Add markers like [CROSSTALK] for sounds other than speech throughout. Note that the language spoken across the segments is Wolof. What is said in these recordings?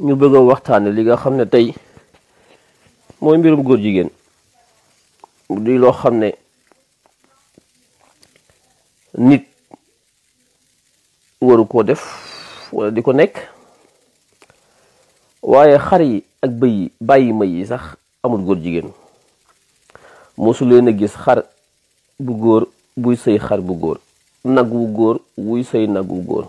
ñu bëgg waxtaane li nga xam ne tey mooy mbirum góor jigéen di loo xam ne nit waru koo def wala di ko nekk waaye xar yi ak bëy yi bàyyi ma yi sax amut góor jigéen mosu a gis xar bu góor buy sëy xar bu góor nag wu góor wuy sëy nag wu góor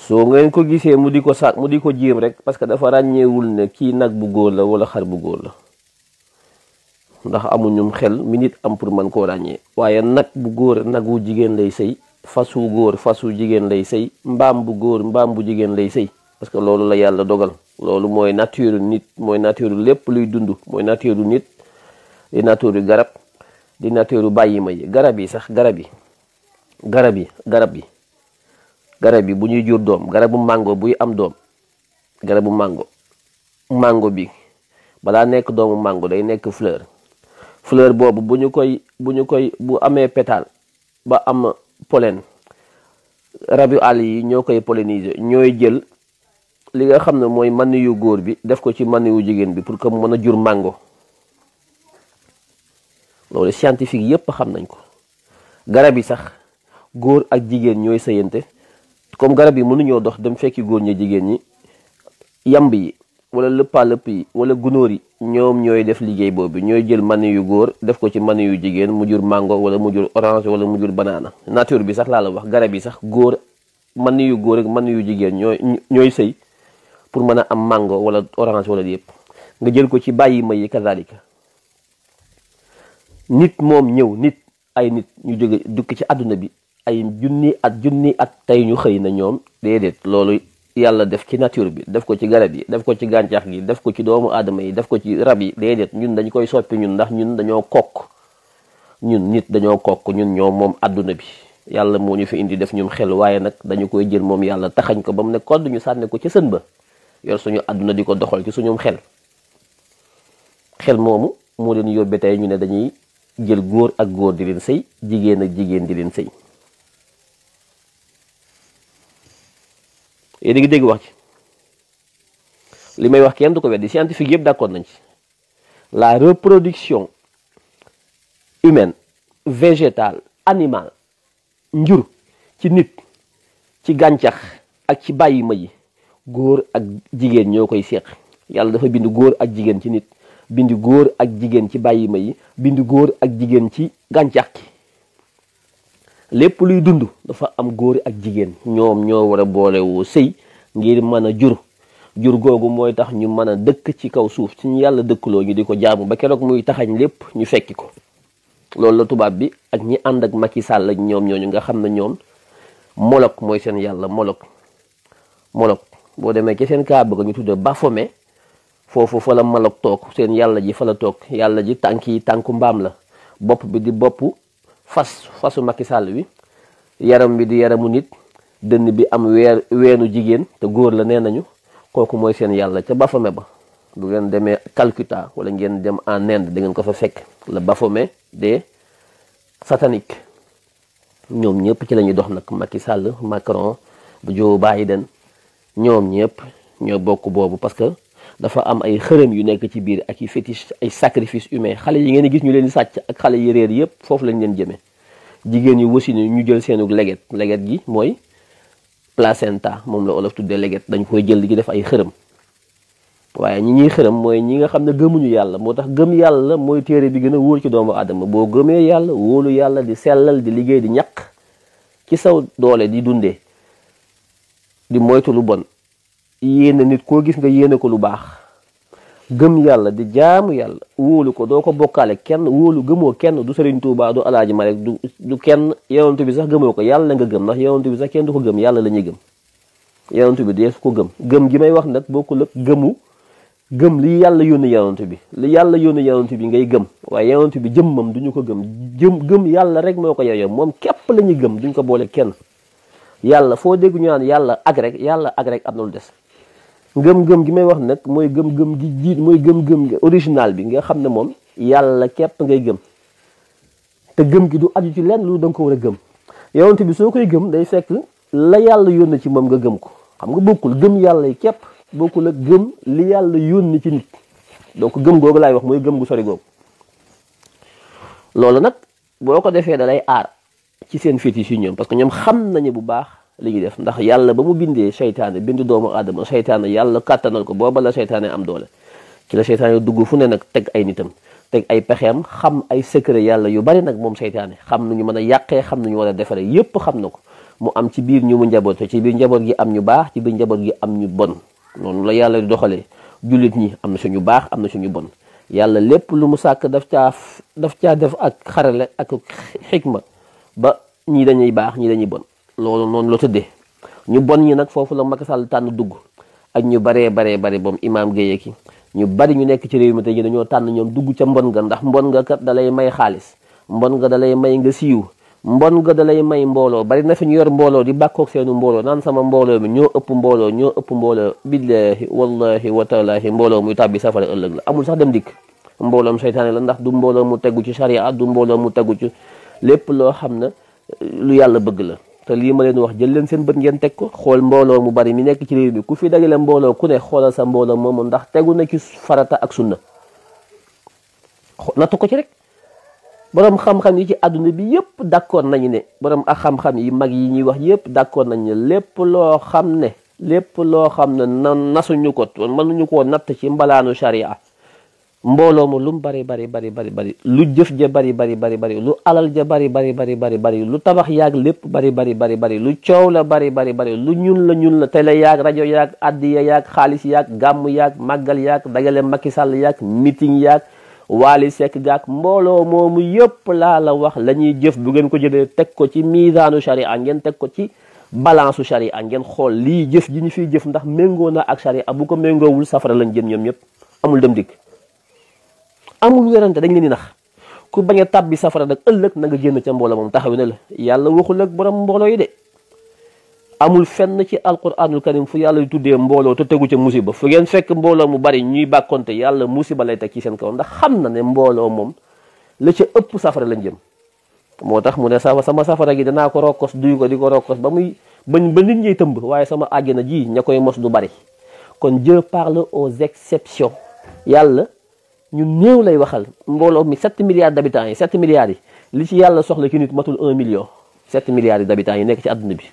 so ngeen ko gisee mu di ko saat mu di ko pas rek parce que dafa ràññeewul ne kii nag bu góor la wala xar bu góor la ndax ñum xel mi nit am pour man koo ràññee waaye nag bu góor nagu jigéen lay sëy fasu góor fasu jigéen lay sëy mbaam bu góor mbaam bu jigéen lay sëy parce que loolu la yàlla dogal loolu mooy nature nit mooy nature lépp luy dund mooy nature nit di nature garab di nature bàyyima yi garab yi sax garab yi garab yi garab yi garab yi bu ñuy jur doom garabu mango buy am doom garabu mango màngo bi balaa nekk doomu mango day nekk fleur fleur boobu bu ñu koy bu ñu koy bu amee pétale ba am polen pollen rabi àll yi ñoo koy polliniser ñooy jël li nga xam ne mooy mani yu góor bi def ko ci mani yu jigéen bi pour que mu mën a jur mango loolu scientifique yépp xam nañ ko garab yi sax góor ak jigéen ñooy sëyante comme garab yi ñoo dox dem fekki goor ñi jigéen ñi yamb yi wala le lëpp yi wala gunóor yi ñoom ñooy def liggéey boobu ñooy jël mani yu góor def ko ci mani yu jigéen mu jur mango wala mu jur orange wala mu jur banana nature bi sax laa la wax garab yi sax góor mani yu góor ak mani yu jigéen ñooy ñooy sëy pour mën am mango wala orange wala yëpp nga jël ko ci bàyyi ma yi kazalika nit moom ñëw nit ay nit ñu jóge dukk ci àdduna bi ay junni at junni at tey ñu xëy na ñoom déedéet loolu yàlla def ci nature bi def ko ci garab yi def ko ci gàncax gi def ko ci doomu aadama yi def ko ci rab yi déedéet ñun dañu koy soppi ñun ndax ñun dañoo kokk ñun nit dañoo kokk ñun ñoo moom àdduna bi yàlla moo ñu fi indi def ñum xel waaye nag dañu koy jël moom yàlla taxañ ko ba mu ne kodd ñu sànne ko ci sën ba yor suñu àdduna di ko doxal ci suñum xel xel moomu moo leen yóbbe tey ñu ne dañuy jël góor ak góor di leen sëy jigéen ak jigéen di leen sëy yéen a dégg wax ci li may wax kenn du ko weddi scientifique yëpp dakkoon nañ ci la reproduction humaine végétale animale njur ci nit ci gàncax ak ci bàyyi ma yi góor ak jigéen ñoo koy seq yàlla dafa bind góor ak jigéen ci nit bind góor ak jigéen ci bàyyi ma yi bind góor ak jigéen ci gàncax gi lépp luy dund dafa am góor ak jigéen ñoom ñoo war a boolewoo woo sëy ngir mën a jur jur googu mooy tax ñu mën a dëkk ci kaw suuf ci ñu yàlla dëkkuloo ñu di ko jaamu ba keroog muy taxañ lépp ñu fekki ko loolu la tubaab bi ak ñi ànd ak Macky Sall ak ñoom ñooñu nga xam ne ñoom Moloch mooy seen yàlla Moloch Moloch boo demee ke seen kaaba ga ñu tudde Baphomet foofu fa la Moloch toog seen yàlla ji fa la toog yàlla ji tànk yi tànku mbaam la bopp bi di bopp fas fasu Macky Sall wi yaram bi di yaramu nit dënn bi am weer weenu jigen, te góor la nenañu koku moy mooy seen ca Baphomet ba du ngeen démé Calcutta wala ngeen dem en Inde da ngeen ko fa fekk le Baphomet de satanique ñom ñepp ci la dox nak Macky Sall Macron Joe Biden ñom ñepp ñoo bokku bobu parce que dafa am ay xërëm yu nekk ci biir ak i fétiche ay sacrifice humain xale yi ngeen gis ñu leen di sàcc ak xale yi réer yëpp foofu lañ leen jëmee jigéen yu wasi ni ñu jël seenug leget leget gi mooy placenta moom la olof tuddee leget dañ koy jël di def ay xërëm waaye ñi ñuy xërëm mooy ñi nga xam ne gëmuñu yàlla moo tax gëm yàlla mooy téere bi gën a wóor ci doomu aadama boo gëmee yàlla wóolu yàlla di sellal di liggéey di ñaq ci saw doole di dundee di moytu bon yéene nit ko gis nga yéene ko lu baax gëm yàlla di jaam yàlla wóolu ko doo ko bokkaale kenn wóolu gëmoo kenn du sëriñ tuubaa du Alaaji Malik du du kenn yonent bi sax gëmoo ko yàlla nga gëm ndax yonent bi sax kenn du ko gëm yàlla la ñuy gëm yonent bi dees ko gëm gëm gi may wax nag bokkul gëmu gëm li yàlla yónni yonent bi li yàlla yónni yonent bi ngay gëm waaye yonent bi jëmmam duñu ko gëm jëm gëm yàlla rek moo ko yoyoo moom képp la ñuy gëm duñ ko boole kenn yàlla foo dégg ñu naan yàlla ak rek yàlla ak rek am na lu des gëm-gëm gi may wax nag mooy gëm-gëm gi jiit mooy gëm-gëm gi original bi nga xam ne moom yàlla képp ngay gëm te gëm gi du aju ci lenn lu da ko war a gëm yonent bi soo koy gëm day fekk la yàlla yónni ci moom nga gëm ko xam bokkul gëm yàlla yi képp bokkul ak gëm li yàlla yónni ci nit donc gëm googu laay wax mooy gëm gu sori googu loolu nag boo ko defee da lay aar ci seen fétiche yi ñoom parce que ñoom xam nañu bu baax li ñuy def ndax yàlla ba mu bindee seytaane bind doomu aadama seytaane yàlla kàttanal ko booba la seytaane am doole ci la seytaane dugg fu ne nag teg ay nitam teg ay pexeem xam ay secret yàlla yu bari nag moom seytaane xam nu ñu mën a yàqee xam nu ñu war a defaree yépp xam na ko mu am ci biir ñu mu njaboote ci biir njaboot gi am ñu baax ci biir njaboot gi am ñu bon noonu la yàlla doxalee jullit ñi am na suñu baax am na suñu bon yàlla lépp lu mu sàkk daf caa daf caa def ak xarale ak xikma ba ñii dañuy baax ñii dañuy bon loolu noonu la tëddee ñu bon ñi nag foofu la Macky Sall tànn dugg ak ñu baree baree bari boom Imaam Guèye ki ñu bari ñu nekk ci réew mi te jii dañoo tànn ñoom dugg ca mbon nga ndax mbon nga kat da lay may xaalis mbon nga dalay may nga siiw mbon nga da lay may mbooloo bari na fi ñu yor mbooloo di bàkkoog seenu mbooloo naan sama mbooloo mi ñoo ëpp mbooloo ñoo ëpp mbooloo billahi wallahi watalahi mbooloo muy tàbbi safara ëllëg la amul sax dem dikk mbooloom seytaane la ndax du mbooloo mu tegu ci charia du mbooloo mu tegu ci lépp loo xam ne lu yàlla bëgg la te lii ma leen wax jël leen seen bët ngeen teg ko xool mbooloo mu bari mi nekk ci réew mi ku fi dajale mbooloo ku ne xoolal sa mbooloo moomu ndax tegu na ci farata ak sunna nattu ko ci rek boroom xam-xam yi ci àdduna bi yëpp d'accord nañ ne borom ak xam-xam yi mag yi ñuy wax yëpp d'accord nañ ne lépp loo xam ne lépp loo xam ne na nasuñu ko mënuñu koo natt ci mbalaanu sharia mbooloo mu lum bari bari bari bari bari lu jëf ja bari bari bari bari lu alal ja bari bari bari bari bari lu tabax yaag lépp bari bari bari bari lu coow la bari bari bari lu ñun la ñun la télé yaag rajo yaag addiya yaag xaalis yaag gàmm yaag màggal yaag dagale Macky Sall yaag meeting yaag waali sekk gaag mbooloo moomu yëpp laa la wax la ñuy jëf bu ngeen ko jëlee teg ko ci miisaanu sharia ngeen teg ko ci balance sharia ngeen xool lii jëf ji ñu fi jëf ndax méngoo na ak sharia bu ko méngoowul safara lañ jëm ñoom ñëpp amul dem dikk amul werante dañ leen di nax ku bañ a tàbbi safara nag ëllëg na nga génn ca mbooloo moom taxaw na la yàlla waxul ak borom mbooloo yi de amul fenn ci alquranul karim fu yàlla tuddee mbooloo te tegu ca musiba fu ngeen fekk mbooloo mu bari ñuy bàkkonte yàlla musiba lay teg ci seen kaw ndax xam na ne mbooloo moom la ca ëpp safara lañ jëm moo tax mu ne sa sama safara gi danaa ko rokkos duy ko di ko rokkos ba muy bañ ba nit ñiy tëmb waaye sama àjjana ji ña koy mos du bari kon Dieu parle aux exceptions yàlla ñu néew lay waxal mbooloo mi 7 milliards d'habitants yi 7 milliards yi li ci yàlla soxla ci nit matul 1 million 7 milliards d'habitants yi nekk ci àdduna bi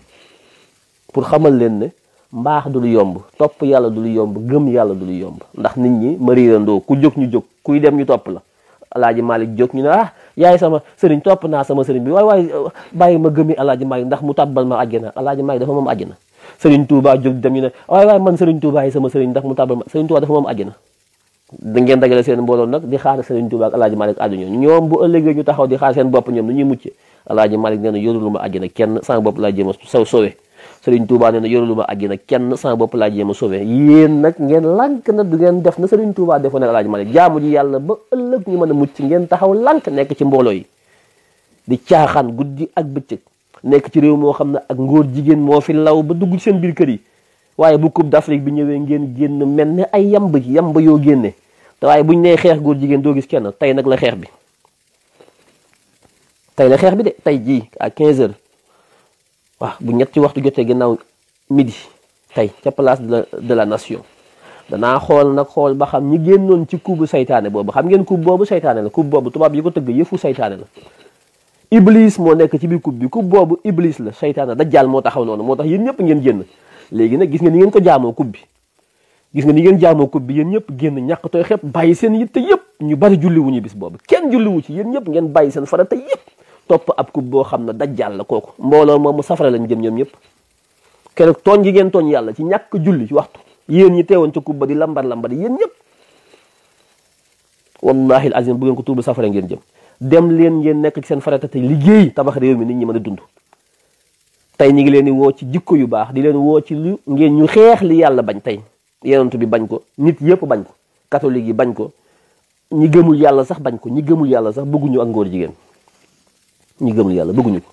pour xamal leen ne mbaax du lu yomb topp yàlla du lu yomb gëm yàlla du lu yomb ndax nit ñi ma riirandoo ku jóg ñu jóg kuy dem ñu topp la alaaji Malick jóg ñu ne ah yaay sama sëriñ topp naa sama sëriñ bi waay waay bàyyi ma gëmi alaaji Malick ndax mu tàbbal ma àjjana alaaji Malick dafa moom àjjana sëriñ Touba jóg dem ñu ne waay waay man sëriñ Touba yi sama sëriñ ndax mu tàbbal ma da ngeen dagale seen mbooloo nag di xaar Serigne Touba ak El Hadj Malick àdduna ñoom bu ëllëgee ñu taxaw di xaar seen bopp ñoom nu ñuy mucc El Hadj Malick nee na yorulu ma àjjana kenn sama bopp laa jéem a saw na yorulu ma àjjana kenn sama bopp laa jéem a yéen nag ngeen lànk na du ngeen def na Serigne Touba defoon ak El Hadj Malick jaamu ji yàlla ba ëllëg ñu mën a mucc ngeen taxaw lank nekk ci mbooloo yi di caaxaan guddi ak bëccëg nekk ci réew moo xam ne ak ngóor jigéen moo fi law ba dugg seen biir kër yi waaye bu coupe d'Afrique bi ñëwee ngeen génn mel ne ay yamb yamb yoo génne te waaye buñ nee xeex góor jigéen doo gis kenn tey nag la xeex bi tey la xeex bi de tey jii à 15 heures waaw bu ñetti waxtu jotee ginnaaw midi tey ca place de la de la nation danaa xool nag xool ba xam ñi génnoon ci kubu saytaane boobu xam ngeen kub boobu saytaane la kub boobu tubaab yi ko tëgg yëfu saytaane la. Iblis moo nekk ci biir kub bi kub boobu Iblis la da jaal moo taxaw noonu moo tax yéen ñëpp ngeen génn léegi nag gis nga ni ngeen ko jaamoo bi. gis nga ni ngeen jaamoo ko bi yeen ñëpp genn ñak toy xep bayyi seen yitte yep ñu bari julli wuñu bis bobu kenn julli wu ci yeen ñëpp ngeen bayyi seen farata yep top ab ku bo xamna dajjal la koku mbolo mo mu safara lañu jëm ñom ñëpp kene tooñ gi ngeen tooñ yalla ci ñak julli ci waxtu yeen ñi teewon ci ku ba di lambar lambar yeen ñëpp wallahi alazim bu ngeen ko tuubu safara ngeen jëm dem leen ngeen nek ci seen farata tey liggey tabax rew mi nit ñi mëna dund tay ñi ngi leen di woo ci jikko yu baax di leen wo ci lu ngeen ñu xex li yalla bañ tay yonent bi bañ ko nit yëpp yi bañ ko ñi gëmul yàlla sax bañ ko ñi gëmul yàlla sax bëgguñu ak ngóor jigéen ñi gëmul yàlla bëgguñu ko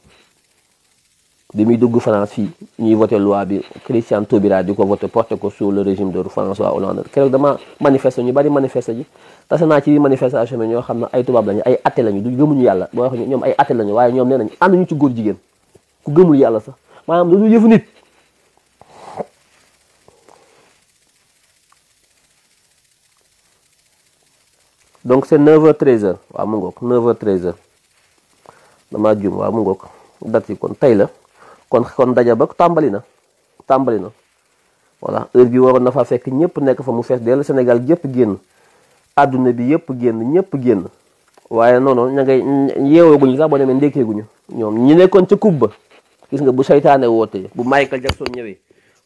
bi muy dugg France fii ñuy voté loi bi Christian Taubira di ko voté porté ko sous le régime de François Hollande keroog dama manifeste ñu bari manifeste ji tase naa ci manifestation bi ñoo xam ne ay tubaab lañu ay atte lañu du gëmuñu yàlla boo wax ñoom ay atte lañu waaye ñoom nee nañ ànduñu ci góor jigéen ku gëmul yàlla sax maanaam loolu yëfu nit donc c' est 9h 13h waaw mu ngoog 9h 13h damaa jum waaw mu ngoog date kon tey la kon kon daja ba tàmbali na tàmbali na voilà heure bi waroon na fa fekk ñëpp nekk fa mu fees dell senegal gépp génn àdduna bi yëpp génn ñëpp génn waaye non non ña ngay yeewooguñu sax boo demee ndékkeeguñu ñoom ñu nekkoon ca kub ba gis nga bu seytaane woote bu Michael Jackson ñëwee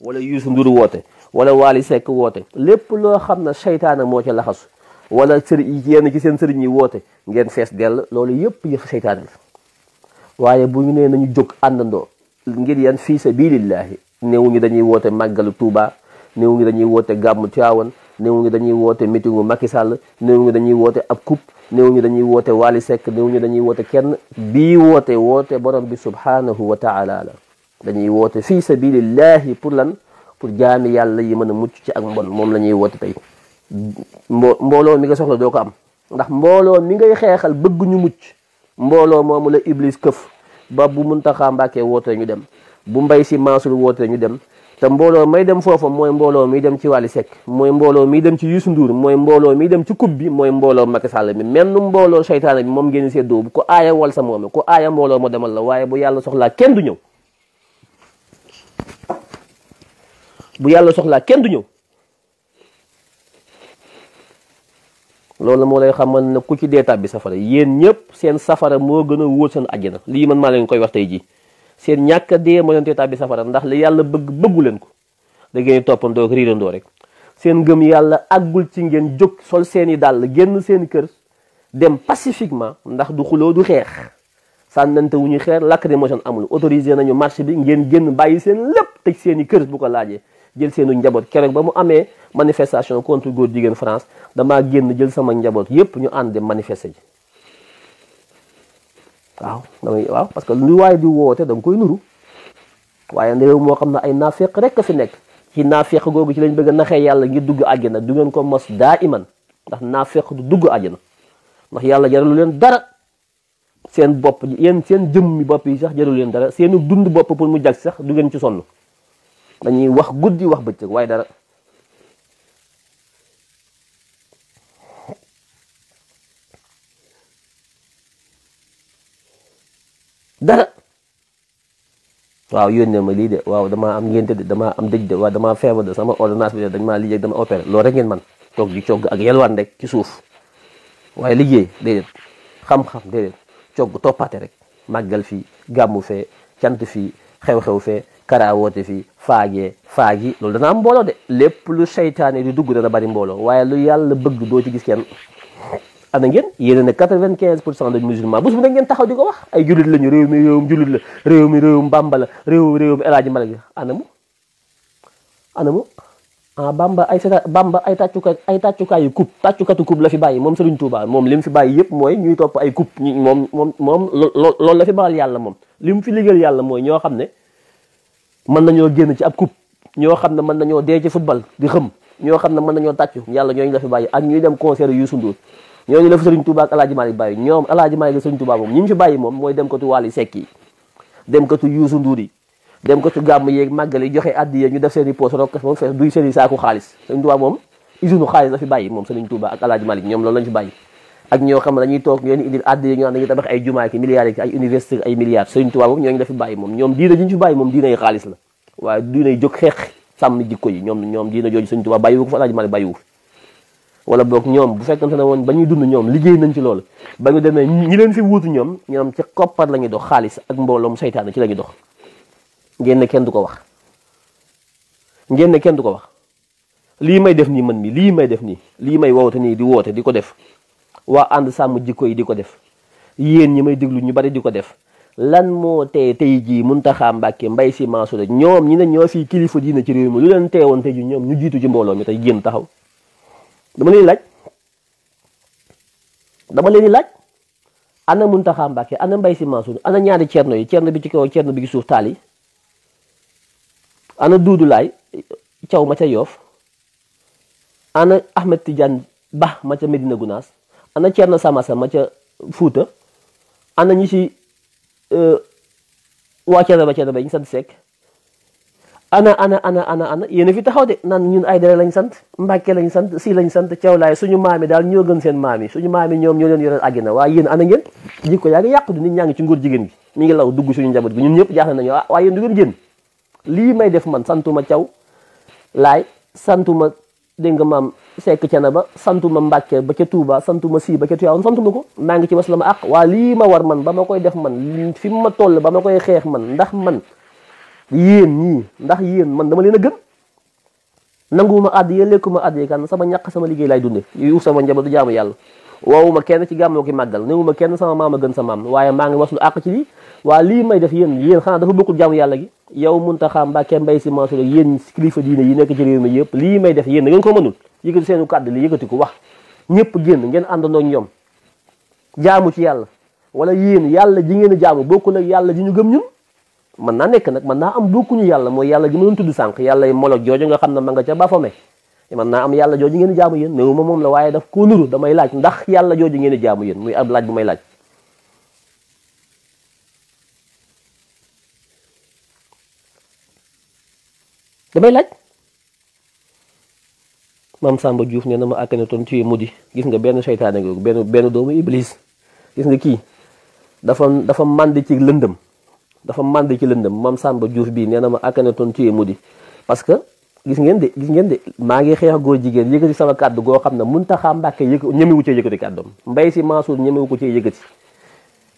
wala Youssou Ndour woote wala Wally Seck woote lépp loo xam ne seytaane moo ca laxasu wala sëriñ yenn ci seen sëriñ yi woote ngeen fees dell loolu yëpp yëf seytaane la waaye bu ñu nee nañu jóg àndandoo ngir yan fii sabilillahi néewuñu dañuy woote màggalu Touba néewuñu dañuy woote gàmmu Tiwaawan néewuñu dañuy woote meetingu Macky Sall néewuñu dañuy woote ab coupe néewuñu dañuy woote Wally Seck néewuñu dañuy woote kenn bi woote woote borom bi subhanahu wa taala la dañuy woote fii sabilillahi pour lan pour jaami yàlla yi mën a mucc ci ak mbon moom la ñuy woote tey mbo mbooloo mi nga soxla doo ko am ndax mbooloo mi ngay xeexal bëgg ñu mucc mbooloo moomu la iblis këf ba bu Muntaxa Mbàkke woote ñu dem bu Mbay Si Mansour woote ñu dem te mbooloo may dem foofa mooy mbooloo miy dem ci Wally Seck mooy mbooloo miy dem ci Youssou Ndour mooy mbooloo miy dem ci coupe bi mooy mbooloo Macky Sall mi menn mbooloo seytaane bi moom génn seddoo bu ko aaya wal sa moome ko aaya mbooloo ma demal la waaye bu yàlla soxlaa kenn du ñëw bu yàlla soxlaa kenn du ñëw loolu moo lay xamal ne ku ci dee bi safara yéen ñëpp seen safara moo gën a wóor seen àjjana lii man maa leen koy wax tey ji seen ñàkk a dee moo leen tee tàbbi safara ndax li yàlla bëgg bëggu leen ko da ngeen toppandoo ak riirandoo rek seen ngëm yàlla àggul ci ngeen jóg sol seen i dàll génn seen kër dem pacifiquement ndax du xuloo du xeex sànnante wu ñu xeer lakk de moo seen amul autorisé nañu marché bi ngeen génn bàyyi seen lépp tëj seen i kër bu ko laajee jël seenu njaboot keroog ba mu amee manifestation contre góor jigéen France dama génn jël sama njaboot yépp ñu ànd dem manifester ji waaw damay waaw parce que lu waaye di woote da nga koy nuru waaye réew moo xam ne ay naafeq rek fi nekk ci naafeq googu ci lañ bëgg a naxee yàlla ngir dugg àjjana du ngeen ko mos daa iman ndax naafeq du dugg àjjana ndax yàlla jaralu leen dara seen bopp yéen seen jëmmi bopp yi sax jaralu leen dara seenu dund bopp pour mu jag sax du ngeen ci sonn dañuy wax guddi wax bëccëg waaye dara dara waaw ne ma lii de waaw damaa am ngénte de damaa am dëj de waaw damaa feebar de sama ordonnance bi de dañ maa liggéey dama opéré loolu rek ngeen man toog di cogg ak yelwaan rek ci suuf waaye liggéey déedéet xam-xam déedéet cogg toppaate rek màggal fi gàmmu fee cant fi xew-xew fe karawoote fii faagee faag yi loolu dana am mbooloo de lépp lu seytaane di dugg dana bari mbooloo waaye lu yàlla bëgg doo ci gis kenn ana gen yéen ne quatre-vingt-quinze pour cent de musulman bés bu ne ngeen taxaw di ko wax ay jullit lañu réew mi réewum jullit la réew mi réewum Bàmba la réew réewum El Hadj Malick anamu anamu ah ay sa Bamba ay tàccuka ay tàccukaayu coupe tàccukatu coupe la fi bày moom Serigne Touba moom li mu fi bàyyi yëpp mooy ñuy topp ay coupe moom moom la fi baal yàlla moom li fi liggéeyal yàlla mooy ñoo xam ne mën nañoo génn ci ab coupe ñoo xam ne mën nañoo dee ci football di xëm ñoo xam ne mën nañoo tàccu yàlla ñooñu la fi bàyyi ak ñuy dem concert Youssou Ndour ñooñu la fi Serigne Touba ak El Hadj Malick bàyyi ñoom El Hadj Malick Serigne Touba moom moom mooy dem katu Wally Seck yi dem katu Youssou Ndour yi gàmm yeeg màggal yi joxe addiya ñu def seen i poos rokkas moom fees duy seen saaku xaalis Serigne Touba moom usine xaalis la fi bàyyi moom Serigne Touba ak El Hadj Malick ñoom loolu lañ fi bàyyi ak ñoo xam ne dañuy toog ñoo ñu indil àdd yi ñoo xam ne dañuy tabax ay jumaa ki milliards yi ay université ay milliards sëriñ Tuubaa boobu ñooñu la fi bàyyi moom ñoom diina ji ñu fi bàyyi moom la ñoom ñoom diina jooju sëriñ Tuubaa bàyyiwu ko fa Alaaji Maalik bàyyiwu wala boog ñoom bu fekkante ne woon ba ñu dund ñoom liggéey nañ ci loolu ba ñu demee ñi leen fi wutu ñoom ñoom ci koppar la ñuy dox xaalis ak mbooloom seytaane ci la ñuy dox ngeen ne kenn du ko wax ngeen ne kenn du ko wax lii may def nii man mi lii may def nii lii may woote nii di woote di ko def waa ànd sàmm jikko yi di ko def yéen ñi may déglu ñu bari di ko def lan moo tey jii Muntaxa Mbàkke Mbay Si Mansour ñoom ñi ne ñoo fi kilifa diina ci réew mi lu leen teewoon tey jii ñoom ñu jiitu ci mbooloo mi tey génn taxaw dama leen laaj dama leen laaj ana Muntaxa Mbàkke ana Mbay Si Mansour ana ñaari cerno yi cerno bi ci kaw cerno bi ci suuf taal yi ana Duudu Laay caw ma ca Yoof ana Ahmed Tidiane Ba ma ca Medina Gunaas ana Thierno Samassa ma ca Fuuta ana ñi si euh, waa Thierno Ba Thierno Ba ñu sant Seck ana ana ana ana ana yéen a fi taxaw de nan ñun ay dara lañ sant Mbàkke lañ sant si lañ sant Cawlaay suñu maam yi daal ñoo gën seen maam yi suñu maam yi ñoom ñoo leen yoreel àggina waaye yéen ana ngeen jikko yaa ngi yàqu nit ñaa ngi ci nguur jigéen gi mi ngi law dugg suñu njaboot gi ñun ñëpp jaaxle nañu waaye yéen du ngeen génn lii may def man santuma Caw laay deng mam maam sekk cene ba santuma Mbàkke ba ca Touba santuma si ba ca Tiwaawan santuma ko maa ngi ci mas ak ma li ma war man ba makoy def man fi ma toll ba makoy xex man ndax man yeen ni ndax yeen man dama leena gën nanguma ad ye lekuma ad ye kan sama ñak sama liggey lay dundé yu sama du jaamu yalla wawuma kenn ci gàmmoo ki magal neewuma kenn sama mama gën sa mam waye mang ngi waslu ak ci li wa li may def yeen yeen xana dafa bokku jaamu yalla gi yow Muntaxa Mbàkke bay Si Mansour yéen kilifa diine yi nekk ci réew mi yëpp lii may def yéen da ko mënul yëkkati seenu kàddu li yëkkati ko wax ñëpp génn ngeen àndandoo ñoom jaamu ci yàlla wala yéen yàlla ji a jaamu bokkul ak yàlla ji ñu gëm ñun mën naa nekk nag mën naa am bokkuñu yàlla mooy yàlla ji ma doon tudd sànq yàlla yi molo jooju nga xam ne ma nga ca bafame mën naa am yàlla jooju ngeen jaamu yéen néew moom la waaye daf koo nuru damay laaj ndax yàlla jooju ngeen jaamu yéen muy ab laaj bu may laaj damay laaj maam Samba Diouf nee na ma Akhenaton ci mu di gis nga benn seytaane googu benn benn doomu iblis gis nga kii dafa dafa mànd ci lëndëm dafa mànd ci lëndëm maam Samba Diouf bii nee na ma Akhenaton ci mu di parce que gis ngeen de gis ngeen de maa ngi xeex góor jigéen yëkkati sama kàddu goo xam ne mun Mbàkke yëkk ñemewu cee yëkkati kàddoom Mbay Si Mansour ñemewu ko cee yëkkati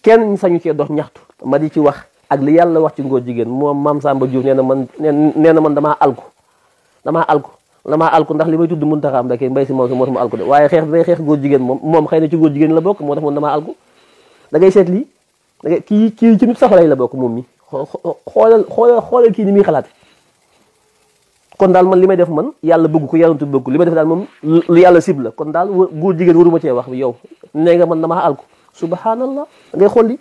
kenn sañu cee dox ñaxtu ma yi ci wax ak li yàlla wax ci ngoor jigéen moom maam Samba Diouf nee na man nee na man damaa alku damaa alku damaa alku ndax li may tudd Muntaxa Mbàkke mbay si moom si moo tax ma alku waaye xeex day xeex góor jigéen na ci góor jigéen la bokk moo tax da ngay seet lii da kii kii ci nit safara yi la bokk moom mi xoolal xoolal xoolal kii ni muy xalaat kon daal man li ma def man yàlla bëgg ko yàlla bëgg ko li ma def daal moom yàlla sib la kon daal góor jigéen waruma cee wax bi yow nee nga man dama alko subhanallah da ngay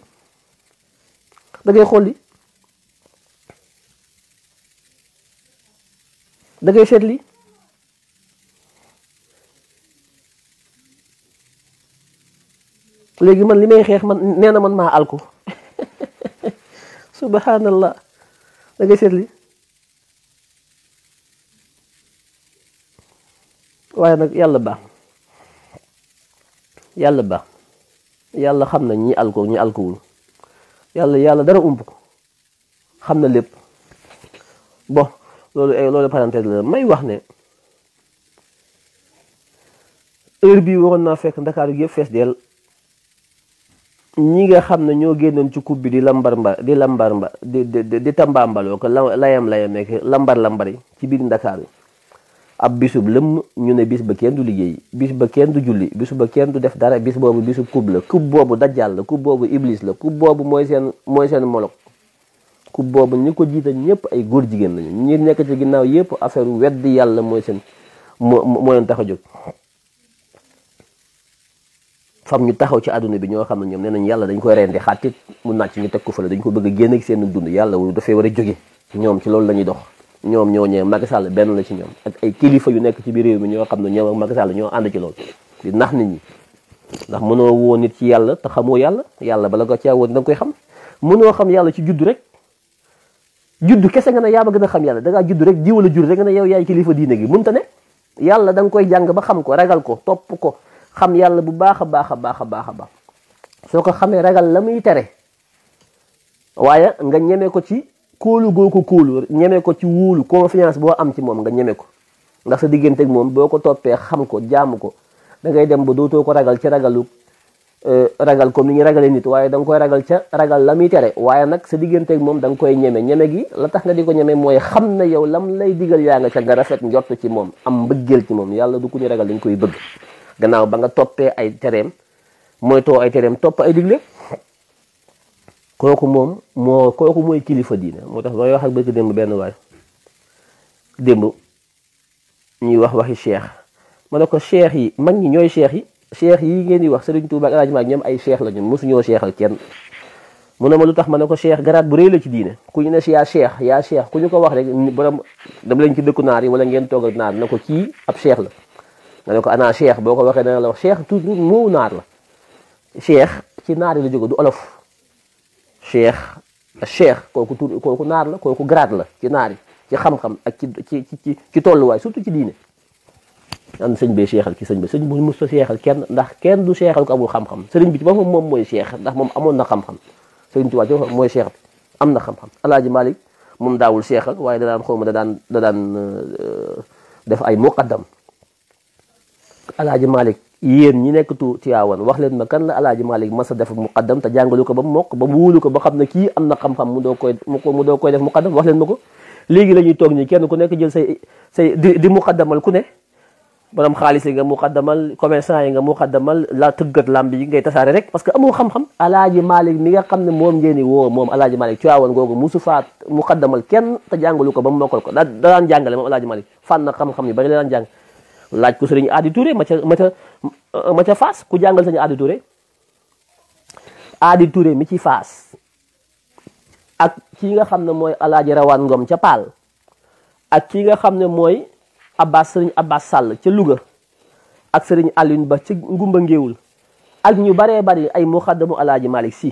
da ngay xolli da ngay seetli léegi man li may xeex man nee na man maa alku [LAUGHS] subhanallah da ngay seetli waaye nag yàlla baax yàlla baax yàlla xam na ñi alko ñi alkowul yàlla yàlla dara umb ko xam na lépp bon loolu eh, loolu parenthèse la may wax ne heure bii waroon naa fekk ndakaaru yëpp fees deel ñi nga xam ne ñoo génnoon ci coupe bi di lambar mba di lambar mba di di di tambaambaloo ko layam layam nekk lambar lambar yi ci biir ndakaar yi ab bisub lëmm ñu ne bis ba kenn du liggéey bis ba kenn du julli bis ba kenn du def dara bis boobu bisub kub la kub boobu dajjal la kub boobu iblis la kub boobu mooy seen mooy seen molok kub boobu ñi ko jiite ñëpp ay góor jigéen lañu ñi nekk ci ginnaaw yëpp affaire weddi yàlla mooy seen moo moo leen tax a jóg fam taxaw ci àdduna bi ñoo xam ne ñoom nee yàlla dañ koy rendi xaatit mu nàcc ñu teg ko fële dañ ko bëgg génn ak seen dund yàlla dafay war a jóge ñoom ci loolu la ñuy dox ñoom ñoo ñee Macky Sall benn la ci ñoom ak ay kilifa yu nekk ci biir réew mi ñoo xam ne ñoom ak Macky ñoo ànd ci loolu di nax nit ñi ndax mënoo woon nit ci yàlla te xamoo yàlla yàlla bala ko caa woon danga koy xam mënoo xam yàlla ci juddu rek juddu kese nga ne yaa ma gën a xam yàlla da juddu rek jiwala jur rek nga ne yow yaay kilifa diine gi mënta ne yàlla da koy jàng ba xam ko ragal ko topp ko xam yàlla bu baax a baax a baax a baax a baax soo ko xamee ragal la muy tere waaye nga ñeme ko ci kóolu goo ko kóolu ñeme ko ci wóolu confiance boo am ci moom nga ñeme ko ndax sa diggante ak moom boo ko toppee xam ko jaamu ko da ngay dem ba dootoo ko ragal ci ragalu euh, ragal comme ni ñu ragalee nit waaye da nga koy ragal ca ragal la muy tere waaye nag sa diggante ak moom danga nga koy ñeme ñeme gi la tax nga di ko ñeme mooy xam ne yow lam lay digal yaa nga ca nga rafet njott ci moom am mbëggeel ci moom yàlla du ku ñu ragal dañ koy bëgg gannaaw ba nga toppee ay tereem mooy too ay tereem topp ay digle kooku moom moo kooku mooy kilifa diine moo tax mooy wax ak bëgg démb benn waay démb ñuy wax waxi cheikh ma ne ko cheikh yi mag ñi ñooy cheikh yi cheikh yi ngeen di wax Serigne Touba ak El Hadj Malick ñoom ay cheikh la ñun mosuñoo cheikh ak kenn mu ne ma lu tax ma ne ko cheikh garaat bu rëy la ci diine ku ñu ne si yaa cheikh yaa cheikh ku ñu ko wax rek borom dama leen ci dëkku naar yi wala ngeen toog ak naar na ko kii ab cheikh la nga ne ko anaa cheikh boo ko waxee dana la wax cheikh toujours moo naar la cheikh ci naar yi la jóge du olof cheikh cheikh kooku tur kooku naar la kooku grade la ki naar yi ci xam-xam ak ci ci ci ci tolluwaay surtout ci diine am sëñ bee seexal ki sëñ bi sëñ bu musta seexal kenn ndax kenn du seexal ko amul xam-xam sëriñ bi ci moom mooy seex ndax moom amoon na xam-xam sëriñ Tuubaa ci boppam mooy seex bi am na xam-xam alaaji Malik moom daawul seexal waaye da daan xawma da daan da daan euh, def ay muqaddam alaaji Malik yéen ñi nekk tu Tiwaawan wax leen ma kan la alaaji Malick masa def muqaddam te jàngalu ko ba mu mokk ba mu wóolu ko ba xam ne kii am na xam-xam mu doo koy mu doo koy def muqaddam wax leen ma ko léegi la ñuy toog ñi kenn ku nekk jël say yi nga muqaddamal commerçant yi nga muqaddamal la tëggat lamb yi ngay rek parce que amoo xam-xam alaaji Malick mi nga xam ne moom ngeen di woo moom alaaji Malick Tiwaawan googu musu faat muqaddamal kenn jàngalu ko ba mu mokkal ko da daan jàngale moom alaaji Malick fànn xam-xam yu bari la daan jàng laaj ko sëriñ Adi Touré ma ma ca Euh, ma ca Fass ku jàngal sañu Adi Touré Adi Touré mi ci faas ak ki nga xam ne mooy Alaaji Rawaan Ngom ca Paal ak ki nga xam ne mooy Abbas Sëriñ Abbas Sall ca Louga ak Sëriñ Alioune Ba ca Ngumba Ngéewul ak ñu baree bari ay muxaddamu Alaaji Malick Si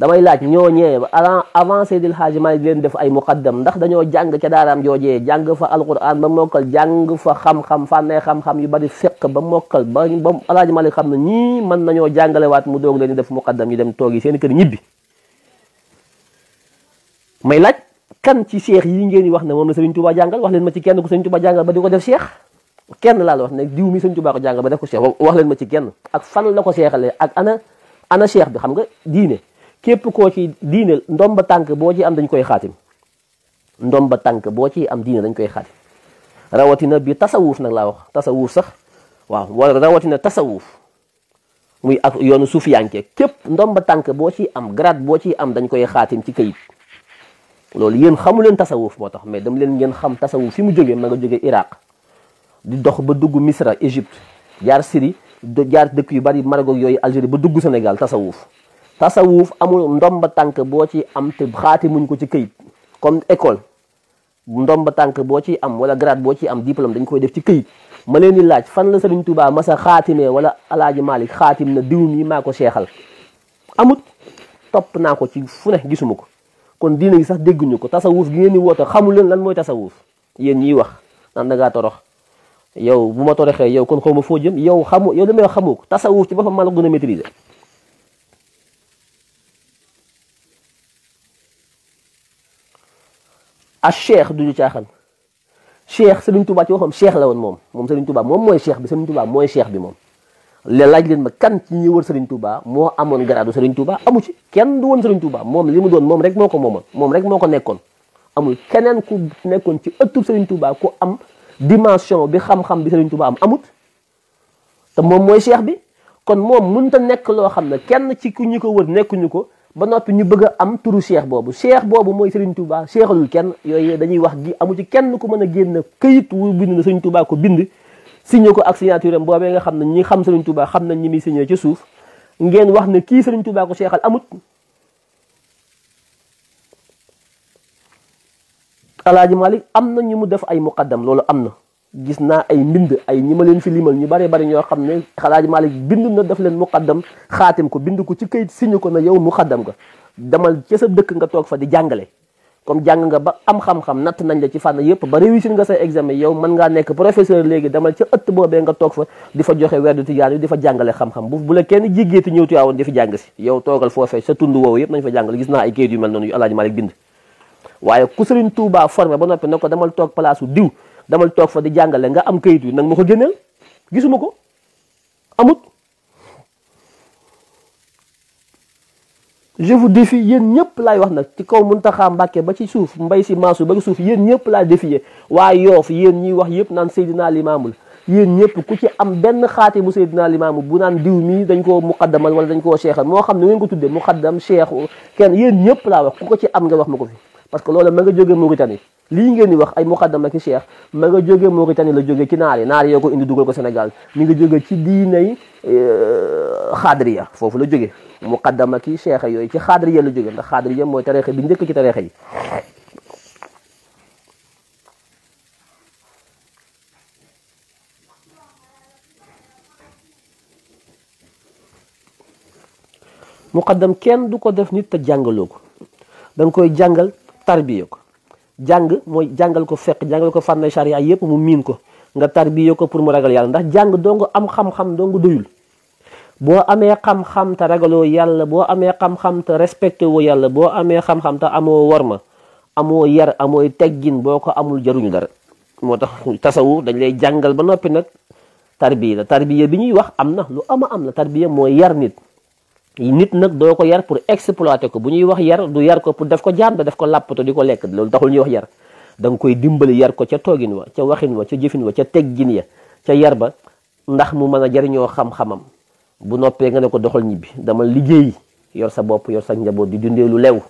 damay laaj ñoo ñee avant avant Seydil Hadji Malick leen def ay muqaddam ndax dañoo jang ci daaram jojé jang fa alquran ba mokkal jang fa xam-xam ne xam-xam yu bari fekk ba mokkal ba ba Alaaji Malick xam ne ñii mën nañoo jàngalewaat mu doog leen def muqaddam ñu dem togi seen kër ñibbi may laaj kan ci cheikh yi ngeen wax ne mom la Serigne Touba jangal wax leen ma ci kenn ko Serigne Touba jangal ba diko def cheikh kenn laa la wax ne diw mi Serigne Touba ko jangal ba def ko cheikh wax leen ma ci kenn ak fan la ko cheikhale ak ana ana cheikh bi xam nga diine képp koo ci diine ndomba tànk boo ci am dañ koy xaatim ndomba tànk boo ci am diine dañ koy xaatim rawatina bi tasawuuf nag laa wax tasawuuf sax waaw wala rawatina tasawuf muy ak yoonu suufiyanke képp ndomba tànk boo ci am grade boo ci am dañ koy xaatim ci kayit loolu yéen xamu leen tasawuf moo tax mais dam leen ngeen xam tasawuf fi mu jógee ma nga jógee Iraq di dox ba dugg Misra Égypte jaar Syrie jaar dëkk yu bari Maroc yooyu Algérie ba dugg senegal tasawuf tasawuuf amul ndomba tànk boo ci am te xaati muñ ko ci këyit comme école ndomba tànk boo ci am wala grade boo ci am diplôme dañ koy def ci këyit ma leen di laaj fan la Sëriñ Tuubaa masa xaatimee wala alaaji Malik xaatim na diw mi maa ko seexal amut topp naa ko ci fu ne gisuma ko kon diina gi sax dégguñu ko tasawuuf gi ngeen di woote xamul leen lan mooy tasawuuf yéen ñiy wax naan da ngaa torox yow bu ma toroxee yow kon xaw ma foo jëm yow xamu yow li may wax xamu ko ci boppam maa la gën a maîtriser a cheikh du ñu caaxaan cheikh Serigne Touba ci waxam cheikh la woon moom moom Serigne Touba moom mooy cheikh bi Serigne Touba mooy cheikh bi moom. le laaj leen ma kan ci ñi wër Serigne moo amoon garaadu Serigne Touba amu ci kenn du woon Serigne Touba moom li doon moom rek moo ko moomoon moom rek moo ko nekkoon. amul keneen ku nekkoon ci ëttub Serigne Touba am dimension bi xam bi Serigne Touba am moom mooy cheikh bi kon moom mënut a nekk loo xam ne kenn ci ku ñu ko wër nekkuñu ko. ba noppi ñu bëgg am turu cheikh boobu cheikh boobu mooy Serigne Touba cheikhalul kenn yooyu dañuy wax gi amu ci kenn ku mën a génn këyit wu bind na Serigne Touba ko bind signé ko ak signature am boobee nga xam ne ñi xam Serigne Touba xam nañ ñi muy signé ci suuf ngeen wax ne kii Serigne Touba ko cheikhal amut Alaaji Malik am na ñu mu def ay muqaddam loolu am na gis naa ay mbind ay ñi ma leen fi limal ñu bare bari ñoo xam ne xalaaji Malick bind na daf leen muqaddam xaatim ko bind ko ci këyit signé ko na yow muqaddam nga demal ca sa dëkk nga toog fa di jàngale comme jàng nga ba am xam-xam natt nañ la ci fànn yëpp ba réussir nga say examen yow mën ngaa nekk professeur léegi demal ca ëtt boobee nga toog fa di fa joxe werdu tijaan yi di fa jàngale xam-xam bu bu la kenn jigéeti ñëw tuyaawoon di fi jàng si yow toogal foofee sa tund woowu yëpp nañ fa jàngale gis naa ay këyit yu mel noonu yu alaaji Malick bind waaye ku Sëriñ Tuubaa formé ba noppi na ko demal toog palaasu diw damal toog fa di jàngale nga am kayit wi nag ma ko génneel gisuma ko amut je defi défie yéen ñëpp laay wax nag ci kaw Muntaxa Mbàkke ba ci suuf mbay si maasu ba ci suuf yéen ñëpp laa défier waa yoof yéen ñuy wax yëpp naan Seydina Limaamul yéen ñëpp ku ci am benn xaati mu Seydina Limaamu bu naan diw mii dañ koo muqaddamal wala dañ koo seexal moo xam ne ngeen ko tuddee muqaddam cheikh kenn yéen ñëpp laa wax ko ci am nga wax ma ko fi parce que loolu ma nga jógee tani li ngeen di wax ay muqaddam ak cheikh joge nga ki Mauritanie la jógee ci naar yi naar yoo ko indi dugal ko Sénégal mi nga jógee ci diinay xaadriya euh, foofu la jógee muqaddam ak cheikh yooyu ci xaadriya la jógee ndax xaadriya mooy tariixa bi njëkk ci tariixa yi muqaddam kenn du ko def nit te jàngaloo ko da koy jàngal tarbiye ko jàng mooy jàngal ko fekk jàngal ko fànn charia yépp mu miin ko nga tarbiye ko pour mu ragal yàlla ndax jàng dong am xam-xam dong doyul boo amee xam-xam te ragaloo yàlla boo amee xam-xam te respecté woo yàlla boo amee xam-xam te amoo warma amoo yar amooy teggin boo ko amul jaruñu dara moo tax tasawu dañ lay jàngal ba noppi nag tarbiya la tarbiya bi ñuy wax am na lu ama am la tarbiya mooy yar nit nit nag doo ko yar pour exploiter ko bu ñuy wax yar du yar ko pour def ko jaan ba def ko làppato di ko lekk loolu taxul ñuy wax yar da koy dimbali yar ko ca toogin wa ca waxin wa ca jëfin wa ca teggin ya ca yar ba ndax mu mën a jariñoo xam-xamam bu noppee nga ne ko doxal ñibbi dama liggéey yor sa bopp yor sa njaboot di dundee lu lew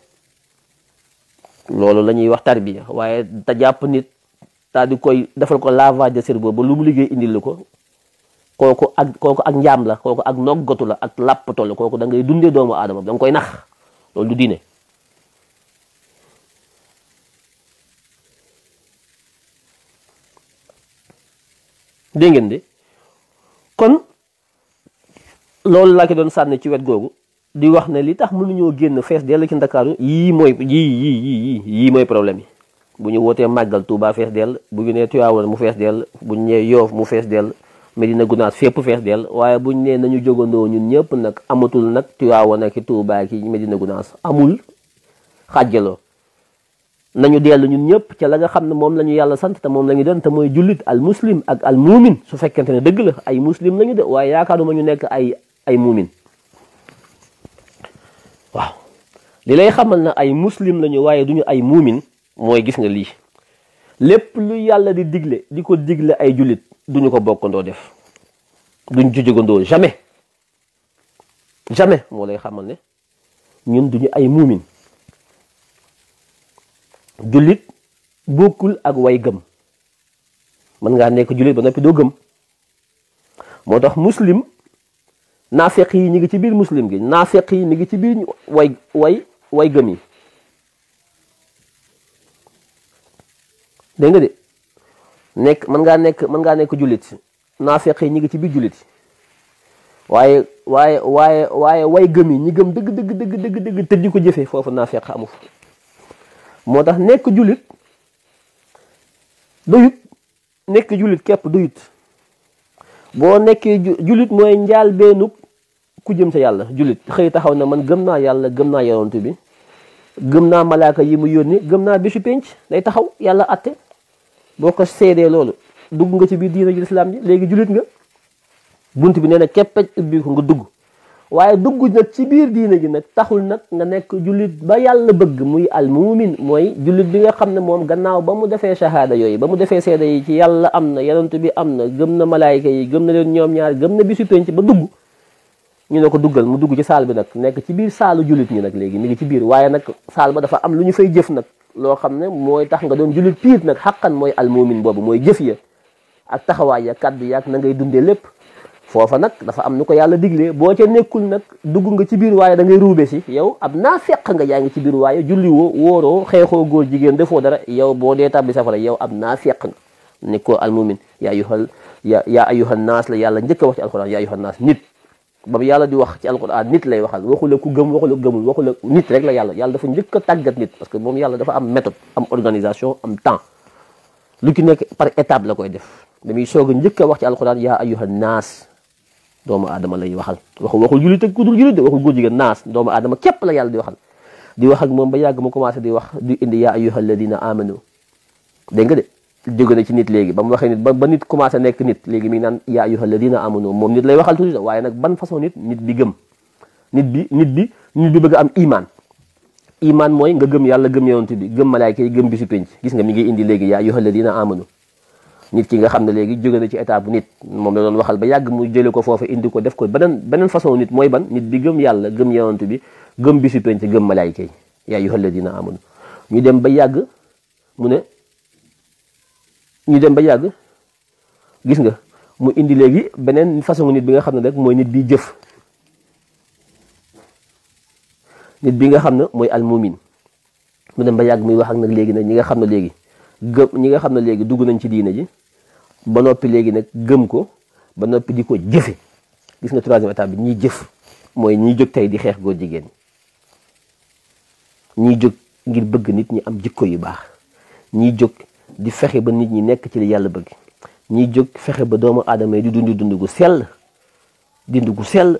loolu lañuy ñuy wax tarbiya waaye ta jàpp nit ta di koy defal ko lavage de cerveau ba lu mu liggéey indil ko kooku ak kooku ak njaam la kooku ak noggatu la ak làppato la kooku dangay dundee doomu aadama da nga koy nax loolu du diine dégg ngeen de kon loolu laa ki doon sànni ci wet googu di wax ne li tax mu mënuñoo génn fees dell ci ndakaaru yii mooy yii yii yii yii mooy problème yi bu ñu wootee màggal Tuubaa fees dell bu ñu nee Tiwaawan mu fees dell bu ñu nee Yoof mu fees dell Medina Gunaas fépp fees dell waaye buñ nee nañu jógandoo ñun ñëpp nag amatul nag Tiwaawan ak Tuubaa ki Medina Gunaas amul xàjjaloo nañu dellu ñun ñëpp ca la nga xam ne moom la ñu yàlla sant te moom la ñu doon te mooy jullit al muslim ak al su fekkente ne dëgg la ay muslim lañu de waaye yaakaaruma ñu nekk ay ay muumin waaw li lay xamal na ay muslim lañu waaye duñu ay muumin mooy gis nga lii lépp lu yàlla di digle di ko digle ay jullit ñu ko bokkandoo def duñ jujugandoo jamais jame moo lay xamal ne ñun duñu ay muumin jullit bokkul ak way gëm mën ngaa nekk jullit ba noppi doo gëm moo tax muslim naafeq yi ñu ngi ci biir muslim gi naafeq yi ñu ngi ci biir way way way gëm yi dégg de nekk mën ngaa nekk mën ngaa nekk jullit naafeq yi ñi ngi ci biir jullit waaye waaye waaye waaye way gëm yi ñi gëm dëgg dëgg dëgg dëgg dëgg ko jëfee foofu naafeq amu fa moo tax nekk jullit doyut nekk jullit kepp doyut boo nekkee jullit mooy njaal beenub ku jëm ca yàlla jullit xëy taxaw na man gëm naa yàlla gëm naa yonent bi gëm naa malaaka yi mu yónni gëm naa bésu penc day taxaw yàlla atte boo ko seedee loolu dugg nga ci biir diina ji lislaam ji léegi julit nga bunt bi nee na képpaj ubbi ko nga dugg waaye dugg nag ci biir diina ji nag taxul nag nga nekk jullit ba yàlla bëgg muy almumin mooy jullit bi nga xam ne moom gannaaw ba mu defee shahaada yooyu ba mu defee seede yi ci yàlla am na yonent bi am na gëm na malaayika yi gëm na leen ñoom ñaar gëm na bisu penc ba dugg ñu ne ko duggal mu dugg ci saal bi nag nekk ci biir saalu jullit ñi nag léegi mi ngi ci biir waaye nag saal ba dafa am lu ñu fay jëf nag loo xam ne mooy tax nga doon jullit piir nag xaqan mooy almumin boobu mooy jëf ya ak taxawaay ya kàddu yaak na ngay dundee lépp foofa nag dafa am nu ko yàlla diglee boo ca nekkul nag dugg nga ci biir waaye da ngay ruube si yow ab naa feq nga yaa ngi ci biir waaye julli woo wóoroo xeexoo góor jigéen defoo dara yow boo dee tàbbi la yow ab naa feq nga nekkoo almumin yaa ayuhal yaa ayuhan naas la yàlla njëkk a wax ci alxuraan yaa ayuhan naas nit ba yàlla di wax ci alquran nit lay waxal waxula ku gëm waxula ku waxula nit rek la yàlla yàlla dafa njëkk a tàggat nit parce que moom yàlla dafa am méthode am organisation am temps lu nekk par étape la koy def da damuy soog a njëkk wax ci alquran yaa ayuha naas doomu aadama lay waxal waxu waxul julit ak ku dul julit de waxul góor jigéen naas doomu aadama képp la yàlla di waxal di wax ak moom ba yàgg mu commencé di wax di indi yaa ayuha alladina amanu jóge na ci nit léegi ba mu waxee nit ba ba nit commencé nekk nit léegi mi ngi naan yaa ayyuha alladina amanu moom nit lay waxal tuuti waaye nag ban façon nit nit bi gëm nit bi nit bi nit bi bëgg am imaan imaan mooy nga gëm yàlla gëm yonent bi gëm malaayka yi gëm bisu penc gis nga mi ngi indi léegi yaa ayyuha alladina amanu nit ki nga xam ne léegi jóge na ci état bu nit moom la doon waxal ba yàgg mu jële ko foofu indi ko def ko beneen beneen façon nit mooy ban nit bi gëm yàlla gëm yonent bi gëm bisu penc gëm malaayka yi yaa ayyuha alladina amanu ñu dem ba yàgg mu ne ñu dem ba yàgg gis nga mu indi léegi beneen façon nit bi nga xam ne rek mooy nit bi jëf nit bi nga xam ne mooy almumin mu dem ba yàgg muy wax ak nag léegi nag ñi nga xam ne léegi gëm ñi nga xam ne léegi dugg nañ ci diine ji ba noppi léegi nag gëm ko ba noppi di ko jëfe gis nga troisième étape bi ñuy jëf mooy ñiy jóg tey di xeex góor jigéen ñiy jóg ngir bëgg nit ñi am jikko yu baax ñiy jóg di fexe ba nit ñi nekk ci li yàlla bëgg ñiy jóg fexe ba doomu aadama yi di dundi dund gu sell dund gu sell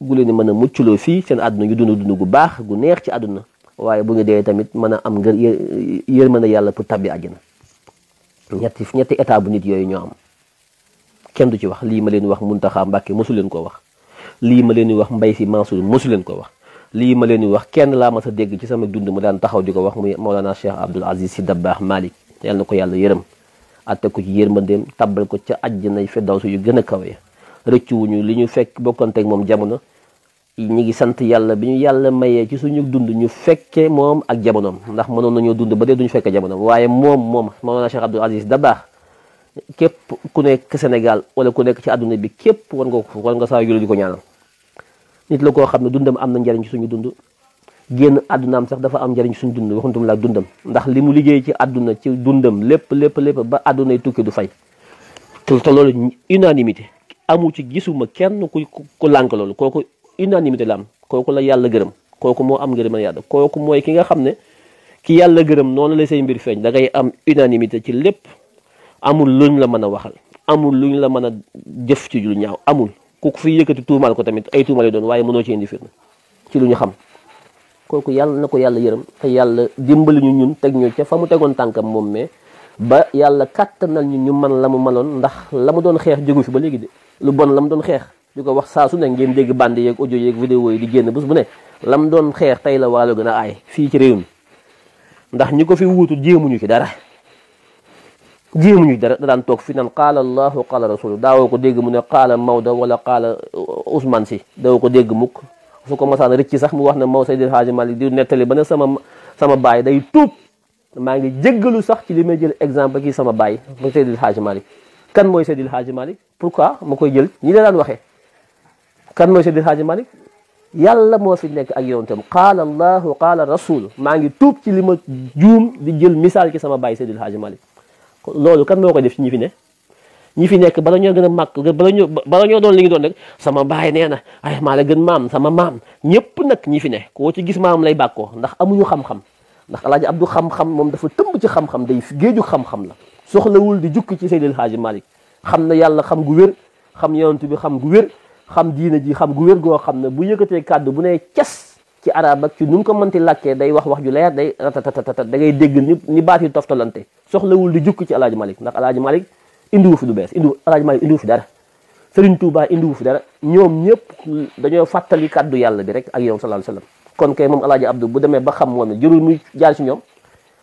gu leen mën a muccloo fii seen àdduna ñu dund dundu gu baax gu neex ci àdduna waaye bu ñu dee tamit mën a am ngër yër mën a yàlla pour tabbi àjjana ñetti ñetti état bu nit yooyu ñoo am kenn du ci wax lii ma leen wax Muntaxa Mbàkke mosu leen ko wax lii ma leen wax Mbay fi Mansour mosu leen ko wax lii ma leen wax kenn laa ma a dégg ci sama dund mu daan taxaw di ko wax muy Mawlana Cheikh Abdoul Aziz Si Dabbaax Malick yal na ko yàlla yërëm atte ko ci yërmandeem tabbal ko ca àjjana firdawsi yu gën a kawe rëccuwuñu li ñu fekk bokkanteeg moom jamono ñi ngi sant yàlla bi ñu yàlla mayee ci suñu dund ñu fekkee moom ak jamonoom ndax mënoon nañoo dund ba dee duñu fekke jamonoom waaye moom moom Mawlana Cheikh Abdoul Aziz Dabakh képp ku nekk Sénégal wala ku nekk ci àdduna bi képp war nga war nga di ko ñaanal nit la koo xam ne dundam am na njariñ ci suñu dund génn àddunaam sax dafa am njëriñ suñ dund waxuntum laa dundam ndax li mu liggéey ci àdduna ci dundam lépp lépp lépp ba àddunay tukki du fay te loolu unanimité amu ci gisuma kenn ku ku lànk loolu kooku unanimité la am kooku la yàlla gërëm kooku moo am ngërëm yàlla kooku mooy ki nga xam ne ki yàlla gërëm noonu la say mbir feeñ da ngay am unanimité ci lépp amul luñ la mën a waxal amul lu ñu la mën a jëf ci lu ñaaw amul ku fi yëkkati tuumaal ko tamit ay tuumaal yi doon waaye mënoo ci indi firnde ci lu ñu xam kooku yàlla na ko yàlla yërëm te yàlla dimbali ñu ñun teg ñu ca fa mu tegoon tànkam moom mais ba yàlla kàttanal ñu ñu man la mu manoon ndax la mu doon xeex jógu fi ba léegi de lu bon la mu doon xeex di ko wax saa su ne ngeen dégg bande yeeg ojo yeeg vidéo yi di génn su bu ne la mu doon xeex tey la waalo gën a aay fii ci réew ndax ñi ko fi wuutu jéemuñu ci dara jéemuñu dara da daan toog fi naan qaala allahu qaala rasulu daawoo ko dégg mu ne qaala Maodo wala qaala Ousmane si daawoo ko dégg mukk su ko mosaan rëcc sax mu wax na Maw Seydil Hadji Malick di nettali ba ne sama sama baay day tuub maa ngi jëggalu sax ci li may jël exemple ki sama baay mooy Seydil Hadji Malick kan mooy Seydil Hadji Malick pourquoi ma koy jël ñi la daan waxee kan mooy Seydil Hadji Malick yàlla moo fi nekk ak yonentam qaala allahu qaala rasul maa ngi tuub ci li ma juum di jël misaal ci sama baay Seydil Hadji Malick loolu kan moo ko def ci ñi fi ne ñi fi nekk bala ñoo gën a màkk bala ñoo bala ñoo doon li ñu doon rek sama baay nee na ay maa la gën maam sama maam ñëpp nag ñi fi ne koo ci gis maam lay bàkkoo ndax amuñu xam-xam ndax alaaji abdu xam-xam moom dafa tëmb ci xam-xam day géeju xam-xam la soxlawul di jukki ci Seydil Haaji Malick xam na yàlla xam gu wér xam yonent bi xam gu wér xam diina ji xam gu wér goo xam ne bu yëkkatee kàddu bu nee ces ci arab ak ci nu mu ko mënti làkkee day wax wax ju leer day ratatatatat dangay ngay dégg ni ni baat yi toftalante soxlawul di jukki ci alaaji Malick ndax alaaji Malick wu fi du indi indiwu fudara, serintuba wu fi dara touba indi wu fi dara ñom ñëpp dañoy fatali kaddu yalla bi rek ak yow sallallahu alayhi wasallam kon kay mom alaaji abdou bu deme ba xam mom jëru muy jaar ci ñom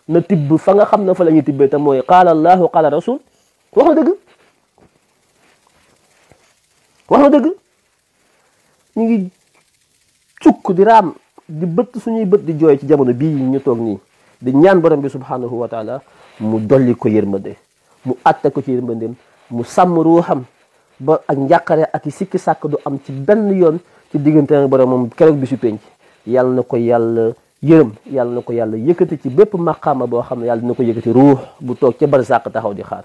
na tib fa nga xam na fa lañu tibbe ta moy qala allah allahu rasul wax deug wax na ngi cukk di ram di bëtt suñuy bëtt di joy ci jamono bi ñu tok ni di ñaan borom bi subhanahu wa taala mu dolli ko yermade mu àtte ko ci yërmandeem mu sàmm ruuxam ba ak njàqare ak sikki sàkk du am ci benn yoon ci diggante ak boromam keroog bisu penc yàlla na ko yàlla yërëm yàlla na ko yàlla yëkkati ci bépp maqaama boo xam ne yàlla dina ko yëkkati ruux bu toog ca barsàq taxaw di xaar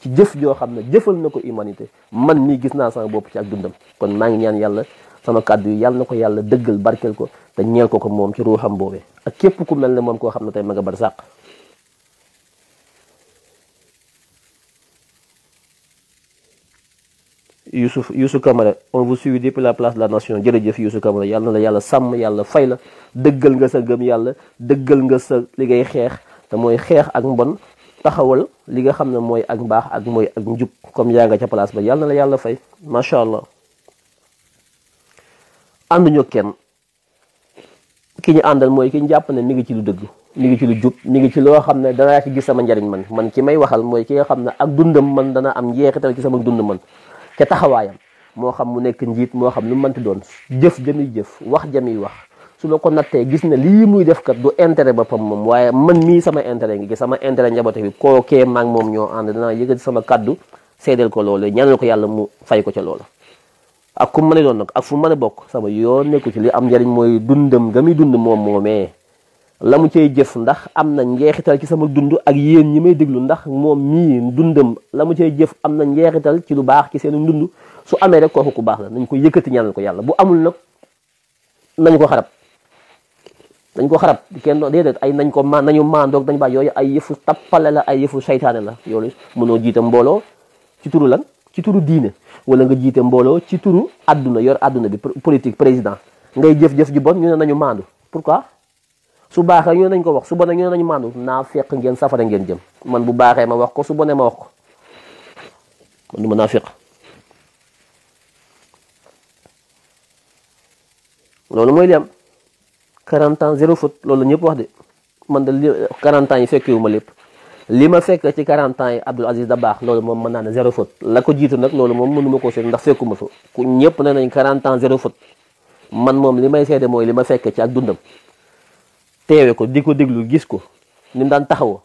ci jëf joo xam ne jëfal na ko humanité man mii gis naa sama bopp ci ak dundam kon maa ngi ñaan yàlla sama kàddu yi yàlla na ko yàlla dëggal barkeel ko te ñeel ko ko moom ci ruuxam boobee ak képp ku mel ne moom koo xam ne tey ma nga barsàq Yusuf Yusuf Kamara, on vous suit depuis la place de la nation jërëjëf yusuf Yusuf Kamara, na la yalla sam yalla fay la deugal nga sa gem yalla deugal nga sa li ngay xeex te mooy xeex ak mbon taxawal li nga xamne moy ak bax ak moy ak njub comme ya nga ci place ba yalla na la yalla fay sha allah ñu kenn ki ñu andal moy ki ñu japp ne mi ngi ci lu deug mi ngi ci lu jup mi ngi ci lo xamne ci gis sama njariñ man man ki may waxal moy ki nga xamne ak dundam man dana am njeexital ci sama dund man ca taxawaayam moo xam mu nekk njiit moo xam lu mënti doon jëf jamiy jëf wax jamiy wax su la ko nattee gis na lii muy def kat du intérêt boppam moom waaye man mii sama intérêt ngi gis sama intérêt njaboote bi kookee maag moom ñoo ànd danaa yëkkati sama kaddu seedeel ko loolu ñaanal ko yàlla mu fay ko ca loolu ak ku mën a doon nag ak fu mën a bokk sama yoon nekku ci li am njariñ mooy dundam nga muy dund moom moomee la mu cay jëf ndax am na njeexital ci sama dund ak yéen ñi may déglu ndax moom mii dundam la mu cay jëf am na njeexital ci lu baax ci seeni dund su amee rek kooku ku baax la nañ ko yëkkati ñaanal ko yàlla bu amul nag nañ ko xarab dañ ko xarab kenn déedéet ay nañ ko ma nañu maandoog dañ baax yooyu ay yëfu tappale la ay yëfu saytaane la yoolu mënoo jiite mbooloo ci turu lan ci turu diine wala nga jiite mbooloo ci turu àdduna yor àdduna bi politique président ngay jëf-jëf su baaxee ñu nañ ko wax su bonee ñu nañ maandu naa fekk ngeen safara ngeen jëm man bu baaxee ma wax ko su bonee ma wax ko man du naa fekk loolu mooy li am 40 ans zéro loolu ñëpp wax de man de li 40 ans yi fekkiwu ma lépp li ma fekk ci 40 ans yi Abdoul Aziz Dabakh loolu moom mën naa ne zéro faute la ko jiitu nag loolu moom mënuma ko seet ndax fekkuma fa ku ñëpp ne nañ 40 ans zéro faute man moom li may seede mooy li ma fekk ci ak dundam teewe ko diko ko déglu gis ko nim dan taxaw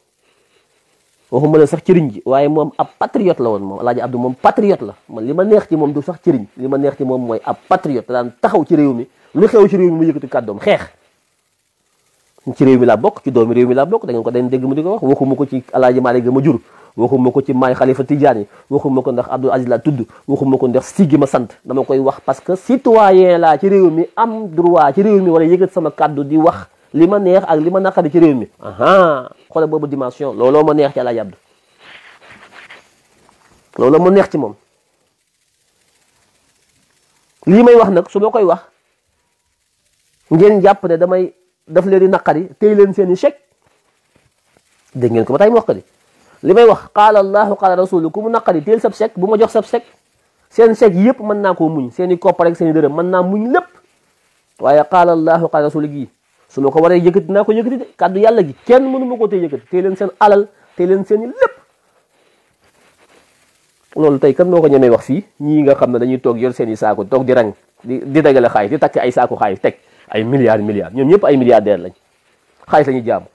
waxuma la sax ciriñ ji waye mom ab patriote la won mom alaaji abdou mom patriote la man lima neex ci mom du sax ciriñ lima neex ci mom moy ab patriote dan taxaw ci rewmi lu xew ci rewmi mu yëkkati kaddom xex ci rewmi la bok ci doomi rewmi la bok da ngeen ko dañ dégg mu diko wax waxuma ko ci alaaji maalik ma jur waxuma ko ci may khalifa tidiane waxuma ko ndax abdou aziz la tudd waxuma ko ndax sigi ma sante dama koy wax parce que citoyen la ci rewmi am droit ci rewmi wala yëkkati sama kaddu di wax li ma neex ak li ma naqari ci réew mi aha xoole boobu dimension looloo ma neex ci Alaaji Abdu looloo ma neex ci moom lii may wax nag su koy wax ngeen jàpp ne damay daf leen di naqari téy leen seen i chèque ko ba tey wax ko di li may wax qaala allahu qaala rasulu ku mu naqari téel sab chèque bu ma jox sab chèque seen chèque yëpp mën naa koo muñ seeni i koppar ak seen mën naa muñ lépp waaye qaala allahu qaala rasulu gii su ma ko waree yëkkati naa ko yëkkati de kàddu yàlla gi kenn mënu ma ko tey yëkkati tey leen seen alal tey leen seen i lépp loolu tey kan moo ko ñemee wax fii ñii nga xam ne dañuy toog yor seen i saako toog di rang di di dagale xaalis di takk ay saako xaalis teg ay milliards milliards ñoom ñëpp ay milliardaires lañ xaalis la jaamu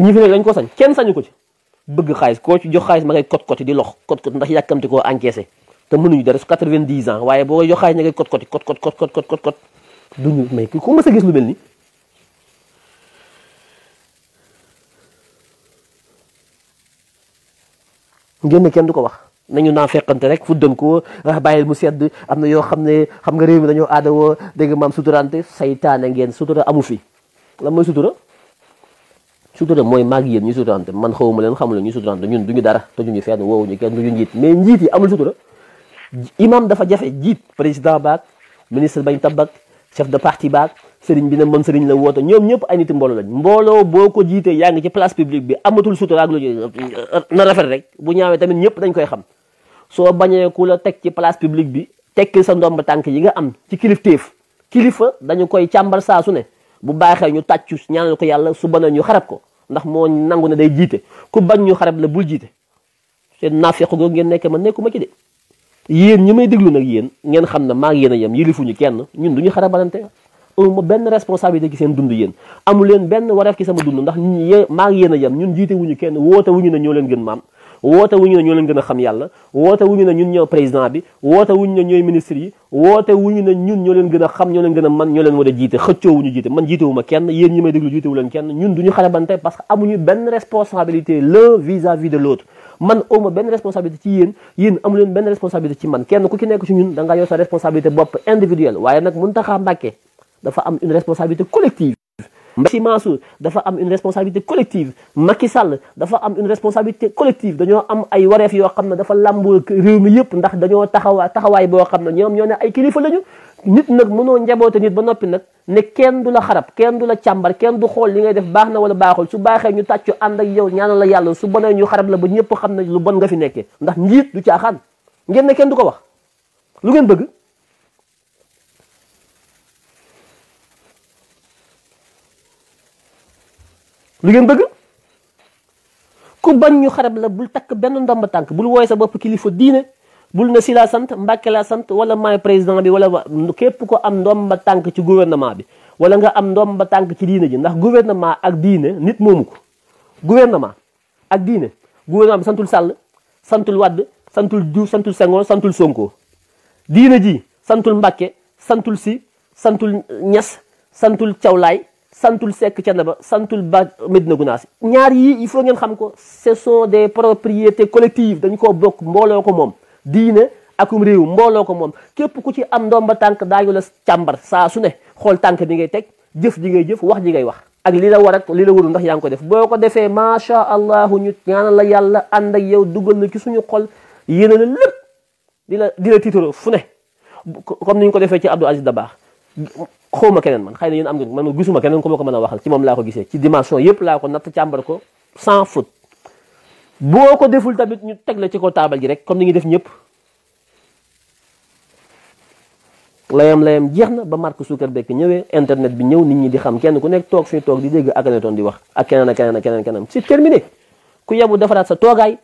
ñi fi nekk dañ ko sañ kenn sañu ko ci bëgg xaalis koo ci jox xaalis ma ngay kot koti di lox kot kot ndax yàkkamti koo encaissé te boo jox xaalis na ngay kot koti kot kot kot kot gis lu mel ni ngeen kenn du ko wax nañu naa fekkante rek fuddan ko ah, bàyyil mu sedd am na yoo xam ne xam nga réew mi dañoo aadawoo dégg maam suturante saytaane ngeen sutura amu fi lan mooy sutura sutura mooy maag yeen ñu suturante man xawuma leen la ñu suturante ñun duñu dara te ñu fenn woowuñu kenn duñu njiit mais njiit yi amul sutura imam dafa jafe njiit président baak ministre bañ tabak chef de parti baak sëriñ bi ne man sëriñ la woote ñoom ñëpp ay nit mbooloo lañ mbooloo boo ko jiitee yaa ngi ci place publique bi amatul sutura ak lu na rafet rek bu ñaawee tamit ñëpp dañ koy xam soo bañee ku la teg ci place publique bi tekki sa ndomb tànk yi nga am ci kilifteef kilifa dañu koy càmbar saa su ne bu baaxee ñu tàccu ñaanal ko yàlla su banee ñu xarab ko ndax moo nangu ne day jiite ku bañ ñu xarab la bul jiite seen naafeq googu ngeen nekk man nekkuma ci de yéen ñi may déglu nag yéen ngeen xam ne maa yéen a yem yilifuñu kenn ñun duñu xarabalante ma benn responsabilité ki seen dund yéen amu leen benn wareef ki sama dund ndax yé maa ngi yéen a yem ñun jiite wuñu kenn woote wuñu ne ñoo leen gën maam woote wuñu ne ñoo leen gën a xam yàlla woote wuñu ne ñun ñoo président bi woote wuñu na ñooy ministre yi woote wuñu ne ñun ñoo leen gën a xam ñoo leen gën a man ñoo leen war a jiite xëccoo wuñu jiite man jiite kenn yéen ñi may déglu jiite wu leen kenn ñun duñu xarabante parce que amuñu benn responsabilité l'un vis-à-vis de l'autre man awma benn responsabilité ci amu leen kenn ku ci nekk ci ñun da nga yor sa responsabilité bopp individuelle waaye nag Muntaxa Mbàkke dafa am une responsabilité collective Merci Mansour dafa am une responsabilité collective Macky Sall dafa am une responsabilité collective dañoo am ay wareef yoo xam ne dafa làmb réew mi yëpp ndax dañoo taxawaa taxawaay boo xam ne ñoom ñoo ne ay kilifa lañu nit nag mënoo njaboote nit ba noppi nag ne kenn du la xarab kenn du la càmbar kenn du xool li ngay def baax na wala baaxul su baaxee ñu tàccu ànd ak yow ñaanal la yàlla su bonee ñu xarab la ba ñëpp xam ne lu bon nga fi nekkee ndax njiit du caaxaan ngeen ne kenn du ko wax lu ngeen bëgg li ngeen bëgg ku bañ ñu xarab la bul takk benn ba tànk bul wooye sa bopp kilifa diine bul na si laa sant Mbàkke laa sant wala maay président bi wala képp ko am ndomba tànk ci gouvernement bi wala nga am ndoom ba tànk ci diine ji ndax gouvernement ak diine nit moomu ko gouvernement ak diine gouvernement bi santul sàll santul Wade santul Diouf santul Senghor santul Sonko diine ji santul Mbàkke santul si santul Ñas santul Cawlaay santul sekk Thiénaba santul ba Médina Gounass ñaar yi il faut ngeen xam ko ce de des propriétés collectives dañ koo bokk mbooloo ko moom diine akum réew mbooloo ko moom képp ku ci am ndomba tànk daañu la càmbar saa su ne xool tànk bi ngay teg jëf ji ngay jëf wax ji ngay wax ak lii la war ak li la warul ndax yaa ngi ko def boo ko defee macha allah ñu ñaanal la yàlla ànd ak yow dugal na ci suñu xol yéene la lépp di la di la tiitaroo fu ne comme ni ñu ko defee ci Abdou Aziz Dabakh xawma keneen man xëy na yéen am ngeen man ma gisuma keneen ku ma ko mën a waxal ci moom laa ko gisee ci dimension yëpp laa ko natt càmbar ko sans faute boo ko deful tamit ñu teg la ci ko taabal ji rek comme ni ngi def ñëpp layam-layam jeex na ba Mark Zuckerberg ñëwee internet bi ñëw nit ñi di xam kenn ku nekk toog fii toog di dégg ak Akhenaton di wax ak keneen ak keneen ak keneen keneen c'est terminé ku yebu defaraat sa toogaay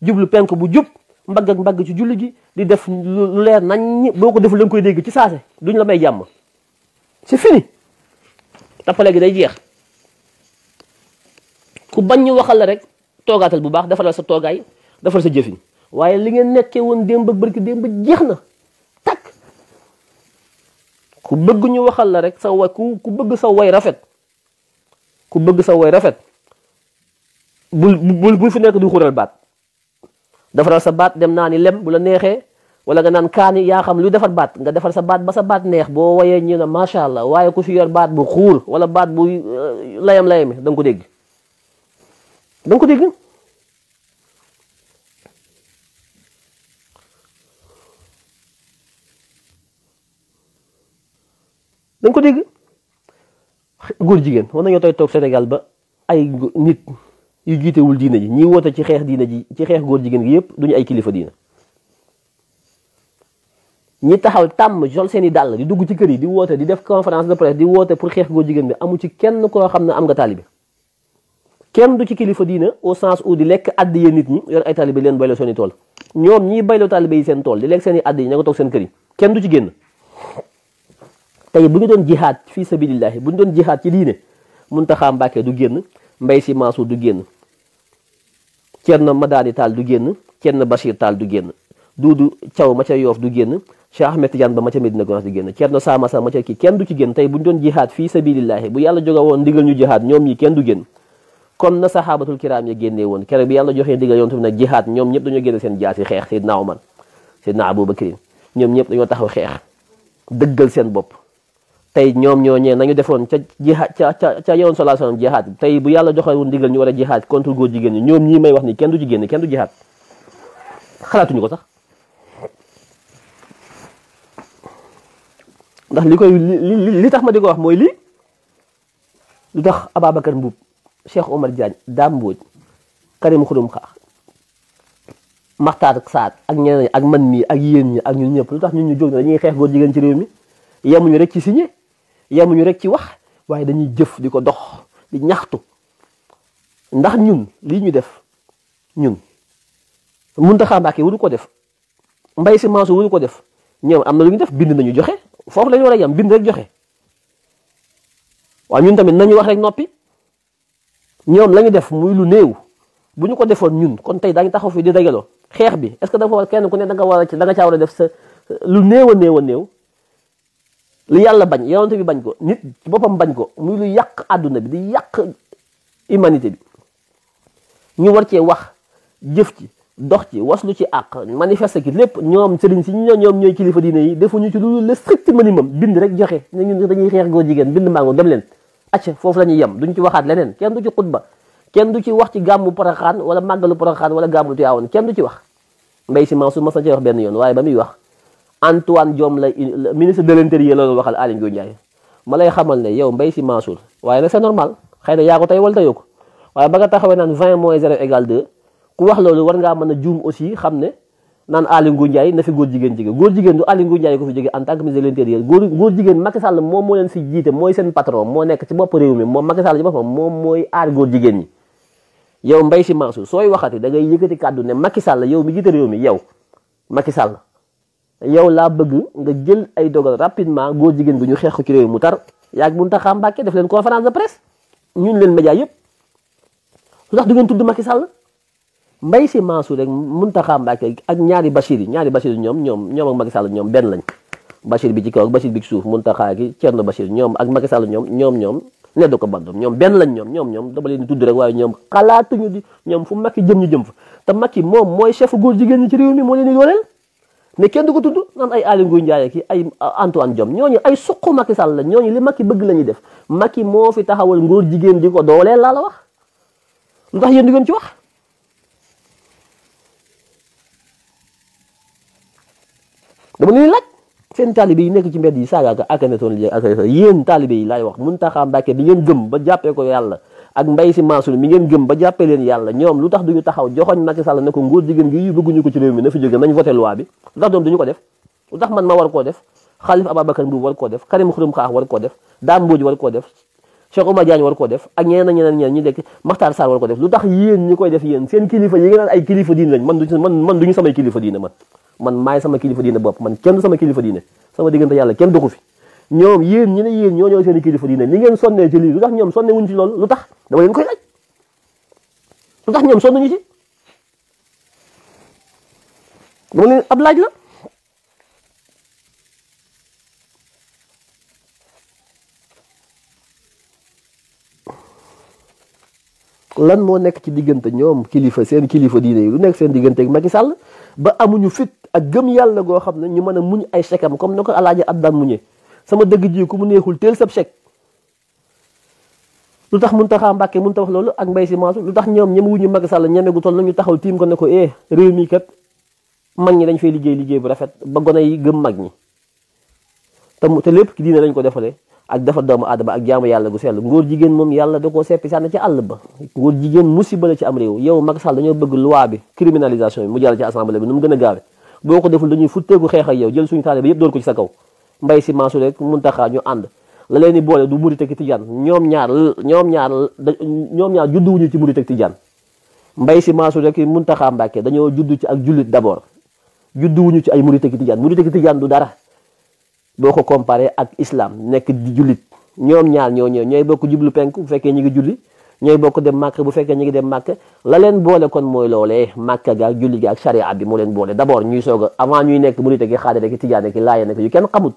jublu penk bu jub mbagg ak mbagg ci julli gi di def lu leer nañ boo ko deful la koy dégg ci saase duñ la may jàmm c'est fini tappale gi day jeex ku bañ ñu waxal la rek toogaatal bu baax defal sa toogaay defal sa jëfin waaye li ngeen nekkee woon démb ak barki démb jeex na takk ku bëgg ñu waxal la rek sa way ku ku bëgg sa way rafet ku bëgg sa way rafet bul bul bul fi nekk du xural baat defaral sa baat dem naa ni lem bu la neexee wala nga naan kaani yaa xam lu defar baat nga defar sa baat ba sa baat neex boo woyee ñu ne macha allah waaye ku fi yor baat bu xuur wala baat bu euh, layam layami da ko dégg da ko dégg da ko dégg góor jigéen war nañoo tooy toog Sénégal ba ay nit yu jiitewul diina ji ñi woote ci xeex diina ji ci xeex góor jigéen gi yëpp duñu ay kilifa diina ñi taxaw tàmm jol seeni dàll di dugg ci kër yi di woote di def conférence de presse di woote pour xeex góor jigéen bi amu ci kenn koo xam ne am nga taalibe kenn du ci kilifa diina au sens où di lekk àdd yee nit ñi yor ay taalibe leen bayloo seen i tool ñoom ñi bayloo taalibe yi seen tool di lekk seen àdd yi ña nga toog seen kër yi kenn du ci génn tey bu ñu doon jihaad fii sabilillahi bu ñu doon jihaad ci diine Muntaxa Mbàkke du génn Mbay Si Mansuur du génn Cerno Madaani Taal du génn Cerno Bachir Taal du génn Duudu Caw ma ca Yoof du génn Cheikh Ahmed Tidiane ba ma ca Medina Gounass di génn Thierno Samassa ma ca kii kenn du ci génn tey bu ñu doon jihaad fii sabilillahi bu yàlla jóge woon ndigal ñu jihaad ñoom ñi kenn du génn comme na sahabatul kiram ya génnee woon keroog bi yàlla joxee ndigal yoon ñëpp dañoo génne xeex dëggal seen bopp tey ñoom ñoo ñee nañu defoon ca jihaad ca ca ca yoon sallallahu alayhi wasallam jihaad tey bu yàlla joxe woon ndigal ñu war a jihaad contre góor jigéen ñi ñoom ñi may wax ni kenn du ci génn kenn du jihaad xalaatuñu ko sax ndax li koy li li tax ma di ko wax mooy lii lu tax Ababacar Mbuub Cheikh Omar Diagne Dame Mbodj mu Xurum Xaax Maxtaar saat ak ñeneen ak man mii ak yéen ñi ak ñun ñëpp lu tax ñun ñu jóg ne dañuy xeex góor jigéen ci réew mi ñu rek ci signé yemuñu rek ci wax waaye dañuy jëf di ko dox di ñaxtu ndax ñun lii ñu def ñun Muntaxa Mbàkke waru ko def Mbay Si Mansour waru ko def ñoom am na lu ñu def bind nañu joxe. foofu lañu war a yam bind rek joxe waaw ñun tamit nañu wax rek noppi ñoom la ñu def muy lu néew bu ñu ko defoon ñun kon tey daañu taxaw fii di dajaloo xeex bi est-ce que da war kenn ku ne danga war a ci nga caa war a def sa lu néew a néew a néew li yàlla bañ yonent bi bañ ko nit boppam bañ ko muy lu yàq àdduna bi di yàq humanité bi ñu war cee wax jëf ci dox ci waslu ci àq manifester ki lépp ñoom sëriñ si ñoo ñoom ñooy kilifa diine yi defuñu ci lu le strict minimum bind rek joxe dañuy xeex góor jigéen bind màngo dem leen acca foofu la ñuy yem duñ ci waxaat leneen kenn du ci xutba kenn du ci wax ci gàmmu Porokhane wala màggalu Porokhane wala gàmmu Tiwaawan kenn du ci wax Mbaye Sy Mansour mas na cee wax benn yoon waaye ba muy wax Antoine Diome la ministre de l'intérieur loolu waxal Aly Ngouille ku wax loolu war ngaa mën a juum aussi xam ne naan Aly Ngouille Ndiaye na fi góor jigéen jóge góor jigéen du Aly Ngouille Ndiaye ko fi jóge en tant que ministre de l'intérieur góor góor jigéen Macky Sall moom moo leen fi jiite mooy seen patron moo nekk ci bopp réew mi moom Macky Sall ci mooy aar góor jigéen ñi yow Mbaye Sy Mansour sooy waxati da ngay yëkkati kàddu ne Macky Sall yow mi jiite réew mi yow Macky Sall yow laa bëgg nga jël ay dogal rapidement góor jigéen bi ñu xeex ko ci réew mu tar yaag mun taxaa Mbàkke def leen conférence de presse ñun leen média yëpp lu tax du ngeen Mbaye Sy Mansour rek Mountakha Mbacké ak ñaari Bachir yi ñaari Bachir ñoom ñoom ñoom ak Macky Sall ñoom benn lañ Bachir bi ci kaw ak Bachir bi ci suuf Mountakha gi Thierno Bachir ñoom ak Macky Sall ñoom ñoom ñoom ne da ko bandum ñoom benn lañ ñoom ñoom ñoom dama leen di tudd rek waaye ñoom xalaatuñu di ñoom fu Macky jëm ñu jëm fa te Macky moom mooy chef góor jigéen ñi ci réew mi moo leen di dooleel mais kenn du ko tudd naan ay Aly Ngouille Ndiaye ki ay ah, Antoine Diome ñooñu ay suqu Macky Sall la ñooñu li Macky bëgg la ñuy def Macky moo fi taxawal ngóor jigéen di ko dooleel laa la wax yéen di ngeen ci wax dama leen laaj seen taalibe yi nekk ci mbedd yi saagaaka akanetoon li ak yéen taalibe yi laay wax Muntaxa Mbàkke bi ngeen gëm ba jàppee ko yàlla ak mbay si maasul mi ngeen gëm ba jàppee leen yàlla ñoom lu tax duñu taxaw joxoñ Macky Sall ne ko nguur jigéen gi yu bëgguñu ko ci réew mi na fi jóge nañ voté loi bi lu tax doom duñu ko def lu tax man ma war koo def Xalif Ababacar Mbuub war koo def Karim Xurum Xaax war koo def daa Mbodj war koo def Cheikh Oumar Diagne war koo def ak ñeneen ak ñeneen ñeneen ñu dekk Makhtar Sarr war ko def lu tax yéen ñi koy def yéen seen kilifa yi ngeen naan ay kilifa diine lañ man du man man du ñu samay kilifa diine man man maay sama kilifa diine bopp man kenn du sama kilifa diine sama diggante yàlla kenn du ko fi ñoom yéen ñi ne yéen ñoo ñooy seen kilifa diine ni ngeen sonnee ci lii lu tax ñoom sonne wuñ ci loolu lu tax dama leen koy laaj lu tax ñoom sonnuñu ci dama leen ab laaj la lan mo nek ci digënté ñom kilifa seen kilifa diiné yi lu nekk seen digënté ak Macky Sall ba amuñu fit ak gëm Yalla go xam ñu mëna a muñ ay sékam comme na Aladji alaaji muñé sama dëgg ji ku mu neexul teel sab sék lutax tax taxa mbacké mbàkke mun ta wax loolu ak mbay si maasu lutax ñom ñoom wuñu Macky Sall ñeme gu toll ñu taxaw tim ko ne eh réew mi kat mag ñi dañ fay liggéey liggéey bu rafet ba gone yi gëm mag ñi te lepp ki diiné lañ ko défalé ak dafa doomu aadama ak jaamu yàlla gu sell ngóor jigéen moom yàlla da koo seppi sànni ci àll ba ngóor jigéen musiba la ci am réew yow Macky Sall dañoo bëgg loi bi criminalisation bi mu jàll ci assemblée bi nu mu gën a gaawe boo ko deful dañuy futteeku xeex ak yow jël suñu taale ba yëpp door ko ci sa kaw mbay si maasu rek mun taxaa ñu ànd la ñaar ñoom ñaar ñoom ñaar juddu wuñu ci murit ak tijaan mbay si maasu rek mun taxaa mbàkke dañoo judd ci ak jullit d'abord juddu wuñu ci ay murit ak tijaan murit ak tijaan du dara boo ko comparee ak islam nekk di jullit ñoom ñaar ñoo ñëw ñooy bokk jublu penk bu fekkee ñu ngi julli ñooy bokk dem màkk bu fekkee ñu ngi dem màkk la leen boole kon mooy loolee màkk ga ak julli ga ak charia bi moo leen boole d' ñuy soog a avant ñuy nekk murite ki xaadira ki tijaane ki laaye nekk yu kenn xamut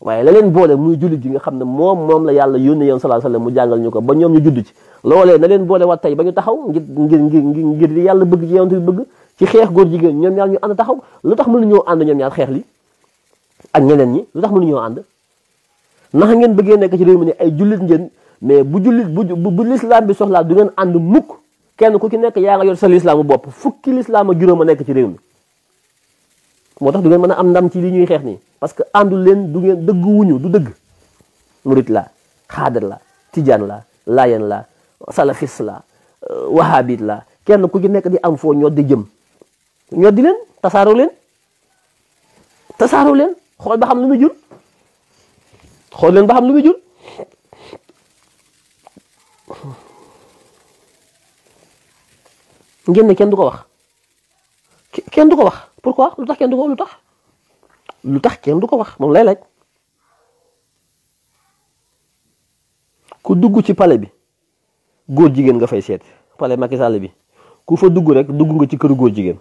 waaye la leen boole muy jullit gi nga xam ne moom moom la yàlla yónni yoon salaa sallam mu jàngal ñu ko ba ñoom ñu judd ci loolee na leen boole wat tey ba ñu taxaw ngir ngir ngir ngir yàlla bëgg ci yonent bi xeex góor jigéen ñoom ñaar ñu ànd taxaw lu tax mënu ñoo ànd ñoom ñaar xeex li ak ñeneen ñi lu tax mënuñoo ànd ndax ngeen bëggee nekk ci réew mi ne ay jullit ngeen mais bu jullit bu bu l'islam bi soxlaa du ngeen ànd mukk kenn ku ci nekk yaa nga yor sa lislaamu bopp fukki lislaama juróom a nekk ci réew mi moo tax du ngeen mën a am ndam ci li ñuy xeex nii parce que àndul leen du ngeen dëgg wuñu du dëgg murit la la tijaan la layen la salafis la euh, wahabit la kenn ku ci nekk di am foo ñoo di jëm ñoo di leen tasaaroo leen tasaaroo leen xool ba xam lu mu jur xool leen ba lu muy jur ngeen ne kenn du ko wax kenn du ko wax pourquoi lu tax kenn du ko lu tax lu tax kenn du ko wax moom lay laaj ku dugg ci pale bi góor jigéen nga fay seet palais Macky Sall bi ku fa dugg rek dugg nga ci këru góor jigéen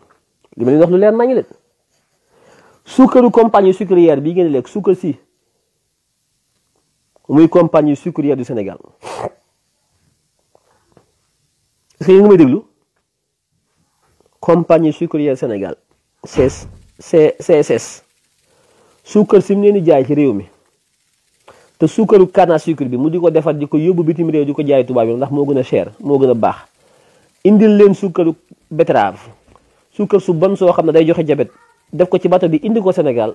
li ma leen lu leer nañu leen sucre compagnie sucrière bi ngeen lek sucre si muy compagnie sucrière du Sénégal est-ce nga may deglu compagnie sucrière Sénégal c'est c'est sucre si mu jaay ci réew mi te sucre kana sucre bi mu di defal diko di bitim rew di jaay tuba bi ndax mo gëna cher mo gëna bax indil len sucre betterave sucre su bon so day joxe jabet def ko ci bato bi indi ko Sénégal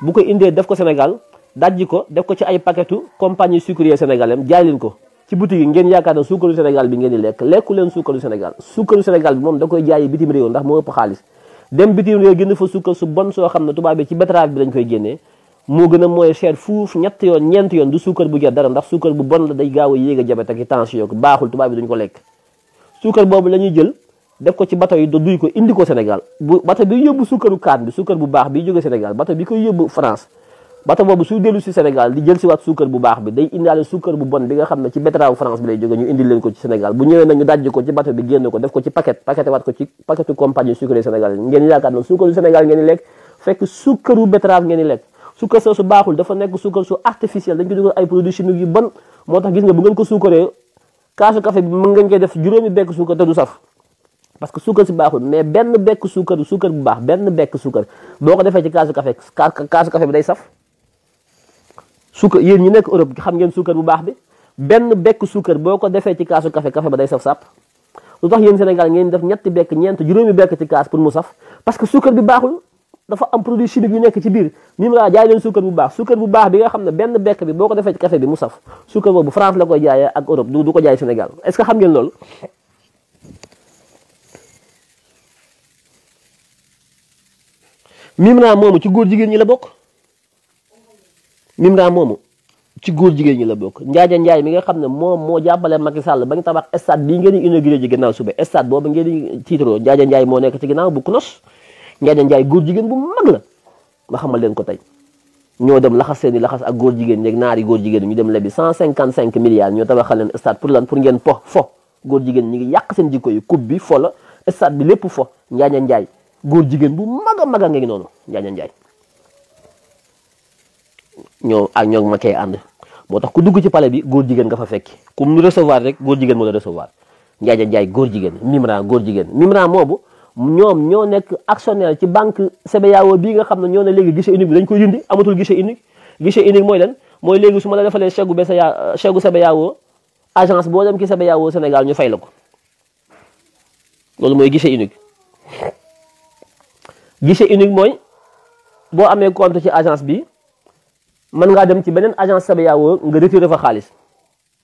bu ko indee def ko Sénégal dajj ko def ko ci ay paquetu compagnie sucrière sénégalais jaay leen ko ci boutique yi ngeen yaakaar ne suukaru Sénégal bi ngeen di lekk lekku leen suukaru Sénégal suukaru Sénégal bi moom da koy jaay bitim réew ndax moo ëpp xaalis dem bitim réew génn fa suukar su bon soo xam ne tubaab bi ci betterave bi lañ koy génnee moo gën a mooy cher fuuf ñett yoon ñeent yoon du suukar bu jar dara ndax suukar bu bon la day gaaw a yéeg a jabet ak tension baaxul tubaab bi duñ ko lekk suukar boobu la ñuy jël def ko ci bato yi duy ko indi ko Sénégal bu bato bi yóbbu sukkaru kaan bi sukkar bu baax bi jóge Sénégal bato bi koy yóbbu France bato boobu su dellu si Sénégal di jël si waat sukkar bu baax bi day indaale sukkar bu bon bi nga xam ne ci betteraawu France bi lay jóge ñu indi leen ko ci Sénégal bu ñëwee nag ñu dajj ko ci bato su baaxul dafa nekk sukkar su artificiel dañ ko dugal ay produits chimiques yu bon moo tax gis nga bu ngeen ko suukaree kaasu café bi mën ngeen koy def juróomi bekk suukar te du saf parce que suukar si baaxul mais benn bekk suukar suukar bu baax benn bekk suukar ko defee ci kaasu café kaasu café bi ñu nekk Europe xam ngeen suukar bu baax bi benn bekk suukar boo ko defee ci kaasu kafe café ba day saf sàpp lu tax yéen bekk ñeent juróomi bekk ci kaas pour mu saf parce que suukar bi baaxul dafa am produit chimique yu nekk ci biir ni mu laa jaay leen suukar bu baax suukar bu baax bi nga xam ne benn bekk bi boo ko defee ci café bi mu saf suukar boobu France la koy jaayee ak Europe du ko jaay Sénégal est-ce que xam ngeen loolu Mimra moomu ci góor jigéen ñi la bokk Mimra moomu ci goor jigéen ñi la bokk njaaja Ndiaye mi nga xam ne moom moo jàppale Macky Sall ba ñu tabax stade bii ngeen di inauguré ji gannaaw suba stade boobu ngeen di tiitaroo Ndiadia Ndiaye moo nekk ci gannaaw bu Knos Ndiadia Ndiaye góor jigéen bu mag la ma xamal leen ko tey ñoo dem laxas seen i laxas ak góor jigéen ñeeg naari góor jigéen ñu dem lebi 155 milliards ñoo tabaxal leen stade pour lan pour ngeen po fo góor jigéen ñi ngi yàq seen jikko yi coupe bi fo la stade bi lépp fo Ndiadia góor jigéen bu mag a mag noonu Njaaña Njaay ñoo ak ñoo ma koy ànd moo tax ku dugg ci pale bi góor jigéen nga fa fekk ku mu recevoir rek góor jigéen moo la recevoir Njaaña Njaay góor jigéen Mimran góor jigéen Mimran moobu ñoom ñoo nekk actionnaire ci banque CBAO bii nga xam ne ñoo ne léegi guichet unique bi dañ ko yindi amatul guichet unique guichet unique mooy lan mooy léegi su ma la defalee chèque gu segu chèque gu CBAO agence boo dem ci CBAO Sénégal ñu fay la ko mooy guichet unique guichet unique mooy boo amee compte ci agence bi mën ngaa dem ci beneen agence Sabayawoo nga retiré fa xaalis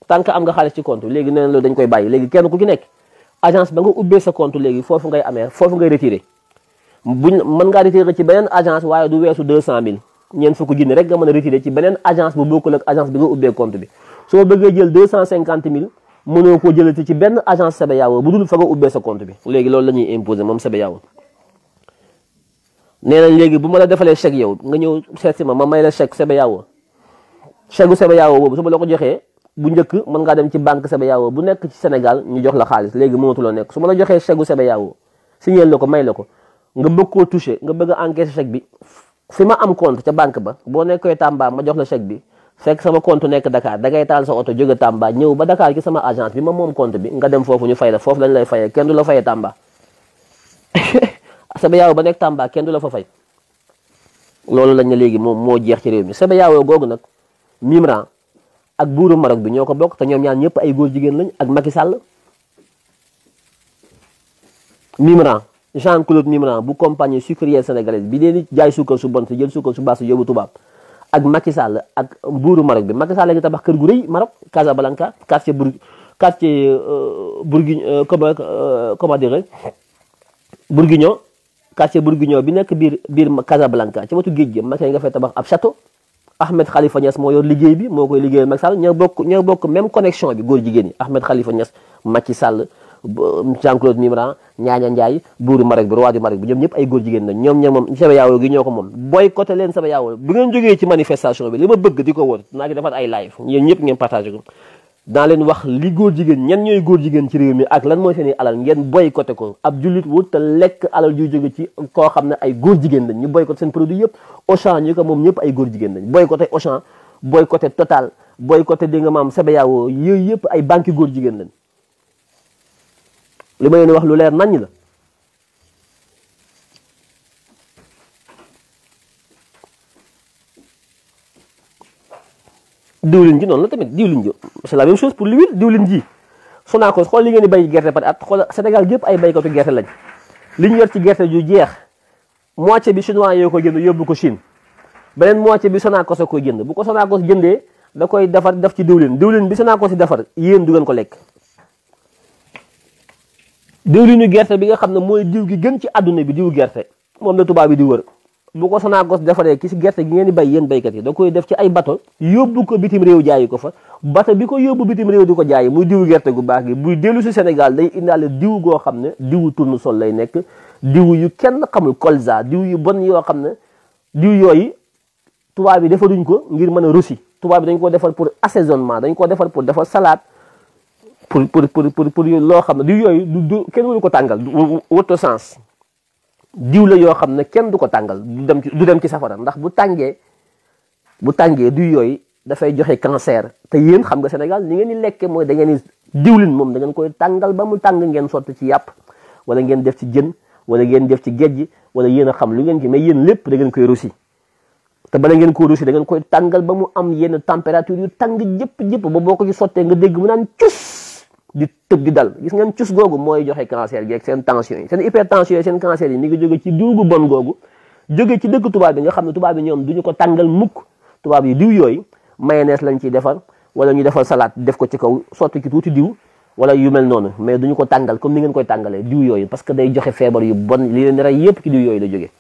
tant que am nga xaalis ci compte léegi nee loolu dañ koy bàyyi léegi kenn ku ci nekk agence ba nga ubbee sa compte foofu ngay amee foofu ngay retiré buñ mën ngaa retiré du weesu 200000 ñeent fukk junni rek nga mën ci beneen agence bu bokkul ak agence bi nga ubbee compte bi soo bëggee jël 250000 mënoo koo jëlati ci benn agence Sabayawoo bu dul fa nga ubbee sa compte bi léegi loolu la ñuy imposer moom Sabayawoo nee nañ léegi bu ma la defalee check yow nga ñëw seet si ma ma may la chèque CBAO chèque bu CBAO boobu su ma la ko joxee bu njëkk mën ngaa dem ci banque CBAO bu nekk ci Sénégal ñu jox la xaalis léegi mënatuloo nekk su ma la joxee chèque bu CBAO signé la ko may la ko nga bëgg koo touché nga bëgg a encaissé chèque bi fi ma am compte ca banque ba boo nekkee Tamba ma jox la chèque bi fekk sama compte nekk dakaar da ngay taal sa oto jóge Tamba ñëw ba dakaar ci sama agence bi ma moom compte bi nga dem foofu ñu fay la foofu lañ lay fayee kenn du la fayee Tamba [LAUGHS] sebe yaayoo ba nekk Tamba kenn du fa fay loolu lañ ne léegi moom moo jeex ci réew mi sebe yaayoo googu nag Mimran ak buuru Maroc bi ñoo ko bokk te ñoom ñaan ñëpp ay góor jigéen lañ ak Macky Sall Mimran Jean Claude Mimran bu compagnie sucrière sénégalaise bi leen jaay sukkar su bon si jël sukkar su baax si yóbbu tubaab ak Macky Sall ak buuru Maroc bi Macky Sall la ngi tabax kër gu rëy Maroc Casablanca quartier Bour quartier euh, euh, euh, Bourguignon comment quartier bourguignon bi nekk biir biir Casablanca ci wetu géej gi Macky nga fay tabax ab château Ahmed Khalifa Niass moo yor liggéey bi moo koy liggéeyal Macky Sall ñoo bokk ñoo bokk même connexion bi góor jigéen ñi Ahmed Khalifa Niass Macky Sall Jean Claude Ñaaña Ndiaye buuru Maroc bi roi du bi ñoom ñëpp ay góor jigéen ñoom ñoo moom sama gi ñoo ko moom boycotté leen sama yaawoo bi ngeen jógee ci manifestation bi li ma bëgg di ko wóor naa ci defar ay live yéen ñëpp ngeen ko daa leen wax li góor jigéen ñan ñooy góor jigéen ci réew mi ak lan mooy seen i alal ngeen boycotté ko ab jullit wut te lekk alal juy jóge ci koo xam ne ay góor jigéen lañ ñu boycotté seen produit yëpp Auchan ñi ko moom ñëpp ay góor jigéen lañ boycotté Auchan boycotté Total boycotté di nga maam Sebeyaawo yooyu yëpp ay banque góor jigéen lañ li ma leen wax lu leer naññ la. diwlin ji noonu la tamit diwlin ji c'est la même chose pour l'huile diwlin ji xool li ngeen di béy gerte par at xool Sénégal gépp ay béykatu gerte lañ li ñu yor ci gerte ju jeex moitié bi chinois yoo ko jënd yóbbu ko siin beneen moitié bi Sonacos a koy jënd bu ko Sonacos jëndee da koy defar def ci diwlin diwlin bi Sonacos yi defar yéen du ngeen ko lekk diwlinu gerte bi nga xam ne mooy diw gi gën ci àdduna bi diw gerte moom la tubaab bi di wër bu ko Sonacos defaree ki si gerte gi ngeen di bay yéen béykat yi da koy def ci ay bato yóbbu ko bitim réew jaayi ko fa bato bi ko yóbbu bitim réew di ko jaayi muy diwu gerte gu baax gi buy dellu si Sénégal day indaale diw goo xam ne diwu tournesol lay nekk diw yu kenn xamul colza diw yu bon yoo xam ne diw yooyu tubaab bi defaruñ ko ngir mën a russi tubaab bi dañ ko defar pour assaisonnement dañ ko defar pour defar salade pour pour pour pour loo xam ne diw yooyu du kenn waru ko tàngal wërto sens diw la yoo xam ne kenn du ko tàngal du dem ci du dem ci safara ndax bu tàngee bu tàngee du yooyu dafay joxe cancer te yéen xam nga Sénégal ni ngeen di lekkee mooy da ngeen di diwlin moom da ngeen koy tàngal ba mu tàng ngeen sotti ci yàpp wala ngeen def ci jën wala ngeen def ci géej wala yéen xam lu ngeen ki mais yéen lépp da ngeen koy russi te bala ngeen ko russi da ngeen koy tàngal ba mu am yenn température yu tàng jëpp jëpp ba boo ko ci sottee nga dégg mu naan cus di tëb di dal gis ngeen cus googu mooy joxe cancer gi ak seen tension yi seen hypertension yi seen cancer yi mi ngi jóge ci diw gu bon googu jóge ci dëkk tubaab bi nga xam ne tubaab bi ñoom du ñu ko tàngal mukk tubaab yi diw yooyu mayonnaise lañ ciy defar wala ñu defar salaat def ko ci kaw sotti ci tuuti diw wala yu mel noonu mais du ñu ko tàngal comme ni ngeen koy tàngalee diw yooyu parce que day joxe feebar yu bon li leen rey yépp ci diw yooyu la jóge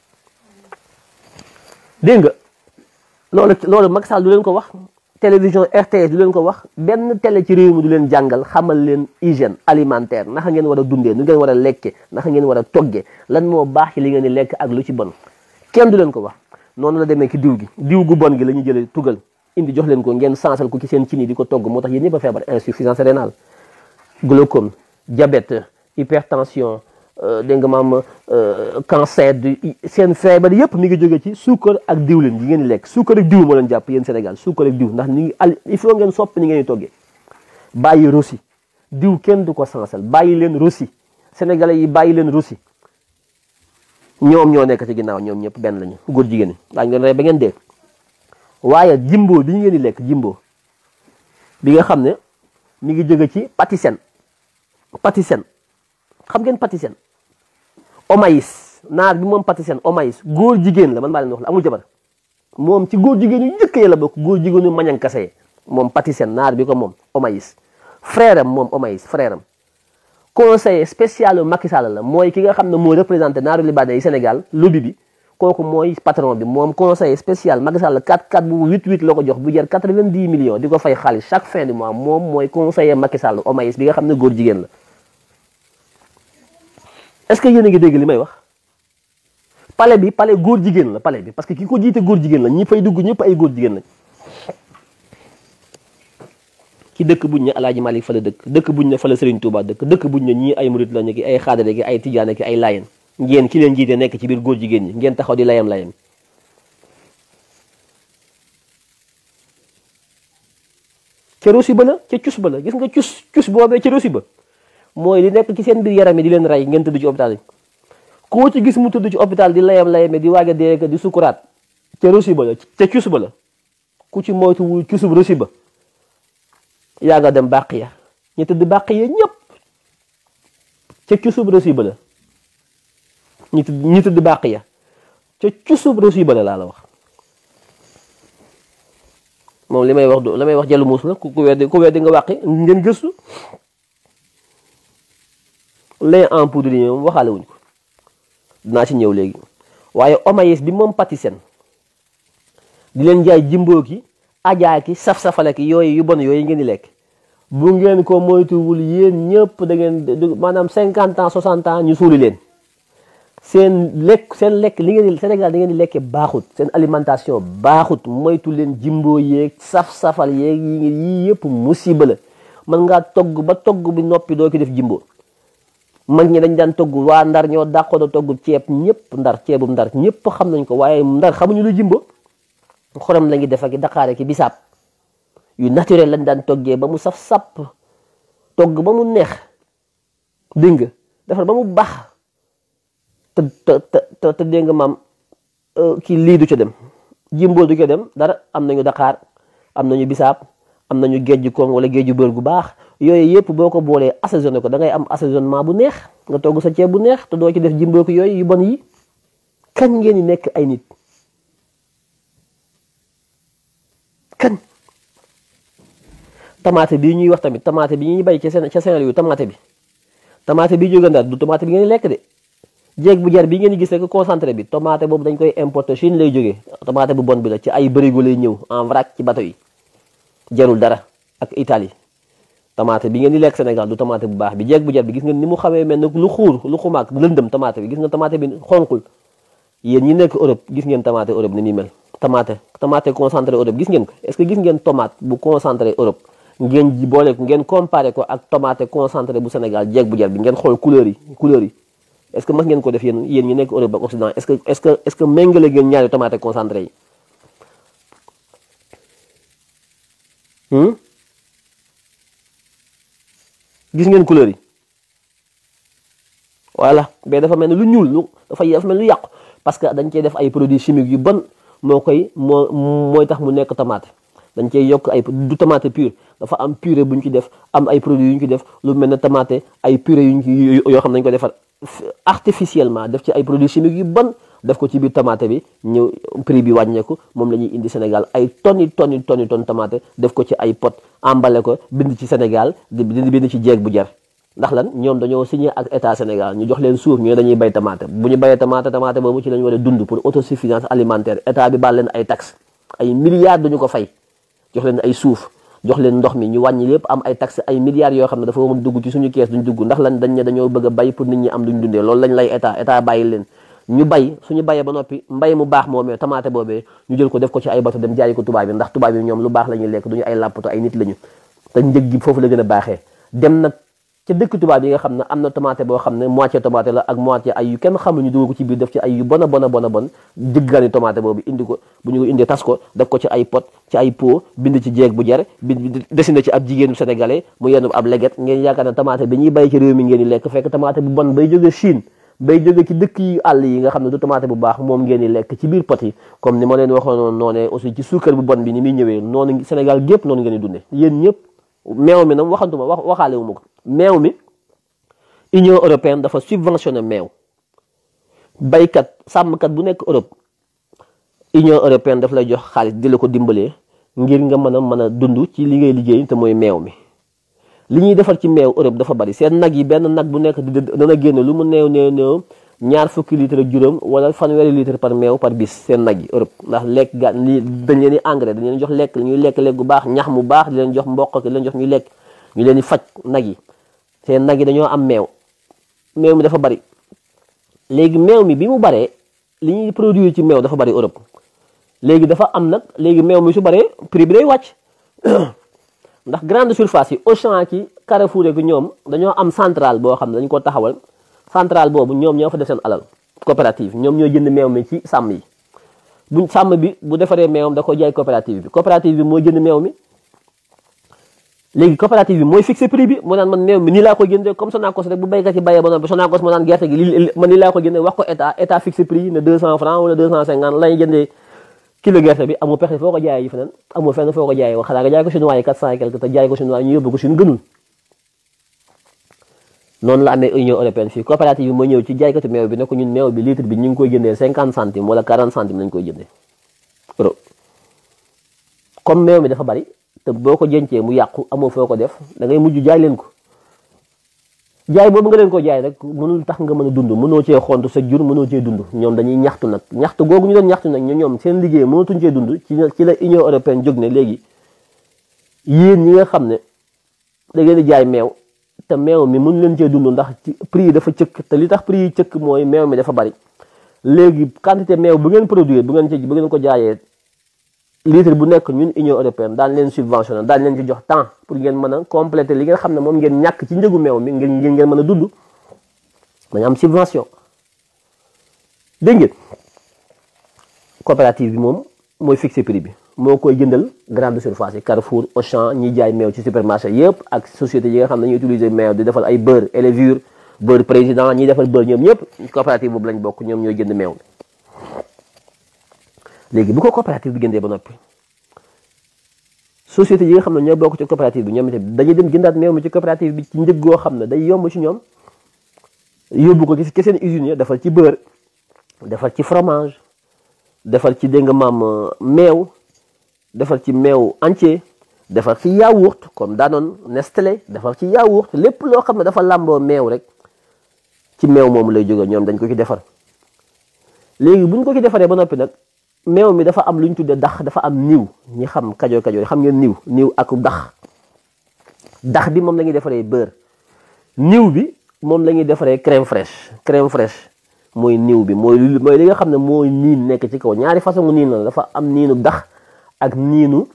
dégg nga loolu loolu Macky leen ko wax télévision RTS du leen ko wax benn tele ci réew mi du leen jàngal xamal leen hygiène alimentaire naka ngeen war a dundee nu ngeen war a lekke naka ngeen war a togge lan moo baax ci li ngeen di lekk ak lu ci bon kenn du leen ko wax noonu la demee ki diw gi diw gu bon gi la ñu jëlee tugal indi jox leen ko ngeen sansal ko ki seen ci nii di ko togg moo tax yéen ñëpp a feebar insuffisance rénale kon diabète hypertension Euh, dégg nga maam euh, cancer du seen feebar yëpp mi ngi jóge ci suukar ak diwlin yi ngeen lekk suukar ak diw moo leen jàpp yéen Sénégal suukar ak diw ndax ni ngi al il faut ngeen sopp ni ngeen di toggee bàyyi rosi diw kenn du ko sansal bàyyi leen rosi Sénégalais yi bàyyi leen rosi ñoom ñoo nekk ci ginnaaw ñoom ñëpp benn lañu góor jigéen ñi daañu leen rey ba ngeen dee waaye jimbo bi ngeen di lekk jimbo bi nga xam ne mi ngi jóge ci patisen patisen xam ngeen patisen Omaïs naar bi moom Patisen Omaïs góor jigéen la man maa leen wax la amul jabar moom ci góor jigéen yu njëkk yi la bokk góor jigéen yu mañankase yi moom Patisen naar bi ko moom Omaïs frère am moom Omaïs frère am conseiller spécial Macky Sall la mooy ki nga xam ne moo représenté naaru libanais yi Sénégal lobby bi kooku mooy patron bi moom conseiller spécial Macky Sall 4 4 bu 8 8 la ko jox bu jar 90 millions di ko fay xaalis chaque nga xam ne góor jigéen la. est-ce que yéen a ngi dégg li may wax palais bi palais góor jigéen la palais bi parce que ki ko jiite góor jigéen la ñi fay dugg ñëpp ay góor jigéen lañ ki dëkk buñ ne Alaaji Malik fa la dëkk dëkk buñ ne fa la Serigne Touba dëkk dëkk buñ ne ñii ay murit lañu ki ay xaadare ki ay tijaane ki ay layen ngeen ki leen jiite nekk ci biir góor jigéen ñi ngeen taxaw di layam layam ca rosi ba la ca cus ba la gis nga cus cus boobee ca rosi ba mooy li nekk ci seen biir yaram yi di leen rey ngeen tëdd ci hôpital yi koo ci gis mu tëdd ci hôpital di layam layame di waage dee di sukuraat ca rosi ba la ca cus ba la ku ci moytuwul cusub rosi ba yaa nga dem bàq ya ñu tëdd bàq ya ñëpp ca cusub rosi ba la ñu tëdd bàq ya ca cusub rosi ba la laa la wax moom li may wax du la may wax jëlu muus la ku ku weddi nga wàqi ngeen gëstu lin en poudre yi waxale wuñ ko dina ci ñew legi waye omayes bi pati patisen di len jaay jimbo ki aja ki saf-safale ki yoy yu bon yoy ngeen di lek bu ngeen ko wul yeen ñepp da ngeen manam 50 ans 60 ans ñu suuli len sen lek sen lek li ngeen di senegal da ngeen di lekkee baaxut sen alimentation baaxut moytu len jimbo yeeg saf-safal yeeg yi yii yëpp musiba la man nga togg ba togg bi nopi do ko def jimbo mag ñi dañ daan togg waa ndar ñoo dàqoon a togg ceeb ñëpp ndar ceebum ndar ñëpp xam nañ ko waaye ndar xamuñu lu jimbo xorom la ñuy def ak daqaare ki bisaab yu naturel lañ daan toggee ba mu saf sàpp togg ba mu neex dégg nga defar ba mu baax te te te maam euh, kii lii du ca dem jimbo du ca dem dara am nañu daqaar am nañu bisaab am nañu géej ju koŋ wala géej ju bër gu baax yooyu yëpp boo ko boolee assaisonné ko dangay ngay am assaisonnement bu neex nga togg sa ceeb bu neex te doo ci def jimboo ko yooyu yu bon yi kañ ngeen di nekk ay nit kañ tamaate bi ñuy wax tamit tamaate bi ñuy bay ca seen ca seen yu tamaate bi tamaate bi jóge Ndar du tamaate bi ngeen lekk de jéeg bu jar bi ngeen gis rek concentré bi tamaate boobu dañ koy importé Chine lay jóge tamaate bu bon bi la ci ay bërigo lay ñëw en vrac ci bato yi jarul dara ak Italie tamaate bi ngeen di lekk Sénégal du tamaate bu baax bi jeeg bu jar bi gis ngeen ni mu xawee mel ne lu xuur lu xumaak lëndëm tamaate bi gis yéen ñi nekk Europe gis ngeen tamaate Europe ni muy mel tamaate tamaate concentré Europe gis ngeen ko gis ngeen tomate bu concentré Europe ngeen ji boole ko ngeen comparé ko ak tomate concentre bu Sénégal jeeg bu jar bi ngeen xool couleur yi couleur yi est-ce que mas ngeen ko def yéen yéen ñi nekk Europe ak Occident est-ce que est-ce que ngeen ñaari tomate concentré gis ngeen couleur yi voilà mais dafa mel ni lu ñuul lu dafay dafa mel lu yàqu parce que dañ cey def ay produits chimiques yu ban moo koy moo mooy tax mu nekk tomate dañ cee yokk ay du tomate pure dafa am purée bu ñu ci def am ay produits yu ñu ci def lu mel ne tomate ay purée yu ñu ci yoo xam ne dañ ko defar artificiellement def ci ay produits chimiques yu ban def ko ci biir tamaate bi ñu prix bi wàññeeku moom la ñuy indi Sénégal ay tonni tonni tonni ton tamaate def ko ci ay pot emballé ko bind ci Sénégal di bind ci bu jar ndax lan ñoom dañoo signé ak état Sénégal ñu jox leen suuf ñu ne dañuy bay tamaate bu ñu bayee tamaate tamaate boobu ci la ñu war a dund pour autosuffisance alimentaire état bi baal leen ay taxes ay milliards duñu ko fay jox leen ay suuf jox leen ndox mi ñu wàññi lépp am ay taxes ay milliards yoo xam ne dafa waroon dugg ci suñu kees duñ dugg ndax lan dañ ne loolu lañ lay état état bàyyi leen ñu bay suñu bayee ba noppi mbay mu baax moomee tamaate boobee ñu jël ko def ko ci ay bato dem jaayi ko tubaab yi ndax tubaab yi ñoom lu baax la ñuy lekk du ñu ay làppato foofu la a baaxee dem nag dëkk tubaab yi nga xam ne am na tomate boo xam ne moitié tomate la ak moitié kenn xamuñu dugal ko ci ci ay yu bon a bon a bon a bon jëggaani boobu indi ko bu ñu ko indee tas ko def ko ci ay pot ci ay pot bind ci jeeg bu jar bind dessiné ci ab jigéenu sénégalais mu yenub ab leget ngeen yaakaar ne tomate bi ñuy bay ci réew mi ngeen di lekk fekk tomate bu bon bay jógee Chine day jóge ci dëkk yi àll yi nga xam ne du tomate bu baax moom ngeen di lekk ci biir pot yi comme ni ma leen waxoonoon noonee aussi ci suukar bu bon bi ni muy ñëwee noonu Sénégal gépp noonu ngeen di dunde yéen ñëpp meew mi nag waxantuma wax waxaale wu ma ko meew mi Union européenne dafa subventionné meew baykat sàmmkat bu nekk Europe Union européenne daf lay jox xaalis di la ko dimbalee ngir nga mën a mën a dund ci li ngay liggéey te mooy meew mi li ñuy defar ci meew Europe dafa bari seen nag yi benn nag bu nekk di dana génne lu mu néew néew néew ñaar fukki litre ak juróom wala fanweeri litre par meew par bis seen nag yi Europe ndax lekk ga li dañ leen di engrais dañ leen jox lekk ñuy lekk lekk bu baax ñax mu baax leen jox mboq di leen jox ñu lekk ñu leen di faj nag yi seen nag yi dañoo am meew meew mi dafa bari léegi meew mi bi mu baree li ñuy produire ci meew dafa bari Europe léegi dafa am léegi meew mi su baree prix bi day wàcc [CLEARS THROAT] ndax grande surface yi Auchan ki Carrefour gi ñoom dañoo am centrale boo xam ne dañu ko taxawal centrale boobu ñoom ñoo fa def seen alal coopérative ñoom ñoo jënd meew mi ci sàmm yi buñ sàmm bi bu defaree meewam da ko jaay coopérative bi moo jënd meew mi léegi coopérative mooy fixé prix bi moo naan man meew mi nii laa ko jëndee comme Sonacos rek bu béykat yi bayee ba noonu Sonacos moo naan gerte gi lii nii laa ko jëndee wax ko état état fixé prix yi ne 200 francs wala 250 kilo gerte bi amoo pexe foo ko jaayee ji feneen amoo fenn foo ko wax xanaa jaay ko chinois yi quatre cent et quelque te jaay ko chinois ñu yóbbu ko suñu gënul noonu la amee union fii coopérative bi ma ñëw ci jaay jaaykatu meew bi ne ko ñun meew bi litre bi ñu ngi koy jëndee cinquante centimes wala quarante centimes lañ koy jëndee euro comme meew mi dafa bari te boo ko jëncee mu yàqu amoo foo ko def da ngay mujj jaay leen ko jaay boobu nga leen ko jaay rek mënul tax nga mën a dund mënoo cee xont sa jur mënoo cee dund ñoom dañuy ñaxtu nag ñaxtu googu ñu doon ñaxtu nag ñoom seen liggéey mënatuñ cee dund ci ci la Union européenne jóg ne léegi yéen ñi nga xam ne da ngeen di jaay meew te meew mi mënu leen cee dundu ndax ci prix yi dafa cëkk te li tax prix yi cëkk mooy meew mi dafa bari léegi quantité meew bu ngeen produire bu ngeen ci bu ngeen ko jaayee litre bu nekk ñun union européenne daan leen subventionné daan leen ci jox temps pour ngeen mën a compléter li ngeen xam ne moom ngeen ñàkk ci njëgu meew mi ngeen ngeen mën a dudd dañu am subvention dégg ngeen coopérative bi moom mooy fixé bi moo koy jëndal grande surface yi Carrefour ñi jaay meew ci supermarché yëpp ak société yi nga xam ne dañuy utiliser meew di defal ay beurre et levure beurre président ñiy defal beurre ñoom ñëpp coopérative boobu lañ bokk ñoom ñooy jënd meew léegi bu ko coopérative bi jëndee ba noppi société yi nga xam ne ñoo bokk ci coopérative bi ñoom itam dañuy dem jëndaat meew mi ci coopérative bi ci njëg goo xam ne day yomb ci ñoom yóbbu ko ci seen usine ya defal ci beurre defal ci fromage defal ci dégg nga maam euh, meew defal ci meew entier defal ci yaourt comme daanoon Nestlé defal ci yaourt lépp loo xam ne dafa làmboo meew rek ci meew moom lay jóge ñoom dañ ko ci defar léegi buñ ko ci defaree ba noppi nag meew mi dafa am lu ñu tuddee dax dafa am niiw ñi xam kajoor kajoor xam ngeen niw niw ak dax dax bi moom lañuy defaree beurre niw bi moom la ñuy defaree crème fraîche crème fraîche mooy niw bi mooy mooy li nga xam ne mooy niin nekk ci kaw ñaari façon niin dafa am niinu dax ak niinu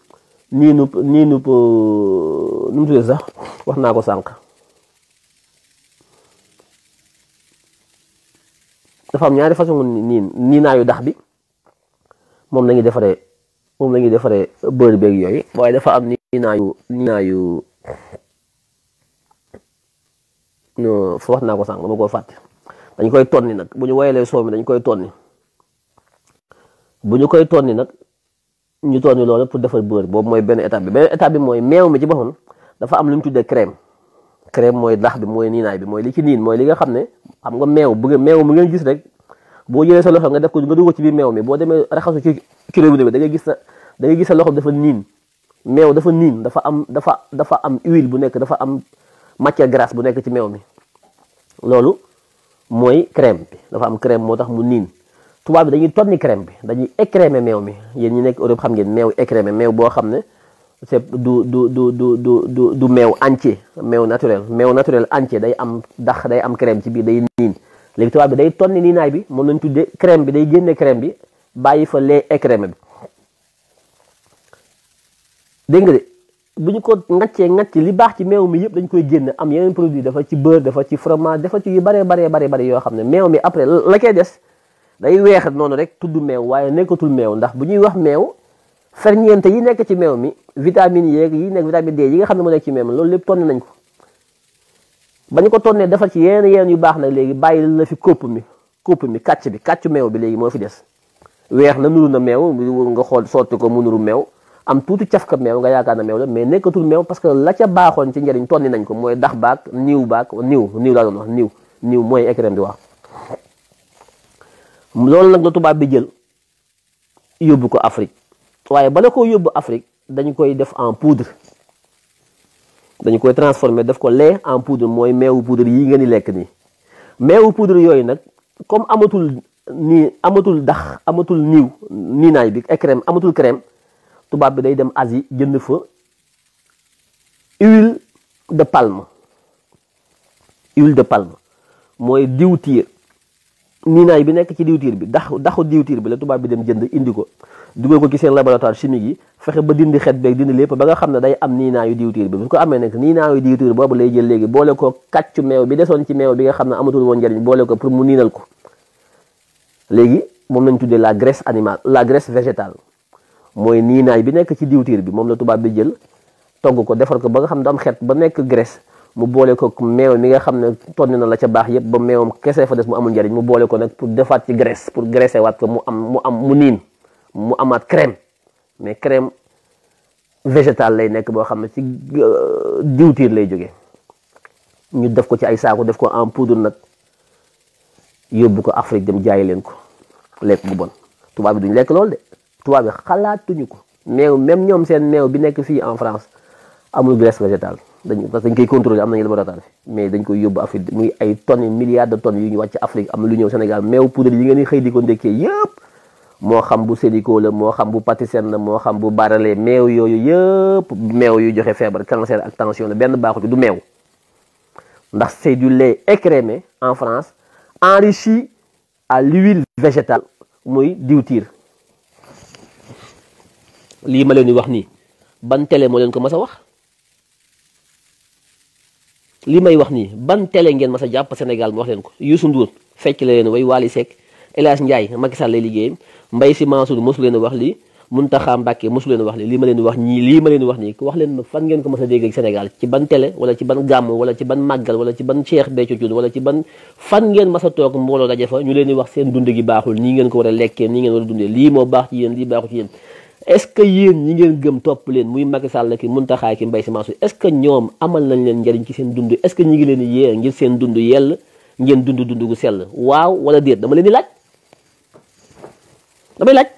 niinu niinu euh, nu mu tuddee sax wax naa ko sànq dafa am ñaari façon niin niinaayu dax bi moom la defaree moom la defaree beurre beeg yooyu waaye dafa am nii naa yu naa yu wax naa ko sànq dama koo fàtte dañ koy tonni nag bu ñu woyalee soow mi dañ koy tonni bu ñu koy tonni nag ñu tonni loolu pour defar beurre boobu mooy benn étape bi benn étape bi mooy meew mi ci boppam dafa am lu ñu tuddee crème crème mooy dax bi mooy niinaay bi mooy li ci niin mooy li nga xam ne xam nga meew bu meew mu ngeen gis rek. boo jëlee sa loxo nga def ko nga dugg ci biir meew mi boo demee raxasu ci ci robinet bi da ngay gis sa da ngay gis sa loxo dafa niin meew dafa niin dafa am dafa dafa am huile bu nekk dafa am matière grasse bu nekk ci meew mi loolu mooy crème bi dafa am crème moo tax mu niin tubaab bi dañuy tonni crème bi dañuy écrémer meew mi yéen ñi nekk Europe xam ngeen meew écrémer meew boo xam ne c'est du du du du du du du meew entier meew naturel meew naturel entier day am dax day am crème ci biir day léegi tubaab bi day tonni nii naay bi moom nañ tuddee crème bi day génne crème bi bàyyi fa lait écrémé bi dégg nga de bu ñu ko ngaccee ngacc li baax ci meew mi yëpp dañ koy génn am yeneen produit dafa ci beurre dafa ci fromage dafa ci yu bare baree bare bari yoo xam ne meew mi après la koy des day weex noonu rek tudd meew waaye nekkatul meew ndax bu ñuy wax meew ferñeent yi nekk ci meew mi vitamine yeeg yi nekk vitamine D yi nga xam ne mu nekk ci meew mi loolu lépp tonni nañ ko ba ñu ko tonnee defar ci yenn yenn yu baax nag léegi bàyyi la fi kópp mi kópp mi kàcc bi kàccu meew bi léegi moo fi des weex na nuru na meew nga xool sotti ko mu nuru meew am tuuti cafka meew nga yaakaar na meew la mais nekkatul meew parce que la ca baaxoon ci njëriñ tonni nañ ko mooy dax baak niiw baak niiw niiw laa doon wax niiw niiw mooy écrème di wax loolu nag la tubaab bi jël yóbbu ko Afrique waaye bala koo yóbbu Afrique dañ koy def en poudre dañu koy transformer def ko lait en poudre mooy meewu poudre yi ngeen di lekk nii meewu poudre yooyu nag comme amatul nii amatul dax amatul niiw niinaay bi ak crème amatul crème tubaab bi day dem Asie jënd fa huile de palme huile de palme mooy diwtiir niinaay bi nekk ci diwtiir bi dax daxu diwtiir bi la tubaab bi dem jënd indi ko dugal ko ci seen laboratoire chimique yi fexe ba dindi xet beeg dindi lépp ba nga xam ne day am nii naa yu diwtiir bi bu ko amee nag nii naa yu diwtiir boobu lay jël léegi boole ko kàccu meew bi desoon ci meew bi nga xam ne amatul woon njëriñ boole ko pour mu niinal ko léegi moom lañ tuddee la graisse animale la graisse végétale mooy nii naay bi nekk ci diwtiir bi moom la tubaab bi jël togg ko defar ko ba nga xam ne am xet ba nekk graisse mu boole ko meew mi nga xam ne tonn na la ca baax yépp ba meewam kese fa des mu amul njëriñ mu boole ko nag pour defaat ci graisse pour graisser waat ko mu am mu am mu niin mu amaat crème mais crème végétale lay nekk boo xam ne si euh, diwtiir lay jóge ñu def ko ci ay saako def ko en poudre nag yóbbu ko Afrique dem jaayi leen ko lekk bu bon tubaab bi duñ lekk lool de tubaab bi xalaatuñu ko meew même ñoom seen meew bi nekk fii en France amul graisse végétale dañ parce que dañ koy contrôler am nañu laboratoire fi mais dañ koy yóbbu Afrique muy ay tonnes milliards de tonnes yu ñu wàcc Afrique am lu ñëw Sénégal meew poudre yi ngeen di xëy di ko ndekkee mo xam bu sédikoo la mo xam bu de la xam bu barale Mais il y yu joxe fièvre cancer ak tension la benn du c'est du lait écrémé en France enrichi à l'huile végétale muy que ma leen wax ni ban télé mo leen ko massa wax li may wax ni ban télé ngeen massa japp Sénégal mo wax ko Ndour fecc leen way Elias Ndiaye Macky Sall lay liggéey Mbaye Sy Mansour musul leen wax li muntaha Mbacké musul leen wax lima li ma leen wax ni li ma leen wax nii wax leen ma fan ngeen ko mës dégg ak Sénégal ci ban télé wala ci ban wala ci ban magal wala ci ban Cheikh Béthio Thioune wala ci ban fan ngeen mës tok mbolo dajé fa ñu leen di wax seen dund gi baxul ni ngeen ko wara a ni ngeen wara dundé li mo bax ci yeen li baaxul ci yeen est-ce que yeen ñi ngeen gëm top leen muy Macky Sall ki muntaha ki Mbaye Sy Mansour est-ce que ñom amal nañ leen njariñ ci seen dund est-ce que ñi ngi leen yé ngir seen dund yell ngeen dundu dundu gu sel waaw wala diet, dama leen di laaj damay laaj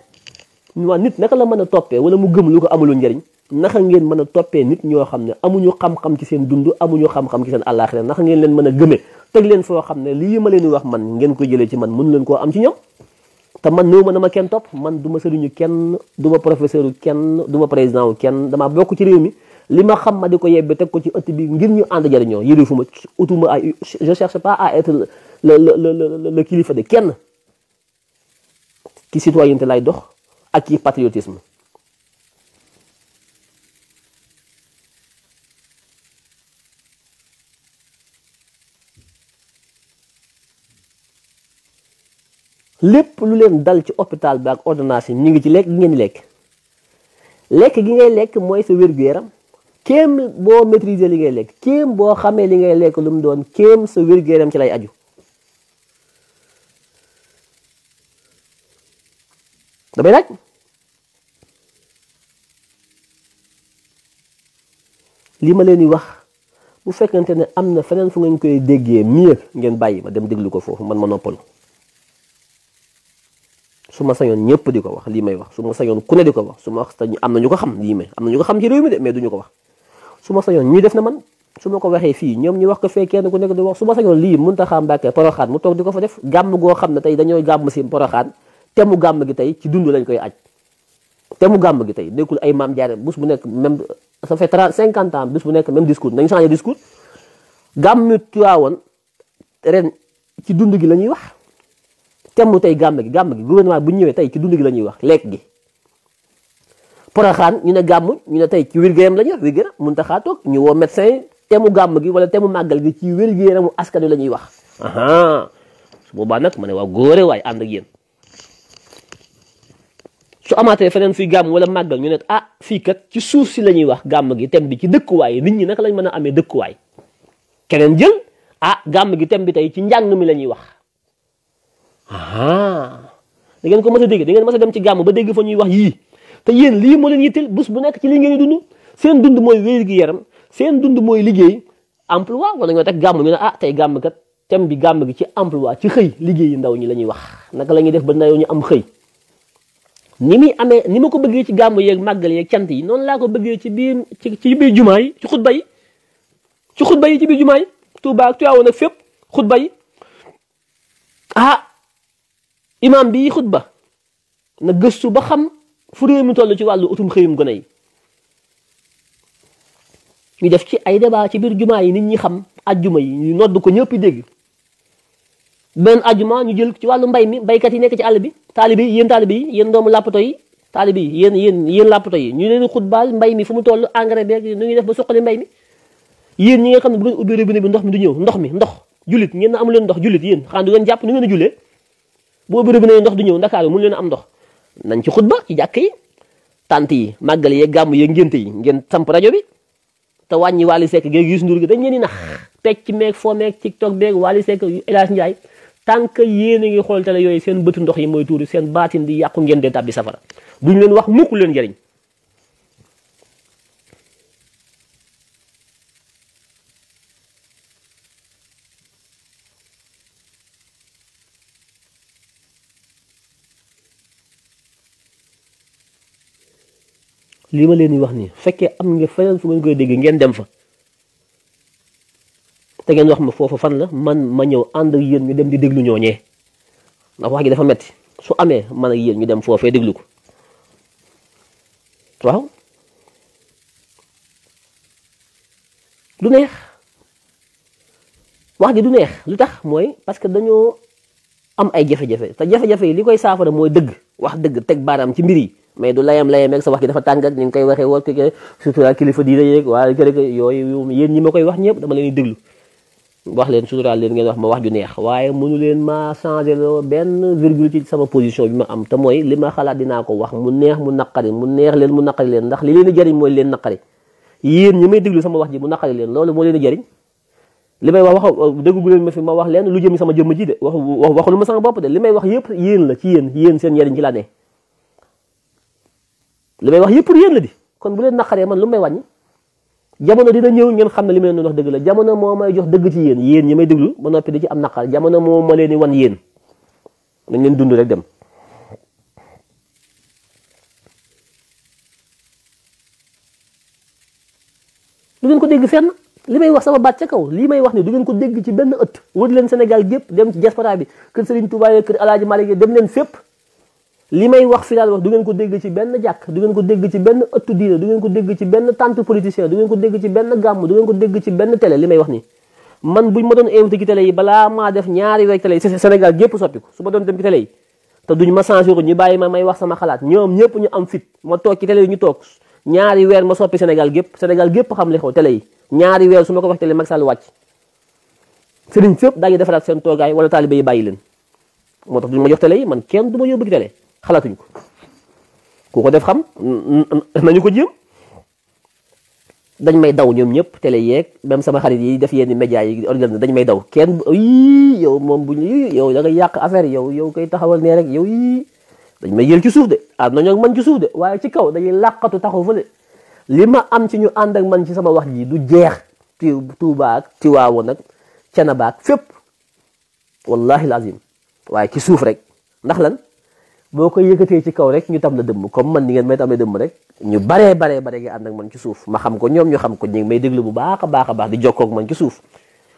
waa nit naka la mën a toppee wala mu gëm lu ko amulu jariñ naka ngeen mën a toppee nit ñoo xam ne amuñu xam-xam ci seen dund amuñu xam-xam ci seen àllaaxira naka ngeen leen mën a gëmee teg leen foo xam ne lii ma leen di wax man ngeen ko jëlee ci man mënu leen koo am ci ñoom te man néew ma na ma kenn topp man du ma sëriñu kenn du ma professeur kenn du ma président wu kenn damaa bokk ci réew mi li ma xam ma di ko yebbe teg ko ci ëtt bi ngir ñu ànd jariñoo yëri fu ma utuma ay je cherche pas à être le kilifa de kenn ci citoyenneté lay dox ak ci patriotisme lépp lu leen dal ci hôpital bi ak ordonnance ñu ngi ci lekk gi ngeen lekk lekk gi ngay lekk mooy sa wér-gu-yaram kéem boo maîtriser li ngay lekk kéem boo xamee li ngay lekk lu mu doon kéem sa wér-gu-yaram ci lay aju damay laaj li ma leen di wax bu fekkente ne am na feneen fu ngeen koy déggee mieux ngeen bàyyi ma dem déglu ko foofu man ma noppalu su ma sañoon ñëpp di ko wax lii may wax su ma sañoon ku ne di ko wax su sañoon am na ñu ko xam lii na ñu ko ko wax su ma sañoon ñuy def na man su ma ko waxee fii ñoom ñu wax ko fee kenn ku nekk di wax su ma sañoon lii Muntaxa Mbàkke Poroxaan mu toog di ko fa def gàmm goo xam ne tey dañoo gàmm si Poroxaan temu mu gàmm gi tey ci dund lañ koy aj te mu gi tey nekkul ay maam jaare bus bu nekk même ça fait trente cinquante ans bés bu nekk même discours nañ changé discours gàmmi ren ci dund gi la ñuy wax te tey gàmm gi gàmm gi gouvernement bu ñëwee tey ci dund gi la ñuy wax lekk gi poroxaan ñu ne gàmm ñu ne tey ci wér-gu-yaram la ñuy wax mun taxaa toog ñu woo médecin temu gàmm gi wala temu màggal gi ci wér-gu-yaramu askan wi la ñuy wax aha su boobaa nag ma ne waaw góore waaye ànd ak yéen su amaatee feneen fuy gàmm wala màggal ñu ne a ah fii kat ci suuf si la ñuy wax gàmm gi thème bi ci dëkkuwaay nit ñi naka lañ mën amee dëkkuwaay keneen jël ah gàmm gi thème bi tey ci njàng mi la ñuy wax ah da ko mës a dégg da ngeen mës a dem ci gàmm ba dégg fa ñuy wax yii te yéen lii moo leen yitteel bés ci lii ngeen dund seen dund mooy wér gi yaram seen dund mooy liggéey emploi wala nga teg gàmm ñu ne ah tey gàmm kat bi gàmm gi ci emploi ci xëy liggéeyi ndaw ñi la ñuy wax naka la ñuy def ba ndaw ñu am xëy ni muy amee ni ma ko bëggee ci gàmmu yeeg màggal yeeg cant yi noonu laa ko bëggee ci biir ci ci biir jumaa yi ci xutba yi ci ci biir jumaa yi Tuubaa ak Tiwaawan ak fépp xutba yi ah imaam bi xutba na gëstu ba xam fu réew mi toll ci wàllu utum xëyum gone yi ñu def ci ay débat ci biir jumaa yi nit ñi xam ajjuma yi ñu nodd ko ñëpp dégg benn ajuma ñu jël ci wàllu mbay mi mbaykat yi nekk ci àll bi taalibe yi yéen taalibe yi yéen doomu làppato yi taalibe yi yéen yéen yéen làppato yi ñu leen xutbaal mbay mi fu mu toll engrais beeg nu ñuy def ba suqali mbay yéen ñi nga xam ne bu leen ubbi robinet bi ndox mi du ñëw ndox mi ndox jullit ngeen na leen ndox jullit yéen xanaa du ngeen jàpp nu ngeen a jullee bu ubbi robinet ndox du ñëw ndakaaru mënu leen am ndox nañ ci xutba ci jàkk yi tant yi màggal yeeg gàmm yeeg ngénte yi ngeen samp rajo bi te wàññi Wally Seck géeg Youssou Ndour gi dañ leen di nax pecc meeg foo meeg TikTok beeg Wally Seck El Hadj Ndiaye tant que yéen a ngi xool télé yooyu seen bëtu ndox yi mooy tuuri seen baatin di yàqu ngeen dee tàbbi safara ñu leen wax mukk leen njëriñ li ma leen di wax nii fekkee am nga feneen fu ngeen koy dégg ngeen dem fa te ngeen wax ma foofu fan la man ma ñëw ànd ak yéen ñu dem di déglu ñooñee ndax wax ji dafa metti su amee man ak yéen ñu dem foofee déglu ko waaw du neex wax gi du neex lu tax mooy parce que dañoo am ay jafe-jafe te jafe-jafe yi li koy saafara mooy dëgg wax dëgg teg baaraam ci mbir yi mais du layam layam ak sa wax gi dafa tàng ak ni nga koy waxee woon surtout kilifa diine yeeg waa kër yooyu yéen ñi ma koy wax ñëpp dama lay di déglu. wax leen suturaal leen ngeen wax ma wax ju neex waaye mu mënu leen ma changé loo benn virgule ci sama position bi ma am te mooy li ma xalaat dinaa ko wax mu neex mu naqari mu neex leen mu naqari leen ndax li leen di jëriñ mooy leen naqari yéen ñi may déglu sama wax ji mu naqari leen loolu moo leen di jëriñ li may wax wax déggu leen ma fi ma wax leen lu jëm sama jëmm ji de wax waxulu ma sama bopp de li may wax yëpp yéen la ci yéen yéen seen njëriñ ci laa ne li may wax yëpp pour yéen di kon bu leen naqaree man lu may wàññi jamono dina ñëw ngeen xam ne li ma leen wax dëgg la jamono moo may jox dëgg ci yéen yéen ñi may déglu ba noppi di ci am naqar jamono moo ma leen di wan yéen nañ leen dund rek dem. du ko dégg fenn li may wax sama baat ca kaw lii may wax ni du ngeen ko dégg ci benn ëtt wër leen Sénégal gépp dem ci diaspora bi kër Serigne Touba kër El Hadj Malick dem leen fépp. li may wax fi daal wax du ngeen ko dégg ci benn jàkk du ngeen ko dégg ci benn ëttu ko dégg ci benn tànt politicien du ko dégg ci benn gàmm du ngeen ko dégg ci benn télé li may wax nii man buñ ma doon invité ci télé yi balaa maa def ñaari weer télé yi gépp soppiku su ma doon dem ci télé yi te duñ ma changé ñu bàyyi ma may wax sama xalaat ñoom ñëpp ñu am fit ma toog ci télé ñu toog ñaari weer ma soppi Sénégal gépp Sénégal gépp xam li xew télé yi ñaari weer su ma ko wax télé Macky Sall wàcc sëriñ fépp daañu defaraat seen toogaay wala taalibe yi bàyyi leen moo tax duñ ma jox télé yi man kenn du ma yóbbu ci télé xalaatuñ ko ku ko def xam nañu ko jéem dañ may daw ñoom ñëpp télé yeeg même sama xarit yi def yenn média yi organisé dañ may daw kenn yii yow moom bu ñu yow da nga yàq affaire yow yow koy taxawal nee rek yow yii dañ may yël ci suuf de am nañoo man ci suuf de waaye ci kaw dañuy làqatu taxaw fële li ma am ci ñu ànd ak man ci sama wax ji du jeex ci Tuuba ci waaw nag Canaba ak fepp wallahi lazim waaye ci suuf rek ndax lan boo ko yëkkatee ci kaw rek ñu tam la dëmm comme man ni ngeen may tam la dëmm rek ñu baree baree baree gi ànd ak man ci suuf ma xam ko ñoom ñu xam ko ñu ngi may déglu bu baax baax a di jokkoo ak man suuf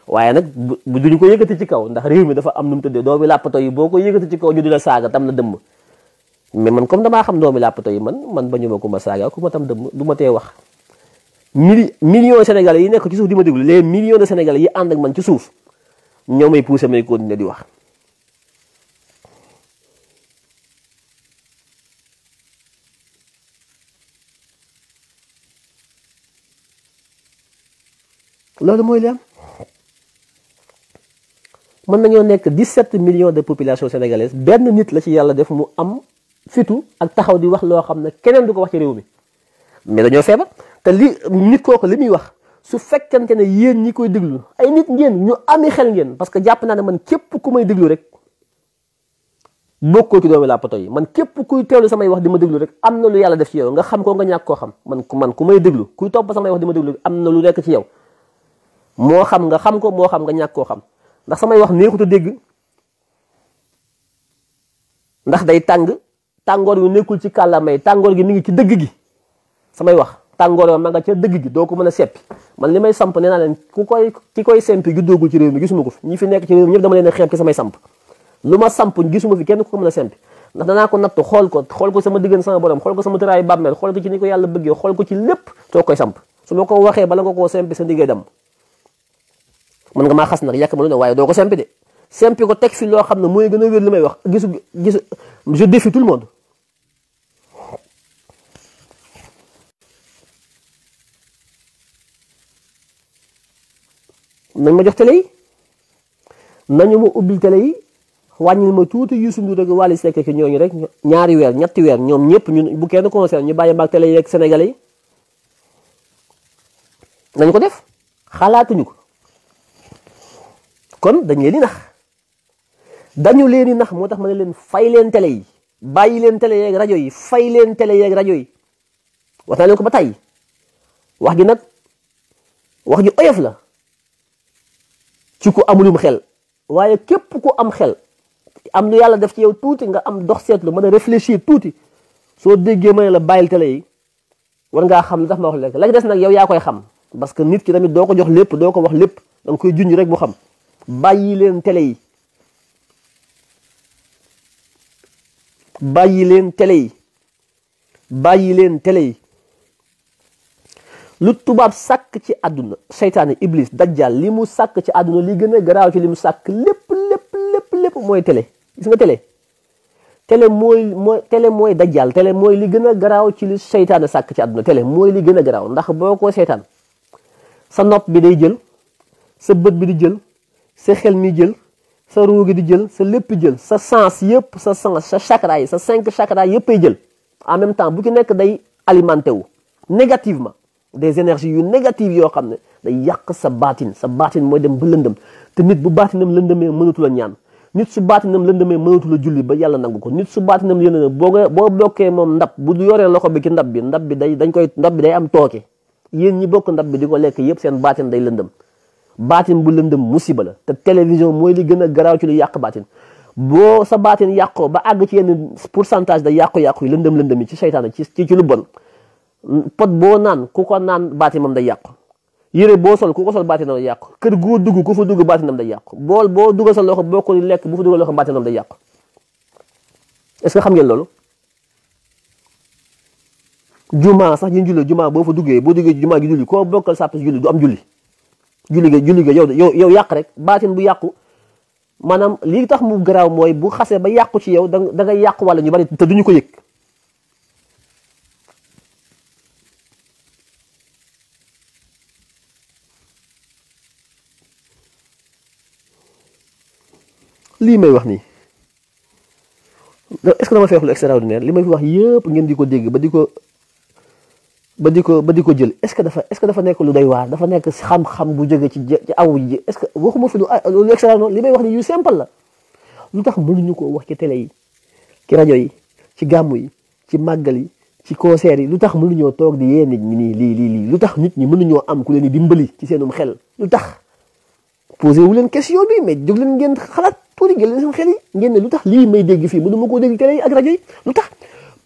waaye nag bu ko yëkkati ci kaw ndax réew mi dafa am nu mu tëddee doomi làppato yi boo ko yëkkati ci kaw di la saaga tam la dëmm mais man comme damaa xam doomi làppato yi man man ba ñu ma ma saaga ku ma tam dëmm du ma tee wax mili millions sénégalais yi nekk ci suuf di ma déglu les millions de yi ànd ak man suuf ñoo may poussé may continuer di wax loolu mooy li am mën nañoo nekk 17 million de population sénégalaise benn nit la ci yàlla def mu am fitu ak taxaw di wax loo xam ne keneen du ko wax ci réew mi mais dañoo feebar te li nit kooku li muy wax su fekkente ne yéen ñi koy déglu ay nit ngeen ñu ami xel ngeen parce que jàpp naa ne man képp ku may déglu rek bokkoo ci doomi làppato yi man képp kuy teewlu samay wax di ma déglu rek am na lu yàlla def ci yow nga xam ko nga ñàkk koo xam man man ku may déglu kuy topp samay wax di ma déglu lu nekk ci yow moo xam nga xam ko moo xam nga ñàkk koo xam ndax samay wax neexut a dégg ndax day tàng tàngoor yu nekkul ci kàllaamay tàngoor gi mi ngi ci dëgg gi samay wax tàngoor yoo ma nga ca dëgg gi doo ko mën a seppi man li may naa ko nekk ci réew mi ñëpp a xeeb ko mën a sempi ndax danaa ko natt xool ko xool ko sama diggante sama borom xool ko sama tëraayu bàmmeel xool ko ci ni ko yàlla bëggee xool ko ci lépp soo koy samp su ma ko waxee bala nga koo sempi sa ndiggee dem mën nga maa xas nag yàq ma lu ne waaye doo ko simpi de simpi ko teg fi loo xam ne mooy gën a wér li may wax gisu gisu je défie tout le monde. nañ ma jox télé yi nañu ma ubbil télé yi wàññil ma tuuti Youssou Ndour ak Wally Seck ak ñooñu rek ñaari weer ñetti weer ñoom ñëpp ñun bu kenn concerne ñu bàyyi maag télé yi ak sénégalais yi nañu ko def xalaatuñu kon dañ leen nax dañu leen di nax moo tax ma ne leen fay leen tele yi bàyyi leen tele yeeg rajo yi fay leen tele yeeg rajo yi wax naa leen ko ba tàyyi wax gi nag wax ji oyof la ci ku amulum xel waaye képp ku am xel am lu yàlla def ci yow tuuti nga am dox seetlu mën a réfléchir tuuti soo déggee ma ne la bàyyil tele yi war ngaa xam li tax ma wax lekk la des nag yow yaa koy xam parce que nit ki tamit doo ko jox lépp doo ko wax lépp danga nga koy junj rek mu xam bàyyi leen télé yi bàyyi leen télé yi bàyyi leen télé lu tubaab sàkk ci àdduna seytaane iblis dajjal li mu sàkk ci àdduna li gën a garaaw ci li mu sàkk lépp lépp lépp lépp mooy télé gis nga télé télé mooy mooy télé mooy dajjal télé mooy li gën a garaaw ci li seytaane sàkk ci adduna télé mooy li gën a garaaw ndax boo ko seytaan sa nopp bi day jël sa bët bi di jël sa xel mi jël sa ruugi di jël sa lépp jël sa sens yëpp sa sens sa chakra yi sa cinq chakra yëppay jël en même temps bu ci nekk day alimenté wu négativement des énergies yu negative yoo xam ne day yàq sa baatin sa baatin mooy dem ba lëndëm te nit bu baatinam lëndëmee mënatu la ñaan nit su baatinam lëndëmee mënatu la julli ba yàlla nangu ko nit su baatinam lëndëmee boo nga boo blokkee moom ndab bu yoree loxo bi ci ndab bi ndab bi day dañ koy ndab bi day am tooke yéen ñi bokk ndab bi di ko lekk yëpp seen baatin day baatin bu lëndëm musiba la te télévision mooy li gën a garaaw ci lu yàq baatin boo sa baatin yàqoo ba àgg ci yenn pourcentage da yàq yàqu yi lëndëm lëndëm yi ci seytaane ci ci lu bon pot boo naan ku ko naan baatinam day yàq yére boo sol ku ko sol baatinam day yàq kër goo dugg ku fa dugg baatinam day yàqu bool boo dugal sa loxo boo ko lekk bu fa dugal loxo baatinam day yàqu est-ce que xam ngeen loolu jumaa sax ñu julli jumaa boo fa duggee boo duggee jumaa gi koo bokkal sàpp julli du am julli juliga juliga yow yow yow yak rek batin bu yakku manam li tax mu graw moy bu xasse ba yakku ci yow da nga yàqu wala ñu bari te duñu ko yek li may wax ni est ce que dama fi wax lu extraordinaire li may wax yépp ngeen di ko dégg ba di ko ba di ko di ko jël est-ce que dafa est dafa nekk lu doy waar dafa nekk xam-xam bu jóge ci ci aw ji est-ce waxuma fi lu ah, lu extra noonu li may wax ni yu simple la lu tax mënuñu ko wax ci télé ci rajo yi ci gàmmu yi ci màggal yi ci concert yi lu tax mënuñoo toog di yee nit ñi nii lii lii lii lu tax nit ñi mënuñoo am ku leen di dimbali ci seenum xel lu tax posé wu leen question bi mais jóg leen ngeen xalaat tuuti jël leen seen xel ngeen ne lu tax lii may fi fii mënuma koo dégg télé yi ak rajo yi lu tax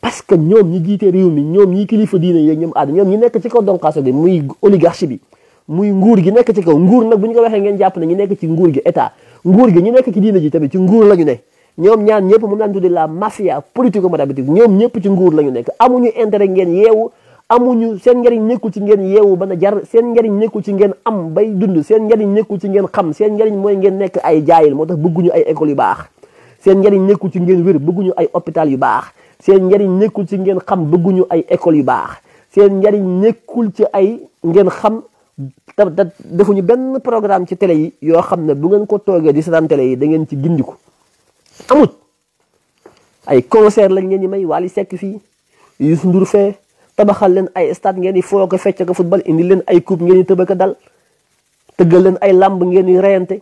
parce que ñoom ñi jiite réew mi ñoom ñi kilifa diine yeeg ñoom aada ñoom ñi nekk ci kaw donqaaso bi muy oligarchie bi muy nguur gi nekk ci kaw nguur nag bu ñu ko waxee ngeen jàpp ne ñi nekk ci nguur gi état nguur gi nekk ci diine ji tamit ci nguur ne ñoom ñaan ñëpp moom lañ la mafia politico matabitique ñoom ñëpp ci nguur la ñu nekk amuñu intérêt ngeen yeewu amuñu seen njariñ nekkul ci ngeen yeewu ba na jar seen njariñ nekkul ci ngeen am bay dund seen njariñ nekkul ci ngeen xam seen njariñ mooy ngeen nekk ay jaayil moo bëgguñu école yu baax seen njariñ nekkul ci ngeen bëgguñu ay hôpital yu baax seen njariñ nekkul ci ngeen xam bëgguñu ay école yu baax seen njariñ nekkul ci ay ngeen xam da defuñu benn programme ci télé yi yoo xam ne bu ngeen ko toogee di seetaan télé yi da ngeen ci gindiku amut ay concert lañ ngeen di may wali sekk fii Youssou Ndour fee tabaxal leen ay stade ngeen di foo ko fecc ko football indi leen ay coupe ngeen di tëbëka dal tëggal leen ay lamb ngeen di reyante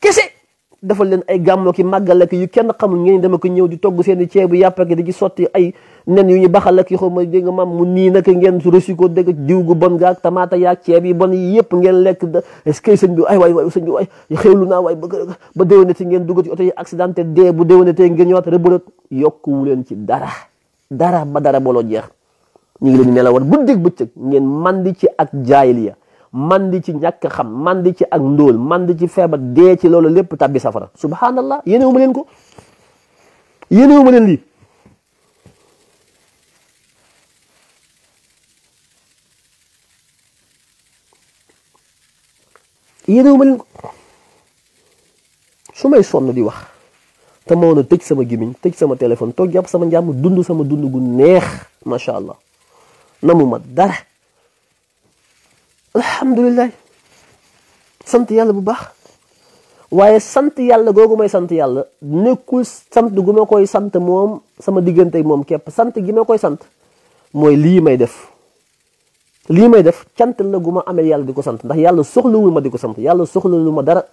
kese defal leen ay gàmmoo ki màggal ak yu kenn xamul ngeen dama ko ñëw di togg seen i ceebu yàpp ak di ci sotti ay nen yu ñu baxal ak xaw ma dégg nga maam mu nii ngeen reçu ko dégg diw gu bon gaak tamaata yaak ceeb yi bon yi yëpp ngeen lekk da est-ce que sëñ bi ay waay waay sëñ bi waay xewlu naa waay ba ba déwénati ngeen dugg ci oto yi accidenté dee bu déwénatee ngeen ñëwaat rëbërët yokkuwu leen ci dara dara ba dara booloo jeex ñu ngi leen nelawoon guddeeg bëccëg ngeen mandi ci ak jaayil ya mandi ci ñàkk xam mandi ci ak ndóol mandi ci feebar dee ci loolu lépp tabbi safara subhanallah yéene wu ma leen ko yéene wu lii yéene wu ko su may sonn di wax te ma woon a tëj sama gémmiñ tëj sama téléphone toog jàpp sama njàmm dund sama dund gu neex macha allah namu ma dara alhamdulilah sant yàlla bu baax waaye sant yàlla googu may sant yàlla nekkul sant gu ma koy sant moom sama diggante moom képp sant gi ma koy sant mooy lii may def lii may def cant la gu amee yàlla di ko sant ndax yàlla soxlawul ma di ko sant yàlla lu ma dara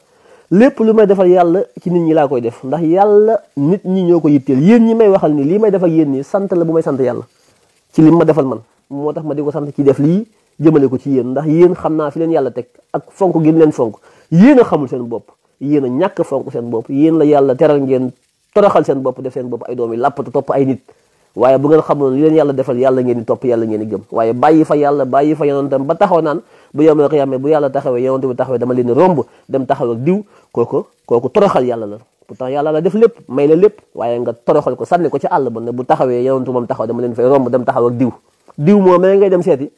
lépp lu may defal yàlla ci nit ñi laa koy def ndax yàlla nit ñi ñoo ko yitteel yéen ñi may waxal ni lii may def ak yéen nii sant la bu may sant yàlla ci li ma defal man moo tax ma di ko sant ci def lii jëmale ko ci yéen ndax yéen xam naa fi leen yàlla teg ak fonk gi leen fonk yéen a xamul seen bopp yéen a ñàkk fonk seen bopp yéen la yàlla teral ngeen toroxal seen bopp def seen bopp ay doom yi làppatu topp ay nit waaye bu ngeen xamoon li leen yàlla defal yàlla ngeen di topp yàlla ngeen di gëm waaye bàyyi fa yàlla bàyyi fa yonentam ba taxaw naan bu yomal xiyaame bu yàlla taxawee yonent bi taxawee dama leen di romb dem taxaw ak diw kooku kooku toroxal yàlla la pourtant yàlla la def lépp may la lépp waaye nga toroxal ko sànni ko ci àll ba bu taxawee yonentu moom taxaw dama leen fay romb dem taxaw ak diw diw moom ngay dem seeti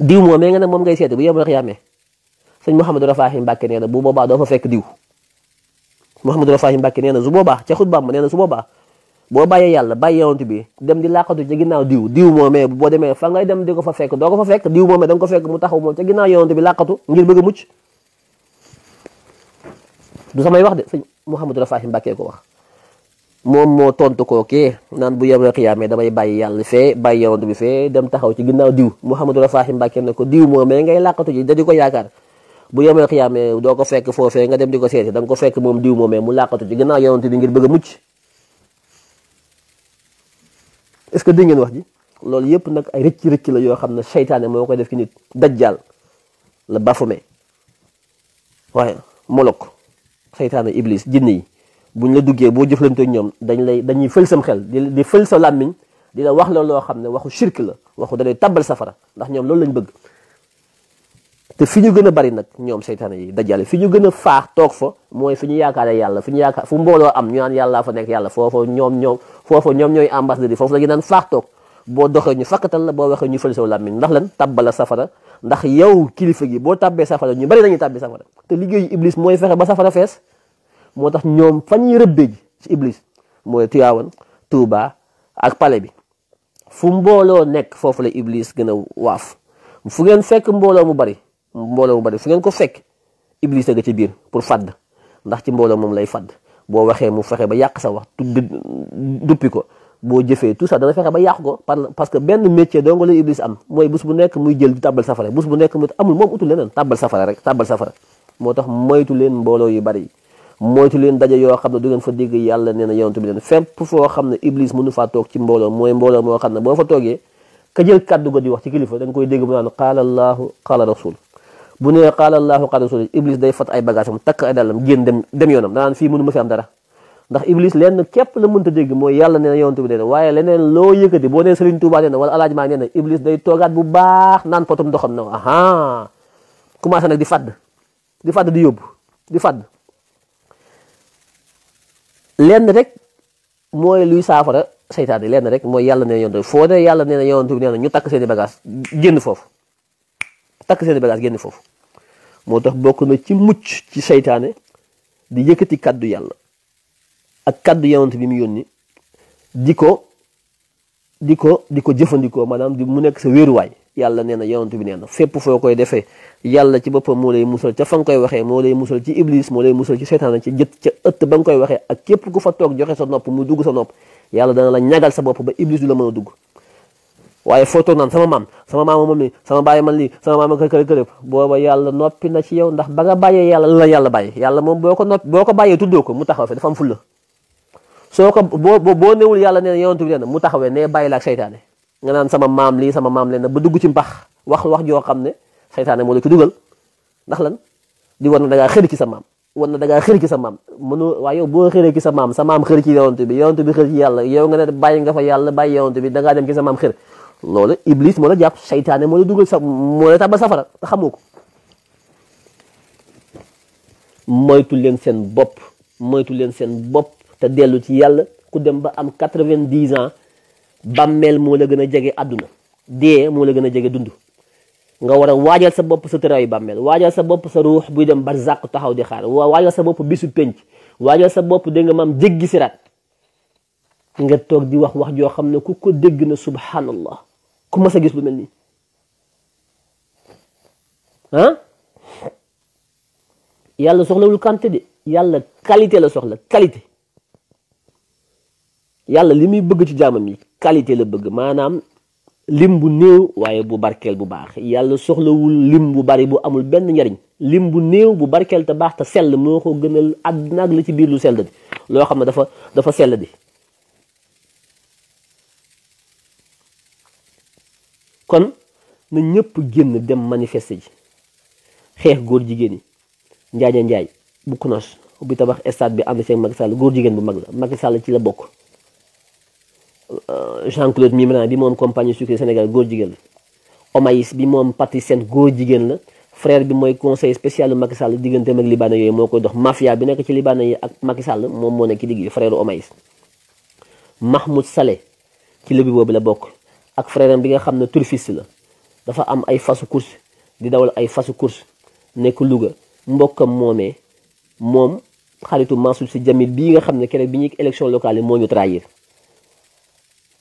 diw moom nga ne moom ngay seeti bu yemul rek yàmmee sëñ Mouhamadou Rafahi Mbacke nee na bu boobaa doo fa fekk diw Mouhamadou Rafahi Mbacke nee na su boobaa ca xutbaam nee na su boobaa boo bàyyee yàlla bàyyi yonent bi dem di laqatu ca ginnaaw diw diw moomee boo demee fa ngay dem di ko fa fekk doo ko fa fekk diw moomee da nga ko fekk mu taxaw moom ca ginnaaw yonent bi laqatu ngir bëgg a mucc du samay wax de sëñ Mouhamadou Rafahi Mbacke ko wax. moom moo tontu koo kookee naan bu yemul xiyaamee damay bàyyi yàlla fee bàyyi yonent bi fee dem taxaw ci ginnaaw diw Mouhamadou Rafahi Mbàkke ne ko diw moom mais ngay làqatu ji da di ko yaakaar bu yemul xiyaamee doo ko fekk foofee nga dem di ko seeti danga ko fekk moom diw moom mais mu làqatu ci ginnaaw yonent bi ngir bëgg a mucc est-ce que dégg wax ji loolu yëpp nag ay rëcc rëcc la yoo xam ne seytaane moo koy def ki nit dajjal la bafume waaye molok seytaane iblis jinne yi bu buñ la duggee boo jëflante ñoom dañ lay dañuy fël sam xel di di fël sa làmmiñ di la wax la loo xam ne waxu shirk la waxu dalay tàbbal safara ndax ñoom loolu lañ bëgg te fi ñu gën a bari nag ñoom seytaane yi dajale fi ñu gën a faax toog fa mooy fi ñu yaakaare yàlla fi ñu yaakaar fu mbooloo am ñu naan yàllaa fa nekk yàlla foofa ñoom ñoom foofa ñoom ñooy ambassadeur yi foofu la ñu naan faax toog boo doxee ñu fakkatal la boo waxee ñu fël saw làmmiñ ndax lan tàbbal la safara ndax yow kilifa gi boo tàbbee safara ñu bari dañuy tàbbee safara te liggéeyu iblis mooy fexe ba safara fees moo tax ñoom fa ñuy rëbbee ji ci iblis mooy Tiwaawan Touba ak pale bi fu mbooloo nekk foofu la iblis gën a waaf fu ngeen fekk mbooloo mu bari mbooloo mu bari fu ngeen ko fekk iblis a nga ci biir pour fadd ndax ci mbooloo moom lay fadd boo waxee mu fexe ba yàq sa wax duppi ko boo jëfee tout sax dana fexe ba yàq ko parce que benn métier dong la iblis am mooy bés bu nekk muy jël di tàbbal safara bés bu nekk muy amul moom utul leneen tàbbal safara rek tàbbal safara moo tax moytu leen mbooloo yu bari moytu leen daje yoo xam ne du ngeen fa dégg yàlla nee na yonent bi leen fépp foo xam ne iblis mënu faa toog ci mbooloo mooy mbooloo moo xam ne boo fa toogee ka jël kàddu di wax ci kilifa da nga koy dégg mu naan qaala allahu qaala rasul bu nee qaala allahu qaala rasul iblis day fat ay bagage am takk ay dàllam génn dem dem yoonam danaan fii mënu ma fi am dara ndax iblis lenn képp la mënta dégg mooy yàlla nee na yonent bi nee na waaye leneen loo yëkkati na wala alaaj maa nee na iblis day toogaat bu baax naan na di fàdd di fàdd di yóbbu di fàdd lenn rek mooy luy saafara seytaane lenn rek mooy yàlla nee na yonent foo ne yàlla nee na yonent bi nee na ñu takk seen i bagage foofu takk seen i genn foofu moo tax bokk na ci mucc ci seytaane di yëkkati kàddu yàlla ak kàddu yonent bi mu yónni di ko di ko di ko jëfandikoo maanaam di mu nekk sa wéeruwaay yàlla nee na yonent bi nee na fépp foo koy defee yàlla ci boppam moo lay musal ca fa nga koy waxee moo lay musal ci iblis moo lay musal ci seytaane ci jët ca ëtt ba nga koy waxee ak képp ku fa toog joxe sa nopp mu dugg sa nopp yàlla dana la ñagal sa bopp ba iblis du la mën a dugg waaye foo toog naan sama maam sama maam moom li sama bàyyi man lii sama maam kër kër kër booba yàlla noppi na ci yow ndax ba nga bàyyee yàlla la yàlla bàyyi yàlla moom boo ko noppi boo ko bàyyee tuddoo ko mu taxaw fi dafa am fulla ko boo boo newul yàlla nee na yonent bi nee na mu taxawee nee la ak nga naan sama maam lii sama maam leen ba dugg ci mbax wax wax joo xam ne saytaane moo la ci dugal ndax lan di war na da ngaa ci sa maam war na da ngaa xëri ci sa maam mënu waaye yow boo xëri ki sa maam sa maam xëri ci yonent bi yonent bi xëri ci yàlla yow nga ne bàyyi nga fa yàlla bàyyi yonent bi da ngaa dem ci sa maam xër loolu iblis moo la jàpp seytaane moo la dugal sa moo la tàbbal safara te xamoo ko moytu leen seen bopp moytu leen seen bopp te dellu ci yàlla ku dem ba am quatre-vingt-dix ans bàmmeel moo la gën a jege àdduna dee moo la gën a jege dund nga war a waajal sa bopp sa tëraayu bàmmeel waajal sa bopp sa ruux buy dem barzaq taxaw di xaar waajal sa bopp bisu penc waajal sa bopp dégg nga maam jéggi siraat nga toog di wax wax joo xam ne ku ko dégg na subhanallah ku mas a gis lu mel nii ah yàlla soxlawul quantité de yàlla qualité la soxla qualité yàlla li muy bëgg ci jaamam yi qualité la bëgg maanaam lim bu néew waaye bu barkeel bu baax yàlla soxlawul lim bu bari bu amul benn njariñ lim bu néew bu barkeel te baax te sell moo ko gënal àddina ak la ci biir lu sell di loo xam ne dafa dafa sell di kon na ñëpp génn dem manifester ji xeex góor jigéen yi njaaja njaay bu konos bi tabax stade bi ànd ceeg Macky Sall góor jigéen bu mag la Macky Sall ci la bokk Euh, Jean Claude Mimran bi moom compagnie sucré Sénégal góor jigéen la Omaïs bi moom Patrice Sène góor la frère bi mooy conseil spécial Macky Sall digganteem ak libaana yooyu moo koy dox mafia bi nekk ci libaana yi ak Macky Sall moom moo nekk ci frère Omaïs Mahmoud Saleh ci lobby boobu la bok, ak frère bi nga xam ne turfiste la dafa am ay fasu course di dawal ay fasu course nekk Louga mbokkam moomee moom xaritu Mansour Sy Djamil bii nga xam ne keroog bi ñuy élection locale yi moo ñu trahir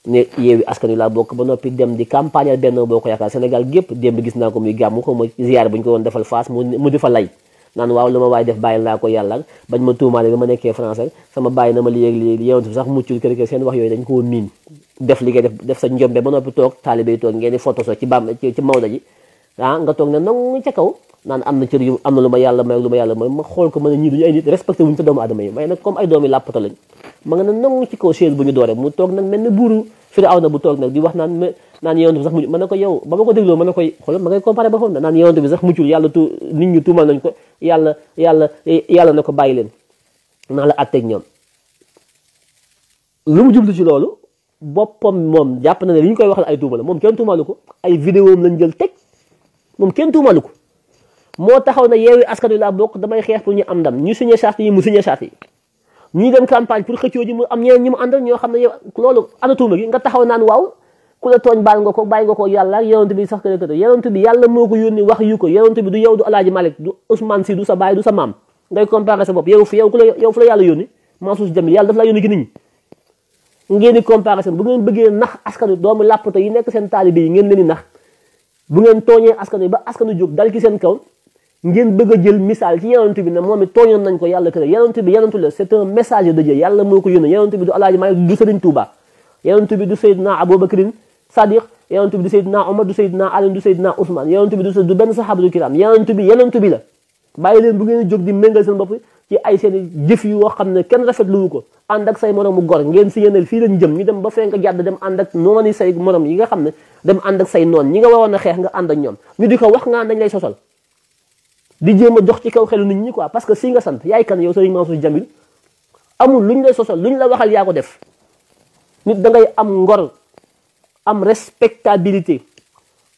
ne yeewi askan wi laa bokk ba noppi dem di campagne benn boo ko yaakaar Sénégal gépp démb gis naa ko muy gàmm ko ma ziar bu ñu ko doon defal faas mu di lay naan waaw lu ma waaye def bàyyi naa ko yàlla bañ ma tuumaale bi ma nekkee France ak sama bàyyi na ma li yéeg li yonent bi sax muccul kër kër seen wax yooyu dañ koo miin def li ngay def def sa njombe ba noppi toog taalibe yi toog ngeen di photo so ci bam ci Maodo ji ah nga toog ne nong ca kaw naan am na cër yu am na lu ma yàlla may ma yàlla may xool ko mën a ñii duñu ay nit respecté wuñu te doomu aadama yi waaye nag comme ay ne nong ci kaw chaise bu ñu doore mu toog nag mel ne buuru Firawna bu toog nag di wax naan naan bi sax mucc na ko yow ba ko dégloo mën na koy xoolal ma ngay comparé ba foofu yàlla tu nit ñu tuumal nañ ko yàlla yàlla yàlla na ko bàyyi leen naa la àtteeg ñoom lu mu jublu ci loolu boppam moom jàpp na ne li ñu koy wax la ay tuuma la moom kenn tuumalu ko ay vidéo am lañ jël teg moom kenn tuumalu ko moo taxaw na yeewi askan wi laa bokk damay xeex pour ñu am ndam ñu signé charte yi mu signé charte yi ñuy dem campagne pour xëccoo ji xam ne yow loolu ana tuuma gi nga naan waaw ku baal nga ko bàyyi nga ko yàlla ak yonent sax kërëkërë yonent bi yàlla moo ko yónni wax yu bi du yow du alaaji Malick du Ousmane si du sa maam ngay comparé sa bopp yow fi yow la yow fu la yàlla yónni Mansour Jamil yàlla daf laa yónni ki nit ngeen di comparé bu ngeen bëggee nax askan wi doomu làppato yi nekk seen taalibe yi ngeen leen di nax bu ngeen tooñee askan wi ba askanu jóg dal ci seen kaw ngeen bëgg a jël misaal ci yonent bi ne moom it tooñoon nañ ko yàlla kër yonent bi yonent la c'est un message de Dieu yàlla moo ko yónnee du alaaji Maalik du Sëriñ Tuuba yonent bi du Seydina Abubakrin Sadiq du Seydina Omar Ali du Seydina Ousmane yonent bi du benn saxaaba du kiram yonent bi yonent bi la bàyyi bu ngeen jóg di méngal seen bopp ci ay seen jëf yi yoo xam ne kenn rafetluwu ko ànd ak say moromu gor ngeen si yéenal fii leen jëm ñu dem ba fee nga jàdd dem ànd ak nooni say morom yi nga xam ne dem ànd ak say noon ñi nga waroon a xeex nga ànd ak ñoom ñu di ko wax nga dañ lay sosal di jéem a jox ci kaw xelu nit ñi ko parce que si nga sant yaay kan yow Serigne Mansour Jamil amul luñ lay sosal luñ la waxal yaa ko def nit da am ngor am respectabilité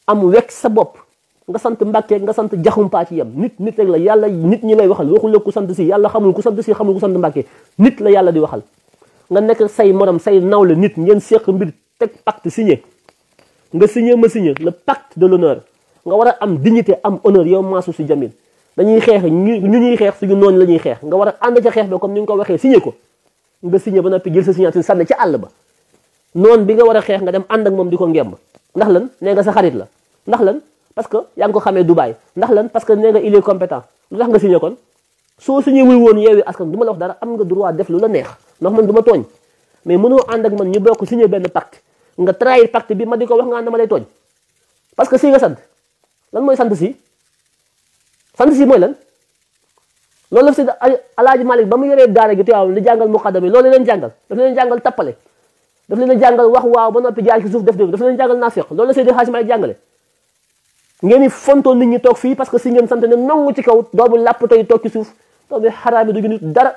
am wekk sa bopp nga sant Mbàkke nga sant jaxumpaa ci yem nit nit rek la yàlla nit ñi lay waxal waxul la ku sant si yàlla xamul ku sant si xamul ku sant Mbàkke nit la yàlla di waxal nga nekk say moroom say nawle nit ngeen seq mbir teg pacte signé nga signé ma signé le pacte de l'honneur nga war a am dignité am honneur yow maasu si jamin dañuy xeex ñu ñuy xeex suñu noonu la ñuy xeex nga war a ànd ca xeex ba comme ni nga ko waxee signé ko nga signé ba noppi jël sa signature sànni ca àll ba noonu bi nga war a xeex nga dem ànd ak moom di ko ngemb ndax lan nee sa xarit la parce que yaa ngi ko xamee Dubaï ndax lan parce que nee nga il est compétent lu tax nga signé kon soo signé wul woon yeewi askan du ma la wax dara am nga droit def lu la neex ndax man du ma tooñ mais mënoo ànd ak man ñu bokk signé benn pacte nga trahir pacte bi ma di ko wax nga ànd ma lay tooñ parce que si nga sant lan mooy sant si sant si mooy lan loolu daf si alaaji Malick ba mu yoree daara gi tuwaaw li jàngal muqaddam yi loolu leen jàngal daf leen jàngal tappale daf leen jàngal wax waaw ba noppi jaar ci suuf def def daf leen jàngal naafeq loolu jàngale ngeen fonto nit ñi tok fi parce que si ngeen sant ne nangu ci kaw doomu lapp yi tok ci suuf doomu xaraami du nit dara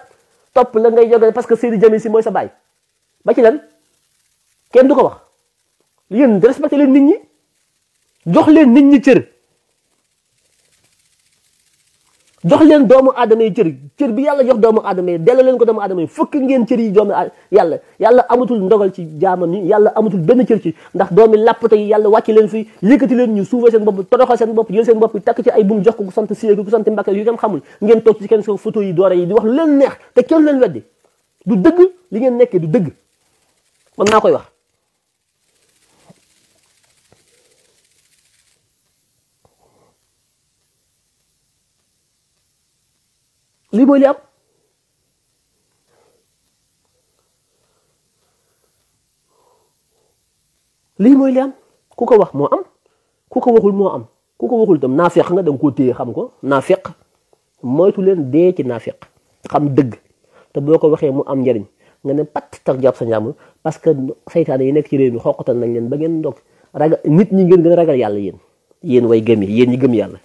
top la ngay jogal parce que seeni jami si moy sa bay ba ci lan kenn du ko wax yeen respecté leen nit ñi jox leen nit ñi cër jox leen doomu aadama yi cër cër bi yàlla jox doomu aadama yi delloo leen ko doomu aadama yi fukk ngeen cër yi doomu yàlla yàlla amatul ndogal ci jaamam yi yàlla amatul benn cër ci ndax doomi làppate yi yàlla wàcce leen fi yëkkati leen ñu suufee seen bopp toroxal seen bopp jël seen bopp takk ci ay buum jox ko ku sant Seye ku sant Mbàkke yu kenn xamul ngeen toog ci kenn so yi doore yi di wax leen neex te ken leen weddi du dëgg li ngeen nekkee du dëgg man maa koy wax lii mooy li am lii mooy li ku ko wax moo am ku ko waxul moo am ku ko waxul tam naafeq nga da nga koo téye xam ko naafeq moytu leen dee ci naafeq xam dëgg te boo ko waxee mu am njariñ nga ne pat tax jàpp sa njàmbur parce que saytaane yi nekk ci réew mi xoqatal nañ leen ba ngeen ndog ragal nit ñi ngeen gën a ragal yàlla yéen yéen way gëm yi yéen ñi gëm yàlla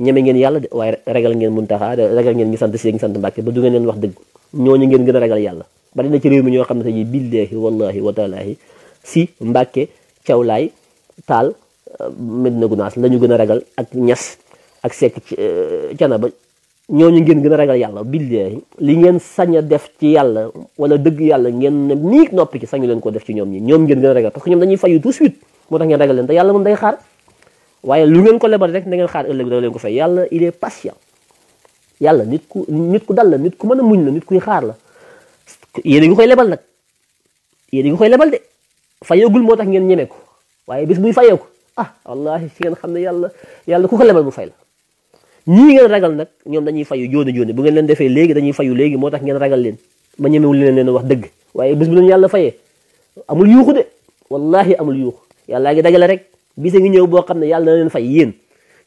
ñeme ngeen yalla way ragal ngeen muntaha ragal ngeen ngi sant ci ngi sant mbàkke ba du ngeen leen wax dëgg ñooñu ngeen gëna ragal yalla ba dina ci réew mi ñoo xam tay billahi wallahi wa taalahi si mbàkke cawlaay tal euh, medina gunaas lañu gëna ragal ak ñass ak sekk euh, cana ba ñooñu ngeen gëna ragal yalla billahi li ngeen saña def ci yalla wala deug yalla ngeen niig nopi ci sañu leen ko def ci ñom ñi ñom ngeen gëna ragal parce que ñom dañuy fayu tout suite motax ngeen ragal leen te yalla mom day xaar waaye lu ngeen ko lebal rek na xaar ëllëg doo leen ko fay yàlla il est patient yàlla nit ku nit ku dal nit ku mën a muñ la nit kuy xaar la yéen koy lebal nag yéen a koy lebal de fayeegul moo tax ngeen ñeme ko waaye bis buy fayeeku ah wallahi si ngeen xam ne yàlla yàlla ku ko lebal bu fay la ñii ngeen ragal nag ñoom dañuy fayu jooni jooni bu ngeen leen defee léegi dañuy fayu léegi moo tax ngeen ragal leen ma ñemewul leen leen wax dëgg waaye bis bu leen yàlla fayee amul yuuxu de wallahi amul yuuxu yàllaa ngi dagale rek bisa ngi ñëw boo xam ne yàlla na leen fay yéen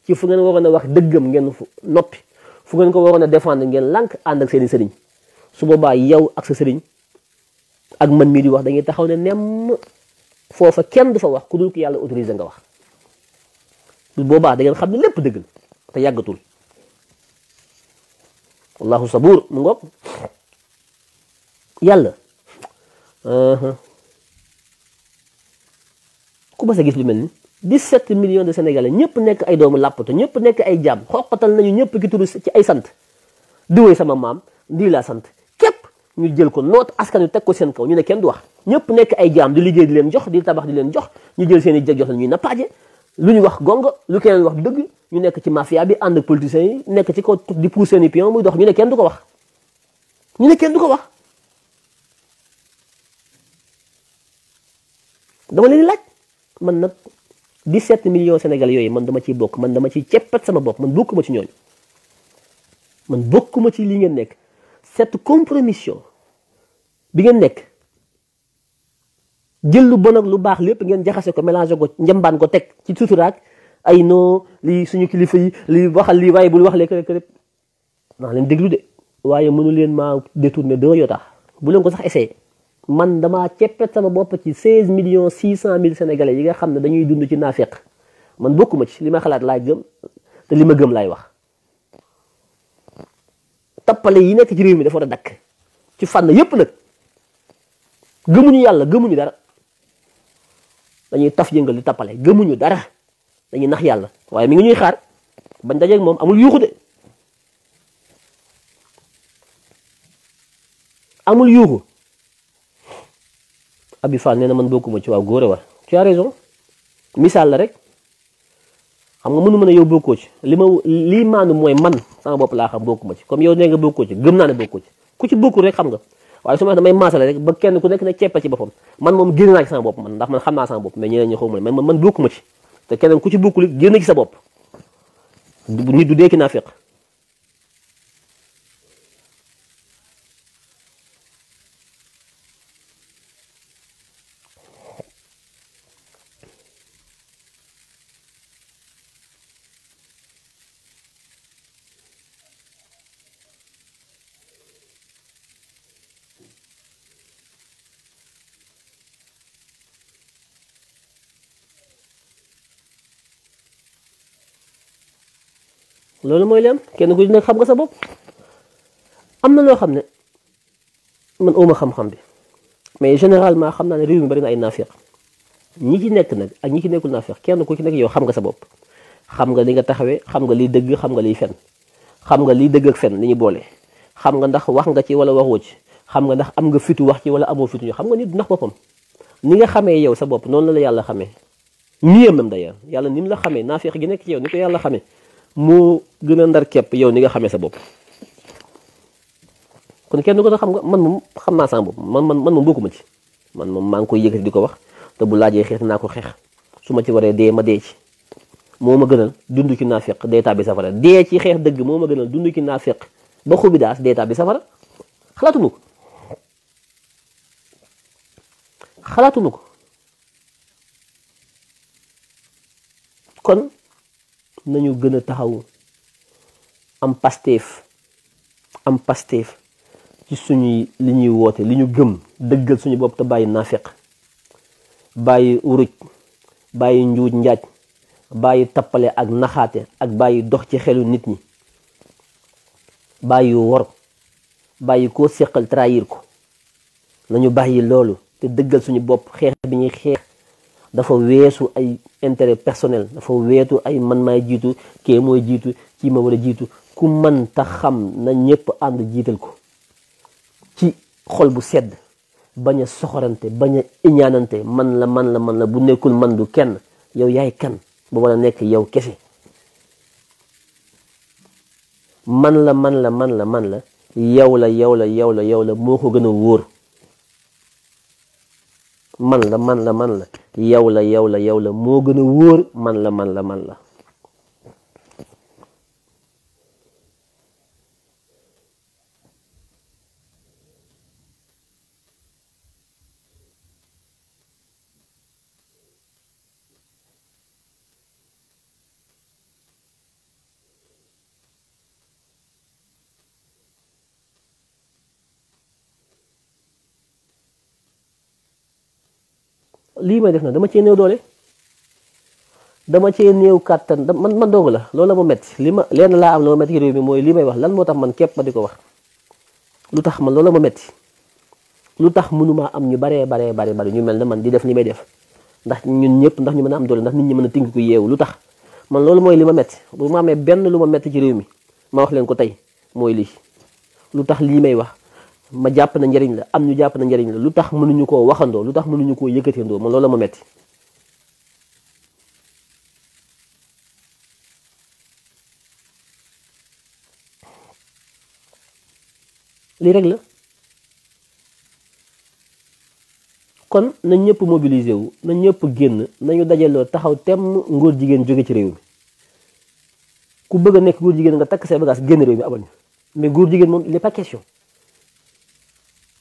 ci fu ngeen waroon a wax dëggam ngeen noppi fu ngeen waroon a défendre ngeen lànk ànd ak seen su boobaa yow ak ak man mii di wax da taxaw ne nem kenn du wax ku dul ko yàlla autorisé nga wax su boobaa da xam ne lépp dëgg la te yàggatul wallahu sabuur mu ngoog yàlla uh-huh. ku mas gis lu mel ni 17 millions de sénégalais ñëpp nekk ay doomu làppatu ñëpp nekk ay jaam xoqatal nañu ñëpp ki turu ci ay sant diwee sama maam di laa sant képp ñu jël ko noot askan wi teg ko seen kaw ñu ne kenn du wax ñëpp nekk ay jaam liggéey leen jox di tabax di leen jox ñu jël seen i jeg jox la ñuy nappaaje lu ñu wax gongo lu keneen wax dëgg ñu nekk ci mafia bi ànd ak politiciens nekk ci ko di pousse seen i pion muy dox ñu ne kenn du wax ñu ne kenn du ko wax dama leen laaj man nag 17 millions sénégal yooyu man dama ciy bokk man dama ciy ceppat sama bopp man bokkuma ci ñooñu man bokkuma ci li ngeen nekk cette compromission bi ngeen nekk jël lu bon lu baax lépp ngeen jaxase ko mélangé ko njambaan ko teg ci suturaak ay no lii suñu kilifa yi li waxal lii waaye bul wax lee kërë kërë ndax leen déglu de waaye mënu leen maa détourné doo yoo tax bu leen ko sax essayé man damaa ceppet sama bopp ci million millions cent mille sénégalais yi nga xam ne dañuy dund ci naafeq man bokkuma ci li ma xalaat laay gëm te li ma gëm laay wax tappale yi nekk ci réew mi dafa war a dakk ci fànn yépp nag gëmuñu yàlla gëmuñu dara dañuy taf yëngal di tappale gëmuñu dara dañuy nax yàlla waaye mi ngi ñuy xaar bañ dajeeg moom amul yuuxu de amul yuuxu Abi Fall nee na man bokkuma ci waaw góor a war tu as raison misaal la rek xam nga mënu mën a yow bokkoo ci li ma lii maanu mooy man sama bopp laa xam bokkuma ci comme yow ne nga bokkoo ci gëm naa ne bokkoo ci ku ci bokkul rek nga waaye su ma damay rek ba kenn ku nekk ne ceppa ci boppam man moom génn naa ci sama bopp man ndax man xam naa sama bopp mais ñeneen ñi xaw ma man man bokkuma te keneen ku ci bokkul génn ci sa bopp nit du dee ki naa feq loolu mooy li kenn ku ci nekk xam nga sa bopp am na loo xam ne man uma xam-xam bi mais généralement xam naa ne réew mi bari na ay naafiq ñi ci nekk nag ak ñi ci nekkul naafiq kenn ku ci nekk yow xam nga sa bopp xam nga li nga taxawee xam nga liy dëgg xam liy fen xam nga liy dëgg fen li ñu boole xam nga ndax wax nga ci wala waxoo ci xam nga ndax am nga fitu wax ci wala amoo fitu ñu xam nga nit du nax boppam ni nga xamee yow sa bopp noonu la yàlla xamee mieux même d'ailleurs yàlla ni la xamee naafiq gi nekk ci yow ni ko yàlla moo gën a ndar képp yow ni nga xamee sa bopp kon kenn ko xam nga man moom xam naa sama bopp man man man moom bokkuma ci man moom maa ngi koy yëkkati di ko wax te bu laajee xeex naa ko xeex su ma ci waree dee ma dee ci moom ma gënal dund ci naa feq dee tàbbi safara dee ci xeex dëgg moo ma gënal dund ci naa feq ba xubi daas dee tàbbi safara xalaatunu ko xalaatunu ko kon nañu gën a taxaw am pasteef am pasteef ci suñuy li ñuy woote li ñu gëm dëggal suñu bopp te bàyyi naafeq bàyyi uruj bàyyi njuuj njaaj bàyyi tappale ak naxaate ak bàyyi dox ci xelu nit ñi bàyyi wor bàyyi koo séqal trahir ko nañu bàyyi loolu te dëggal suñu bopp xeex bi ñuy xeex dafa weesu ay intérêt personnel dafa weetu ay man maay jiitu kee mooy jiitu kii ma war a jiitu ku man ta xam na ñëpp ànd jiital ko ci xol bu sedd bañ a soxorante bañ a iñaanante man la man la man la bu nekkul man du kenn yow yaay kan ba war a nekk yow kese man la man la man la man la yow la yow la yow la yow la moo ko gën a wóor man la man la man la yow la yow la yow la moo gën a wóor man la man la man la lii may def na dama cee néew doole dama cee néew kàttan man man dong la loolu la ma metti li ma leen laa am la ma metti ci réew mi mooy lii may wax lan moo tax man képp ma di ko wax lu tax man loolu ma metti lu tax mënumaa am ñu baree baree bare bari ñu mel ne man di def li may def ndax ñun ñëpp ndax ñu mën a am doole ndax nit ñi mën a tënk ko yeewu lu tax man loolu mooy li ma metti bu ma amee benn lu ma metti ci réew mi ma wax leen ko tey mooy lii lu tax lii may wax ma jàpp na njariñ la am ñu jàpp na njariñ la lu tax mënuñu koo waxandoo lu tax mënuñu koo yëkkatindoo ma loola ma metti lii rek la kon na ñëpp mobiliser wu na ñëpp génn nañu dajaloo taxaw temm ngóor jigéen jóge ci réew mi ku bëgg a nekk góor jigéen nga takk say bagages génn réew mi abal ñu mais góor jigéen moom il question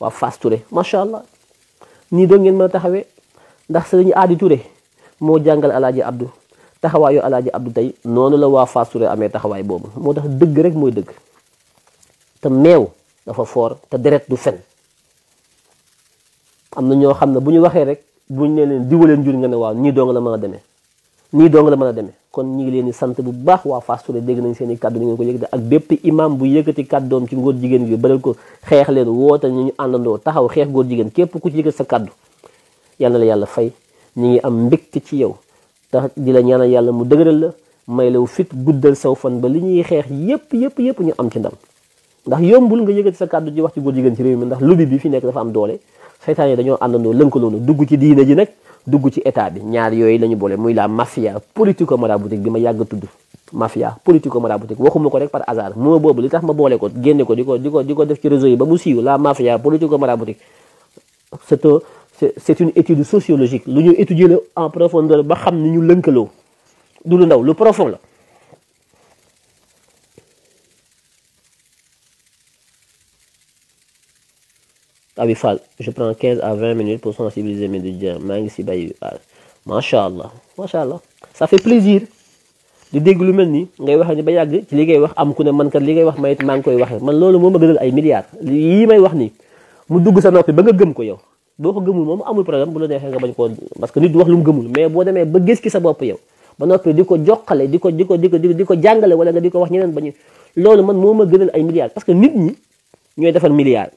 waa Fass Touré macha allah nii doo ngeen mën a taxawee ndax sëriñ Aadi Touré moo jàngal alaaji Abdou taxawaayu alaaji Abdou tey noonu la waa Fass Touré amee taxawaay boobu moo tax dëgg rek mooy dëgg te meew dafa foor te deret du fen am na ñoo xam ne bu ñu waxee rek bu buñ ne leen diwaleen jur nga ne waaw nii doo nga la man a demee nii dong la mën a demee kon ñu ngi leen di sant bu baax waa Fass Touré dégg nañ seen i kàddu ni ngeen ko yëkkati ak bépp imam bu yëkkati kàddoom ci ngóor jigéen bi bëral ko xeex leen woo ñu ñu àndandoo taxaw xeex góor jigéen képp ku ci sa kàddu yàlla la yàlla fay ñu ngi am mbégte ci yow tax di la ñaanal yàlla mu dëgëral la may law fit guddal saw fan ba li ñuy xeex yëpp yëpp yépp ñu am ci ndam ndax yombul nga yëkkati sa kàddu ji wax ci góor jigéen ci réew mi ndax lubi bi fi nekk dafa am doole seytaan yi dañoo àndandoo lënkaloonu dugg ci diine ji nag dugg ci état bi ñaar yooyu la ñu boole muy la mafia politico maraboutique bi ma yàgg tudd mafia politico maraboutique waxuma ko rek par hasard moo boobu li tax ma boole ko génne ko di ko di ko di ko def ci réseau yi ba mu siiw la mafia politico maraboutique c'est c'est une étude sociologique lu ñu étudier la en profondeur ba xam ni ñu lënkaloo du lu ndaw lu profond la Abi Fall je prends 15 à 20 minutes pour sensibiliser mes étudiants maa ngi si bay macha allah macha allah plaisir di dégg lu mel nii ngay wax ni ba yàgg ci li ngay wax am ku ne man kat li ngay wax mayit maa ngi koy waxee man loolu moo ma gënal ay milliards wax nii mu dugg sa noppi nga gëm ko yow boo ko gëmul moom amul problème bu la neexee nga parce que nit wax mu gëmul boo demee ba gis ki sa bopp ko joxale di di ko di ko di ko jàngale wala nga di ko wax ñeneen ba ñu loolu moo ma gënal ay milliards parce que nit ñi ñooy defar milliards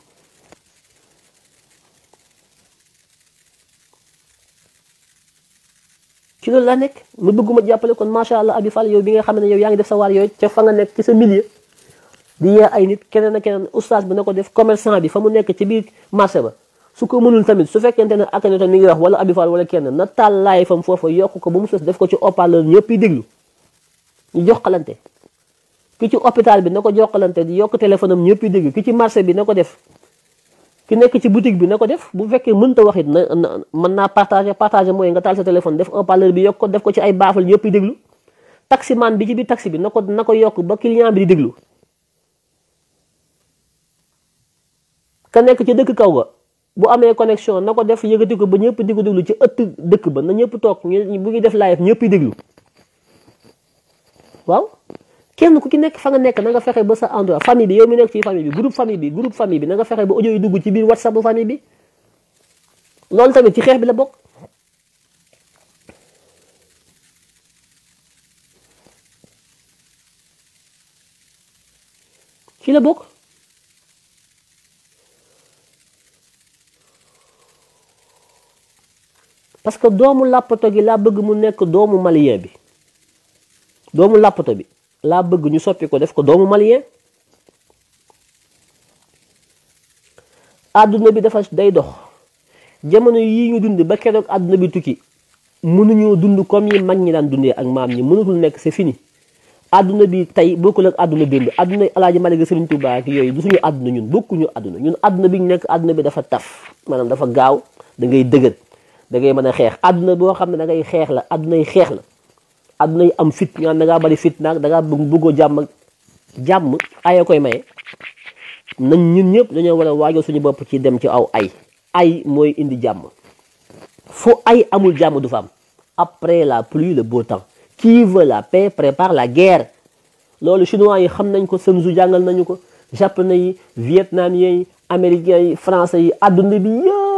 ci loolu la nekk mu bëgguma jàppale kon macha allah abi Fall yow bi nga xam ne yow yaa ngi def sa waar yooyu ca fa nga nekk ci sa milieu di yee ay nit keneen ak keneen oustaz bi na ko def commerçant bi fa mu nekk ci biir marché ba su ko mënul tamit su fekkente ne ak mi ngi wax wala abi Fall wala kenn na taal laay fam foofa yokk ko ba mu sos def ko ci opaleur ñëpp yi déglu ñu jokkalante ki ci hôpital bi na ko jokkalante di yokk téléphone am ñëpp yi déglu ki ci marché bi na ko def ki nekk ci boutique bi na ko def bu fekkee mënta wax it na mën naa partager partager mooy nga taal sa téléphone def haut-parleur bi yokk ko def ko ci ay baafal ñëpp di déglu taximan bi ci biir taxi bi na ko na ko yokk ba client bi di déglu nekk ci dëkk kaw ga bu amee connexion na ko def yëgati ko ba ñëpp di ko déglu ci ëtt dëkk ba na ñëpp toog bu ñuy def live ñëpp di déglu waaw kenn ku ci nekk fa nga nekk na nga fexe ba sa endroit famille bi yow mi nekk ci famille bi groupe famille bi groupe famille bi na nga fexe ba audio yi dugg ci biir whatsapp bu famille bi loolu tamit ci xeex bi la bokk. ci parce que doomu làppato gi laa bëgg mu nekk doomu malien bi doomu làppato bi. laa bëgg ñu soppi ko def ko doomu malien àdduna bi dafa day dox jamono yii ñu dund ba keroog àdduna bi tukki mënuñoo dund comme yi mag ñi daan dundee ak maam ñi mënatul nekk c'est fini àdduna bi tey bokkul ak àdduna démb àdduna alaaji Malick Serigne Touba ak yooyu du suñu àdduna ñun bokkuñu àdduna ñun àdduna bi ñu nekk àdduna bi dafa taf maanaam dafa gaaw da ngay dëgër dangay mën a xeex àdduna boo xam ne da xeex la àdduna àddunay xeex la aduna yi am fit ñaan da ngaa bari fitna da ngaa bëggoo jàmm jàmm aye koy may nañ ñun ñëpp dañoo war a suñu bop ci dem ci aw ay ay moy indi jàmm fo ay amul jàmm du fam après la pluie le beau temps qui veut la paix prépare la guerre loolu chinois yi xam nañ ko Sun zu jangal nañu ko japonais yi vietnamiens yi américains yi français yi aduna bi yëpp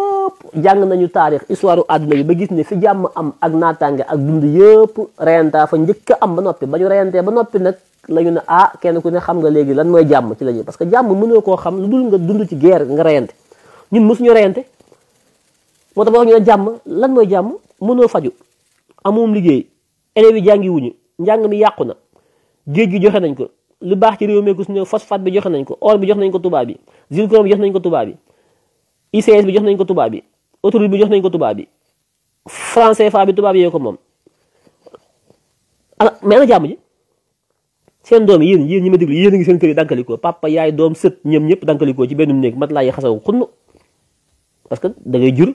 jàng nañu taarix histoire àdduna bi ba gis ne fi jàmm am ak naataange ak dund yëpp reyantaa fa njëkk am ba noppi ba ñu reyantee ba noppi nag la ñu ne ah kenn ku ne xam nga léegi lan mooy jàmm ci la ñuy parce que jàmm mënoo koo xam lu nga dund ci guerre nga reyante ñun mosuñu reyante moo tax wax ñu ne jàmm lan mooy jàmm mënoo faju amoom liggéey élèves yi jàngi wuñu mi yàqu na géej gi joxe nañ ko lu baax ci réew mi ku ne phosphate bi joxe nañ ko or bi jox nañ ko tubaab bi zircon bi jox nañ ko tubaab bi ICS bi jox nañ ko tubaab bi autoroute bi jox nañ ko tubaab bi franc CFA bi tubaab yee ko moom ala ah, mais ana jàmm ji seen doom yéen yii ñi ma déglu yéen a ngi seen kër yi dankalikoo papa yaay doom sët ñoom ñëpp dankalikoo ci benn néeg mat laa yi xasaw xunn parce que dangay ngay jur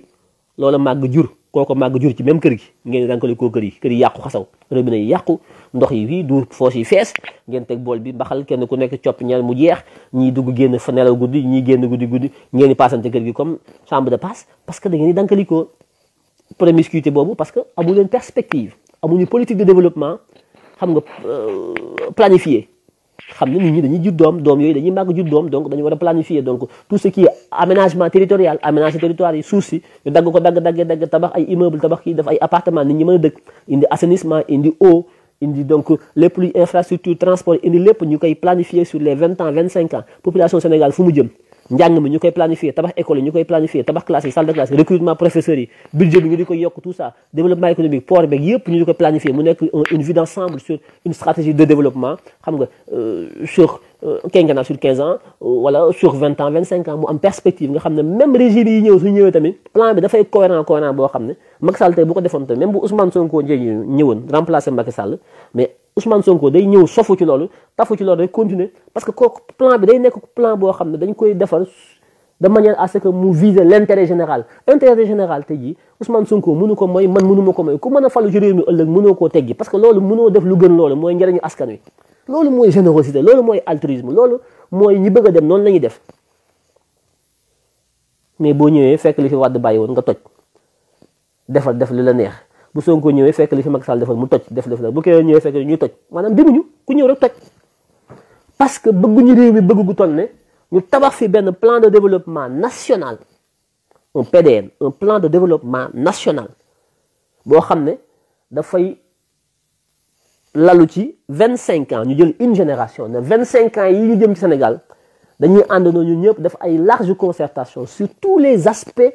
loola màgg jur kooko màgg jur ci même kër gi ngeen di dankale koo kër yi kër yi yàqu xasaw robinet yi yàqu ndox yi fii duur yi fees ngeen teg bool bi baxal kenn ku nekk copp ñaar mu jeex ñii dugg génn fa nelaw guddi ñii génn guddi guddi ngeen di passante kër gi comme chambre de passe parce que da ngeen di dankali ko promiscuité boobu parce que amu leen perspective amuñu politique de développement xam nga euh, planifier xam ne nit ñi dañuy jur doom doom yooyu dañuy màgg jur doom donc dañu war a planifier donc tout ce qui est aménagement territorial aménagé territoire yi suuf dagg ko dagg dagg dagg tabax ay immeuble tabax kii def ay appartement nit ñi mën dëkk indi assainissement indi eau indi donc lépp luy infrastructure transport indi lépp ñu koy planifier sur les vingt ans vingt cinq ans population Sénégal fu mu jëm njàng mi ñu planifier tabax école yi planifier tabax classe salle de classe recrutement professeurs yi budget bi ñu di yok tout ça développement économique port beeg yépp ñu di planifier mu nek une vue d'ensemble sur une stratégie de développement xam nga euh, sur euh, quinquennat sur 15 ans euh, wala sur 20 ans 25 ans mu am perspective nga xam même régime yi ñëw su ñëwee tamit plan bi da fay cohérent cohérent bo xam Macky Sall tay bu ko defoon tamit même bu Ousmane Sonko njëg ñëwoon remplacer Macky Sall mais Ousmane Sonko day ñëw sofu ci loolu tafu ci loolu rek continuer parce que kooku plan bi day nekk plan boo xam ne dañ koy defar de manière à ce que mu viser l' intérêt général intérêt général te ji Ousmane Sonko mënu ko moy man mënu ko moy ku mën a falu ci réew mi ëllëg mënoo koo teggi parce que loolu mënoo def lu gën loolu mooy njëriñu askan wi loolu mooy générosité loolu mooy altruisme loolu mooy ñi bëgg a dem noonu la ñuy def mais boo ñëwee fekk li fi wàdd bàyyi woon nga toj defal def la neex bu Sonko fekk li defal mu parce que ñu réew mi un plan de développement national un PDN un plan de développement national Vous a da fay ans ñu jël une génération 25 ans yi Sénégal dañuy avons fait ñëpp large concertation sur tous les aspects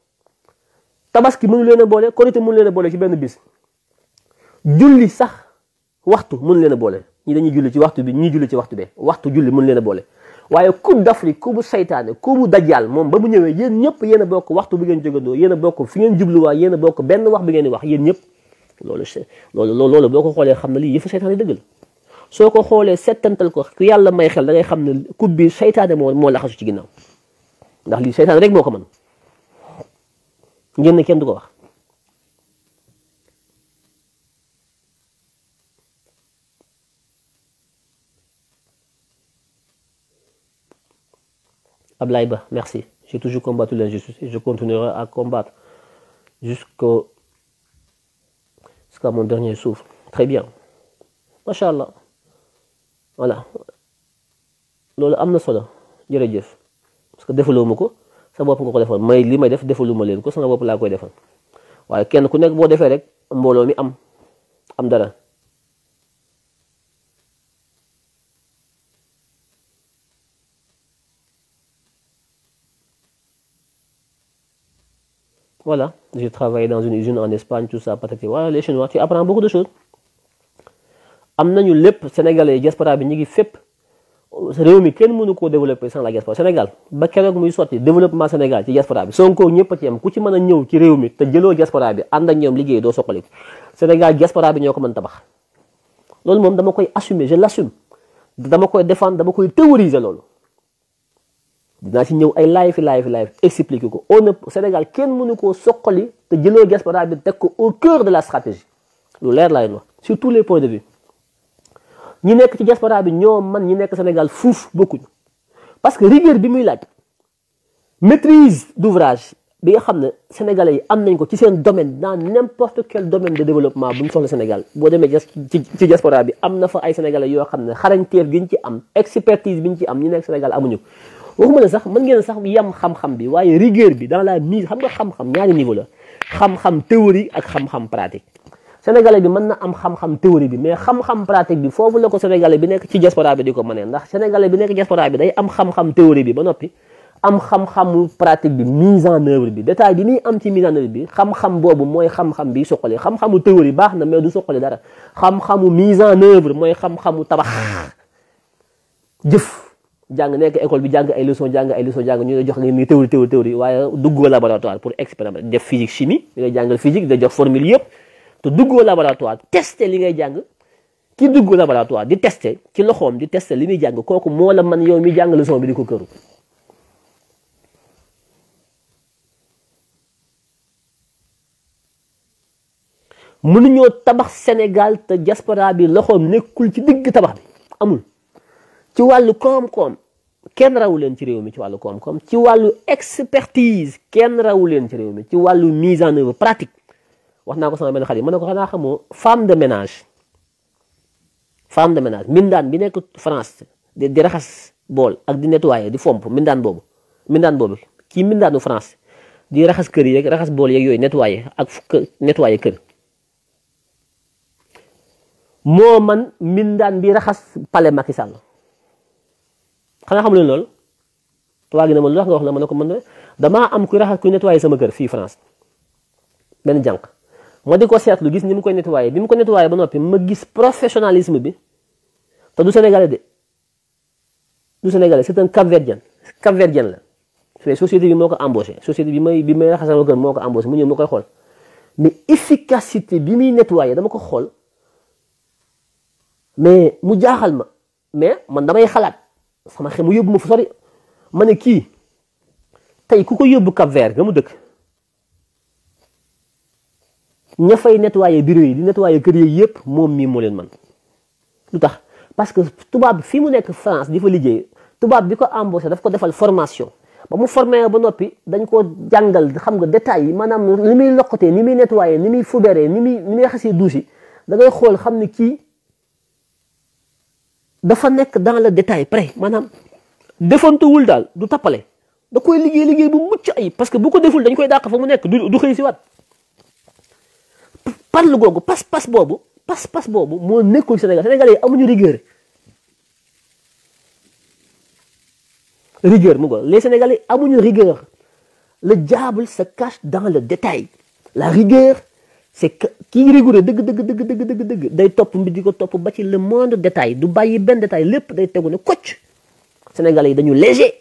tabaski mënu leen a boole korité mënu leen a boole ci benn bis julli sax waxtu mënu leen a boole ñi dañuy julli ci waxtu bi ñi julli ci waxtu be waxtu julli mënu leen a boole waaye coupe d'Afrique ku bu saytaane ku bu dajjaal moom ba mu ñëwee yéen ñëpp yéen a bokk waxtu bi ngeen jógandoo yéen a bokk fi ngeen jubluwaay yéen a bokk benn wax bi ngeen wax yéen ñëpp loolu loolu loolu boo ko xoolee xam na lii yëfu saytaane dëgg la soo ko xoolee settantal ko yàlla may xel da ngay xam ne coupe bi saytaane moo moo laxasu ci ginnaaw ndax lii saytaane rek moo ko mën ngeen ne kenn du ko wax Ablaye merci j'ai toujours combattu l'injustice et je continuerai à combattre jusqu'au jusqu'à mon dernier souffle très bien Masha'Allah. voilà loolu amna solo jerejef parce que defaloo sa bopp nga ko defal may li may def defaluma leen ko sama bopp laa koy defal waaye kenn ku nekk boo defee rek mbooloo mi am am dara. Voilà, j'ai travaillé dans une usine en Espagne, tout ça, patati. Voilà, les Chinois, tu apprends beaucoup de choses. am nañu lépp Sénégalais diaspora bi ñu ngi fépp réew mi kenn mënu koo développer sans la diaspora Sénégal ba keroog muy sotti développement Sénégal ci diaspora bi Sonko ñëpp ci am ku ci mën a ñëw ci réew mi te jëloo diaspora bi ànd ak ñoom liggéey doo soqaliku Sénégal diaspora bi ñoo ko mën tabax loolu moom dama koy assumer je l'assume dama koy défendre dama koy théoriser loolu dinaa ci ñëw ay live live live expliquer ko on ne Sénégal kenn mënu koo soqali te jëloo diaspora bi teg ko au cœur de la stratégie lu leer laay wax sur tous les points de vue ñi nekk ci diaspora bi ñoo man ñi nekk Sénégal fuuf bokkuñu parce que rigueur bi muy laaj maîtrise d'ouvrage bi nga xam ne sénégalais yi am nañ ko ci seen domaine dans n'importe quel domaine de développement bu ñu soxla Sénégal boo demee ci ci diaspora bi am na fa ay sénégalais yoo xam ne xarañteef gi ñu ci am expertise bi ñu ci am ñu nekk Sénégal amuñu waxuma ne sax mën ngeen sax yam xam-xam bi waaye rigueur bi dans la mise xam nga xam-xam ñaari niveau la xam ak xam pratique. sénégalais bi mën na am xam-xam théorie bi mais xam-xam pratique bi foofu la ko sénégalais bi nekk ci diaspora bi di ko mënee ndax sénégalais bi nekk diaspora bi day am xam-xam théorie bi ba noppi am xam-xamu pratique bi mise en œuvre bi détail bi muy am ci mise en œuvre bi xam-xam boobu mooy xam-xam bi suqali xam-xamu théorie baax na mais du suqali dara xam-xamu mise en œuvre mooy xam-xamu tabax jëf jàng nekk école bi jàng ay leçon jàng ay leçon jàng ñu lay jox ngeen ni théorie théorie théorie waaye dugg laboratoire pour expérimenter def physique chimie ñu lay jàngal physique da jox formule yëpp te duggoo laboratoire testé li ngay jàng ki dugg laboratoire di testé ci loxoom di testé li muy jàng kooku moo la man yow mi jàng leçon bi di ko këru mënuñoo tabax Sénégal te diaspora bi loxoom nekkul ci digg tabax bi amul ci wàllu koom-koom kenn rawu leen ci réew mi ci wàllu koom-koom ci wàllu expertise kenn rawu leen ci réew mi ci wàllu mise en œuvre pratique wax naa ko sama benn xarit ma ne ko xanaa xamoo femme de ménage femme de ménage mindaan bi nekk France di raxas bool ak di nettoyer di fomp mindaan boobu mindaan boobu kii mindaanu France di raxas kër yeek raxas bool yeeg yooyu nettoyer ak nettoyer kër moo man mindaan bi raxas palais Macky Sall xanaa xam leen loolu tuwaa gi ne ma lu tax nga wax la ma ne ko man damaa am kuy raxas ku nettoyer sama kër fii France benn jànq ma di ko seetlu gis ni mu koy nettoyé bi mu ko nettoyé ba noppi ma gis professionnalisme bi te du Sénégalais de du Sénégalais c'est un Cap-Verdien Cap-Verdien la fee société bi moo ko embauché société bi may bi may raxas sama moo ko embauché mu ñëw ma koy xool mais efficacité bi muy nettoyé dama ko xool mais mu jaaxal ma mais man damay xalaat sama xel mu yóbbu ma fu sori ma ne kii tey ku ko yóbbu Cap-Vert nga mu dëkk ña fay nettoyer bureau yi di nettoyer kër yi yëpp moom mii moo leen man lu tax parce que tubaab fi mu nekk France di fa liggéey tubaab bi ko embauché daf ko defal formation ba mu formé ba noppi dañ ko jàngal xam nga détails yi maanaam ni muy loqatee ni muy nettoyer ni muy fuberee ni muy ni muy raxasee douche da ngay xool xam ne kii dafa nekk dans le détail près maanaam defantuwul daal du tappale da koy liggéey liggéey bu mucc ayib parce que bu ko deful dañ koy dàq fa mu nekk du xëy si parle gogo, pas-pas bobo, pas-pas bobo, moo nekkul Sénégal sénégalais yi amuñu rigueur rigueur mo ko les sénégalais amuñu rigueur le diable se cache dans le détail la rigueur c'est qui que kii rigoureux deug deug deug deug dëgg dëgg day top mbi diko top ba ci le monde détail du bàyyi ben détail lepp day tegu ne kocc sénégalais dañu léger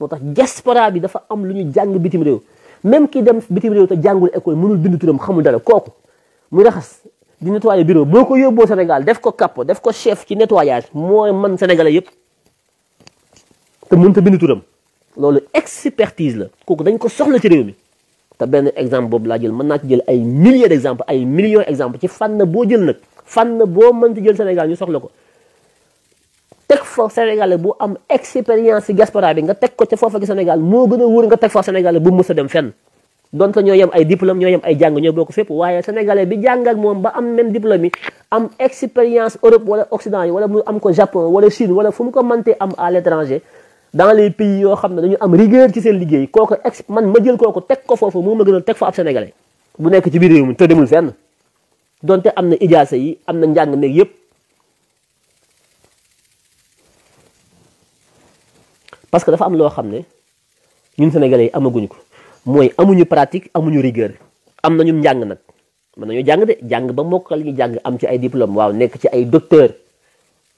motax tax diaspora bi dafa am luñu jang bitim rew même ki dem bitim rew ta jàngul école mënul bind turam xamul dara kooku mu raxas di nettoyer bureau boo ko yóbboo Sénégal def ko capot def ko chef ci nettoyage mooy man sénégalais yëpp te mënut a bindu turam loolu expertise la kooku dañ ko soxla ci réew mi te benn exemple boobu laa jël mën naa ci jël ay milliers exemple ay millions exemple ci fan fànn boo jël nag fànn boo mënti jël Sénégal ñu soxla ko teg fa sénégalais bu am expérience ci diaspora bi nga teg ko ca foofa gi Sénégal moo gën a wóor nga teg fa sénégalais bu mës a dem fenn donte ñoo yem ay diplôme ñoo yem ay jàng ñoo ko fépp waaye sénégalais bi jàng moom ba am même diplôme yi am expérience Europe wala Occident yi wala mu am ko Japon wala Chine wala fu mu ko mënte am à l'étranger dans les pays yoo xam ne dañu am rigueur ci seen liggéey kooku ex man ma jël ko teg ko foofu moo ma gënal teg fa ab sénégalais bu nekk ci biir réew mi te demul fenn donte am na ijaasa yi am na njàng meeg yépp parce que dafa am loo xam ne ñun sénégalais yi amaguñu ko mooy amuñu pratique amuñu rigueur am nañu njàng nag mën nañu jàng de jàng ba mokkal ñu jàng am ci ay diplôme waaw nekk ci ay docteur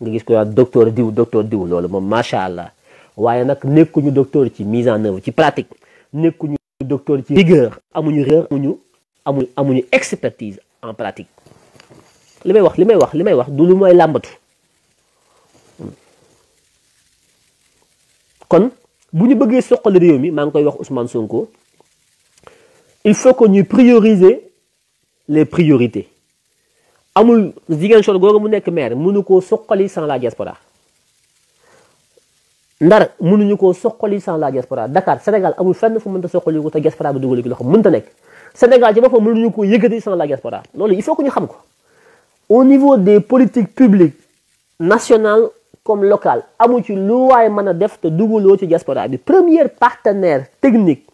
nga gis ko naan docteur diw docteur diw loolu moom macha allah waaye nag nekkuñu docteur ci mise en œuvre ci pratique nekkuñu docteur ci rigueur amuñu rigueur amuñu amuñu amuñu expertise en pratique li may wax li may wax li may wax du lu mooy làmbatu kon bu ñu bëggee soqali réew mi maa ngi koy wax Ousmane Sonko il faut que ñu prioriser les priorités amul chol gogo mu nek maire mënu ko soqali sans la diaspora ndar mënuñu ko soqali sans la diaspora Dakar Sénégal amul fenn fu mënta soqali ko te diaspora bi dugal ko loxo mënta nek. Sénégal ci boppam mënuñu ko yëkkati sans la diaspora loolu il faut que ñu xam ko au niveau des politiques publiques nationales comme locales amu ci lu waay mën def te dugaloo ci diaspora bi premier partenaire technique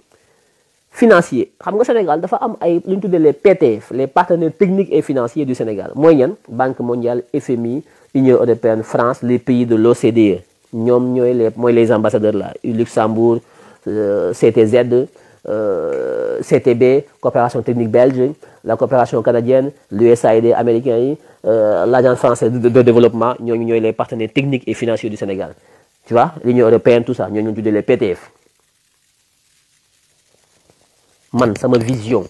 financier xam nga Sénégal dafa am les PTF les partenaires techniques et financiers du Sénégal moyenne Banque mondiale FMI Union européenne France les pays de l'OCDE Nous avons les ambassadeurs là Luxembourg euh, CTZ euh, CTB coopération technique belge la coopération canadienne l'USAID américain euh, l'agence française de développement nous avons les partenaires techniques et financiers du Sénégal tu vois l'Union européenne tout ça nous avons les PTF man sama vision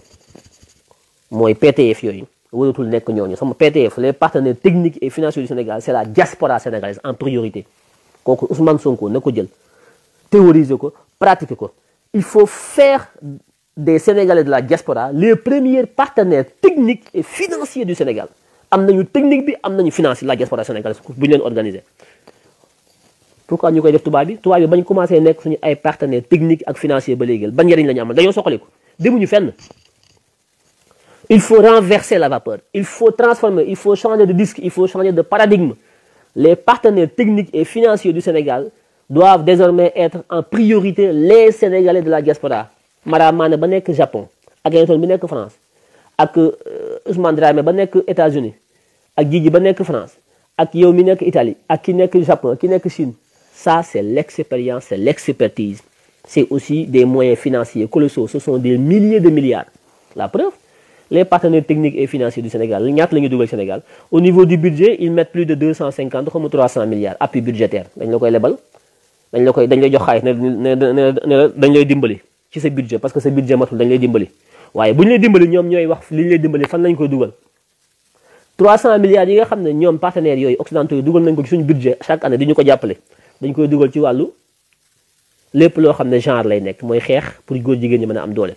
moy PTF yooyu waratul nek ñooñu sama PTF les partenaires techniques et financiers du Sénégal c'est la diaspora sénégalaise en priorité Donc, Ousmane Sonko nako jël théoriser ko pratiquer ko il faut faire des Sénégalais de la diaspora les premiers partenaires techniques et financiers du Sénégal am nañu technique bi am financier, la diaspora sénégalaise bu ñu leen organiser pourquoi ñu koy def tubaab bi tubaab bi bañ commencé nek suñu ay partenaires techniques ak financiers ba légal bañ njëriñ lañu amal dañoo nous il faut renverser la vapeur il faut transformer il faut changer de disque il faut changer de paradigme les partenaires techniques et financiers du Sénégal doivent désormais être en priorité les Sénégalais de la diaspora Maramane ba que Japon ak Anatole France ak euh, Ousmane Dramé États-Unis ak Gigi ba France ak yow mi Italie ak ki Japon ki Chine ça c'est l'expérience c'est l'expertise c'est aussi des moyens financiers colossaux. Ce sont des milliers de milliards. La preuve, les partenaires techniques et financiers du Sénégal, le Sénégal, au niveau du budget, ils mettent plus de 250 comme 300 milliards, appui budgétaire. ci c'est budget parce que c'est budget matul dañ lay dimbali waaye bu ñu lay dimbali ñoom ñooy wax li ils lay dimbali fan lañ koy 300 milliards yi nga les partenaires yooyu occidentaux yi dugal nañ ko ci budget chaque année ils ko jàppale dañ koy dugal ci lépp loo xam ne genre lay nekk mooy xeex pour góor jigéen ñi mën a am doole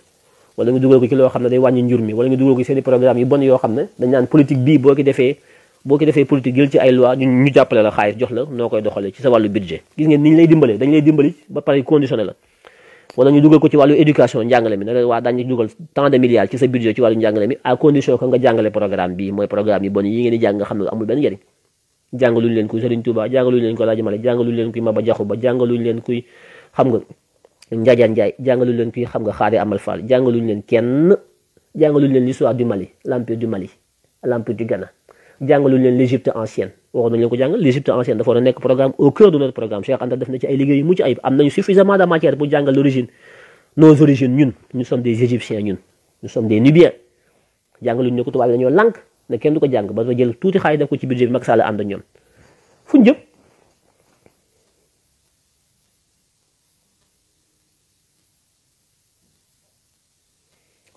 wala nga dugal ko ci loo xam ne day wàññi njur mi wala nga dugal ko seen i programme yu bon yoo xam ne dañ naan politique bii boo ko defee boo ko defee politique jël ci ay loi ñu ñu jàppale la xaalis jox la noo koy doxale ci sa wàllu budget gis ngeen ni ñu lay dimbale dañ lay dimbali ba pare conditionné la wala ñu dugal ko ci wàllu éducation njàngale mi ne la waa daañu dugal leen kuy Serigne Touba jàngaluñ leen ko Laaji Malick jàngaluñ leen kuy xam nga Njaajaan Njaay jàngaluñ leen kii xam nga xaari amal Fall jàngaluñ leen kenn jàngaluñ leen l'histoire du Mali l'empire du Mali l'empire du Ghana jàngaluñ leen l'Égypte ancienne waxoon nañ leen ko jàngal l'Égypte ancienne dafa war a nekk programme au cœur de notre programme Cheikh Anta def na ci ay liggéey yu mucc ayib am nañu suffisamment de matière pour jàngal l'origine nos origines ñun nous sommes des Égyptiens ñun kenn du ko jàng ba jël tuuti xaay def ko ci budget bi Macky Sall ànd ak ñoom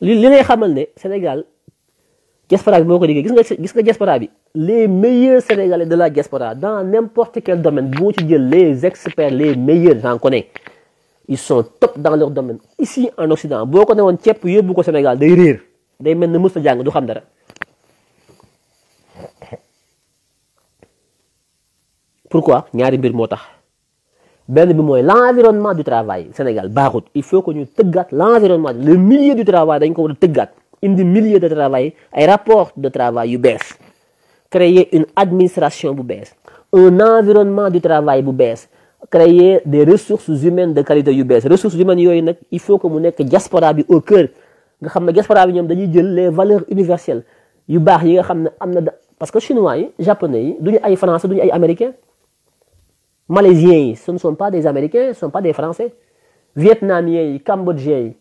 li lay xamal ne Sénégal diaspora bi moo ko gis bi les meilleurs sénégalais de la diaspora dans n'importe quel domaine bo ci jël les experts les meilleurs j'en connais ils sont top dans leur domaine ici en Occident boko ko ne woon ceeb yóbbu ko Sénégal day rire day mel ne mës du xam dara pourquoi ñaari mbir moo tax L'environnement du travail Sénégal il faut que nous l'environnement le milieu du travail dañ ko que milieu de travail ay rapports de travail yu créer une administration bu un environnement du travail bu créer des ressources humaines de qualité yu ressources humaines il faut que mu nekk diaspora au cœur nga diaspora les valeurs universelles parce que chinois les japonais yi français duñu ay américains Malaisiens, ce ne sont pas des Américains, ce ne sont pas des Français. Vietnamiens, Cambodgiens,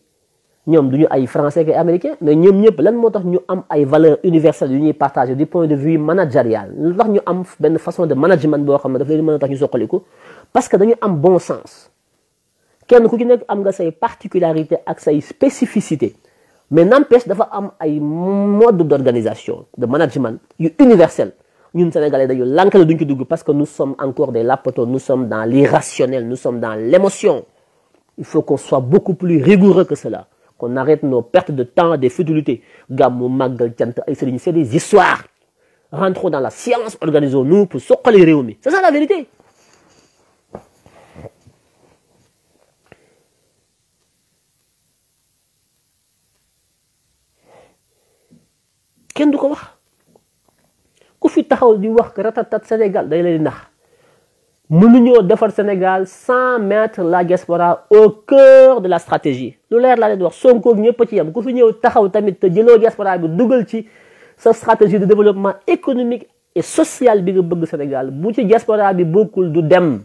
nous sont des ay français et Américains. mais nous ñëpp lan moo ñu am valeurs universelles yu ñuy du point de vue managérial lu tax une façon de management xam parce que dañu un bon sens kenn ku des une am nga say particularité ak spécificité mais n'empêche dafa am mode d'organisation de management universel parce que nous sommes encore des lapotos, nous sommes dans l'irrationnel nous sommes dans l'émotion il faut qu'on soit beaucoup plus rigoureux que cela qu'on arrête nos pertes de temps des futilités Gamou, Magal, c'est des histoires rentrons dans la science organisons-nous pour s'occuper. les c'est ça la vérité ku fi taxaw di wax que ratatat Sénégal day lay nax mënuñoo defar Sénégal sans mettre la diaspora au cœur de la stratégie lu leer laa leen wax Sonko ñëpp a ci yem ku fi ñëw taxaw tamit te jëloo diaspora bi dugal ci sa stratégie de développement économique et social bi nga bëgg Senegal, bu ci diaspora bi bokkul du dem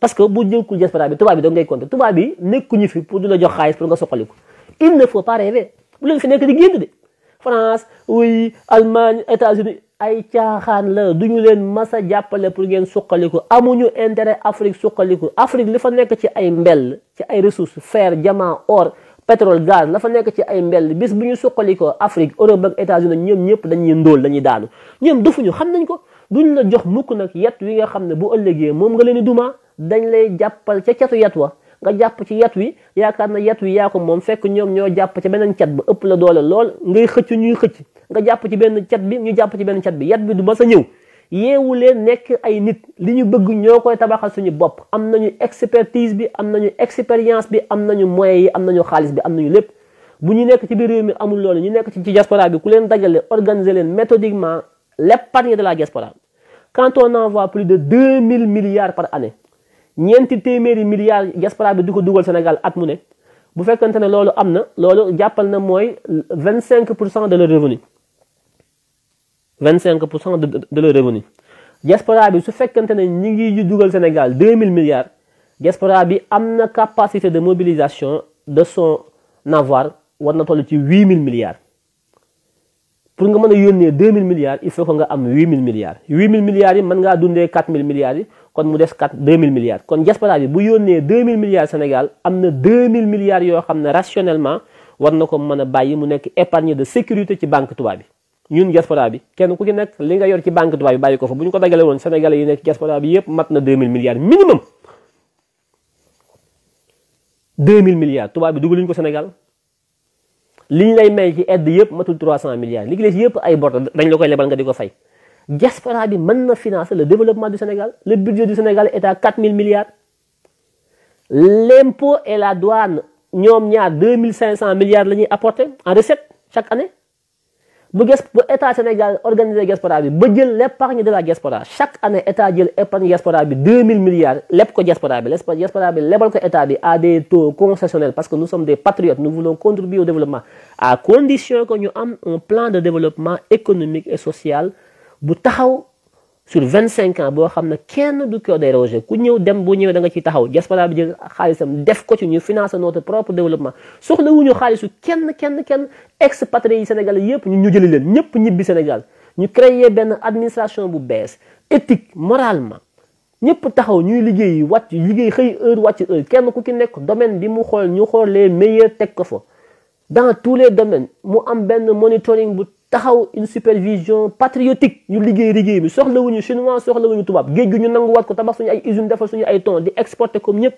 parce que bu jëkkul diaspora bi tubaab bi da ngay compter tubaab bi nekkuñu fi pour du la jox xaalis pour nga soxaliku il ne faut pas rêver bu leen fi nekk di gént de France oui Allemagne États-Unis ay caaxaan la du ñu leen masa jàppale pour ngeen suqaliku amuñu intérêt Afrique suqaliku Afrique li fa nekk ci ay mbel ci ay ressources fer diamant or pétrole gaz la fa nekk ci ay mbell bis bu ñu suqalikoo Afrique Europe ak États-Unis ñoom ñëpp dañuy ndóol dañuy daanu ñoom ñu xam nañ ko du ñu la jox mukk nag yet wi nga xam ne bu ëllëgee moom nga leen di duma dañ lay jàppal ca catu yet wa nga japp ci yet na ko fekk ñoo la doole xëcc ñuy xëcc nga ci benn bi ñu ci benn bi bi du sa nekk ay nit li ñu bëgg tabaxal suñu expertise bi expérience bi moyens yi bi bu ñu nekk ci biir réew mi amul ñu nekk ci diaspora méthodiquement l'épargne de la diaspora quand on envoie plus de 2000 milliards par année ñeenti téeméeri milliards diaspora bi di ko dugal Sénégal at mu ne bu fekkante ne loolu am na loolu jàppal na mooy vingt cinq pour cent de leur revenu vingt cinq pour cent de leur revenu diaspora bi su fekkante ne ñi ngi dugal Sénégal deux mille milliards diaspora bi am na capacité de mobilisation de son avoir war na toll ci huit mille milliards pour nga mën a yónnee deux mille milliards il faut que nga am huit mille milliards huit mille milliards kon mu des quatre deux mille milliards kon diaspora bi bu yónnee deux mille milliards Sénégal am na deux milliards yoo xam ne rationnellement war na ko mën a bàyyi mu nekk épargne de sécurité ci banque tubaab bi ñun diaspora bi kenn ku ci nekk li nga yor ci banque tubaab bi bàyyi ko fa bu ñu ko dagale woon sénégalais yi nekk diaspora bi yépp mat na deux mille milliards minimum deux milliards tubaab bi dugaluñu ko Sénégal li ñu lay may ci aide yépp matul trois cent milliards li ci des yépp ay bor dañ la koy lebal di ko fay diaspora bi financé le développement du Sénégal le budget du Sénégal est à 4 000 milliards l'impôt et la douane ñom ñaar 2500 milliards lañuy en recette chaque année bu ges bu état Sénégal organiser diaspora bi ba jël l'épargne de la diaspora chaque année état jël épargne diaspora bi 2000 milliards lepp ko diaspora bi diaspora bi lebal ko état bi à des taux concessionnels parce que nous sommes des patriotes nous voulons contribuer au développement à condition que ñu am un plan de développement économique et social bu sur 25 ans bo xamna kenn du ko déroger ku ñew dem bo ñew da nga ci taxaw jaspala bi jël xaalisam def ko ci ñu financer notre propre développement soxla wuñu xaalisu kenn kenn kenn expatrié yi Sénégal yëpp ñu jëli leen ñëpp ñibbi Sénégal ñu créer ben administration bu bees éthique moralement ñëpp taxaw ñuy liggéey wacc liggéey xëy heure wacc heure kenn ku ki nekk domaine bi mu xool ñu xool les meilleurs tek ko fa dans tous les domaines mu am ben monitoring bu taxaw une supervision patriotique ñu liguey liggéey soxla wuñu chinois soxlawuñu tubaab géej gi ñu nanguwaat ko tabax suñu ay usine defal suñu ay ton di exporter comme ñep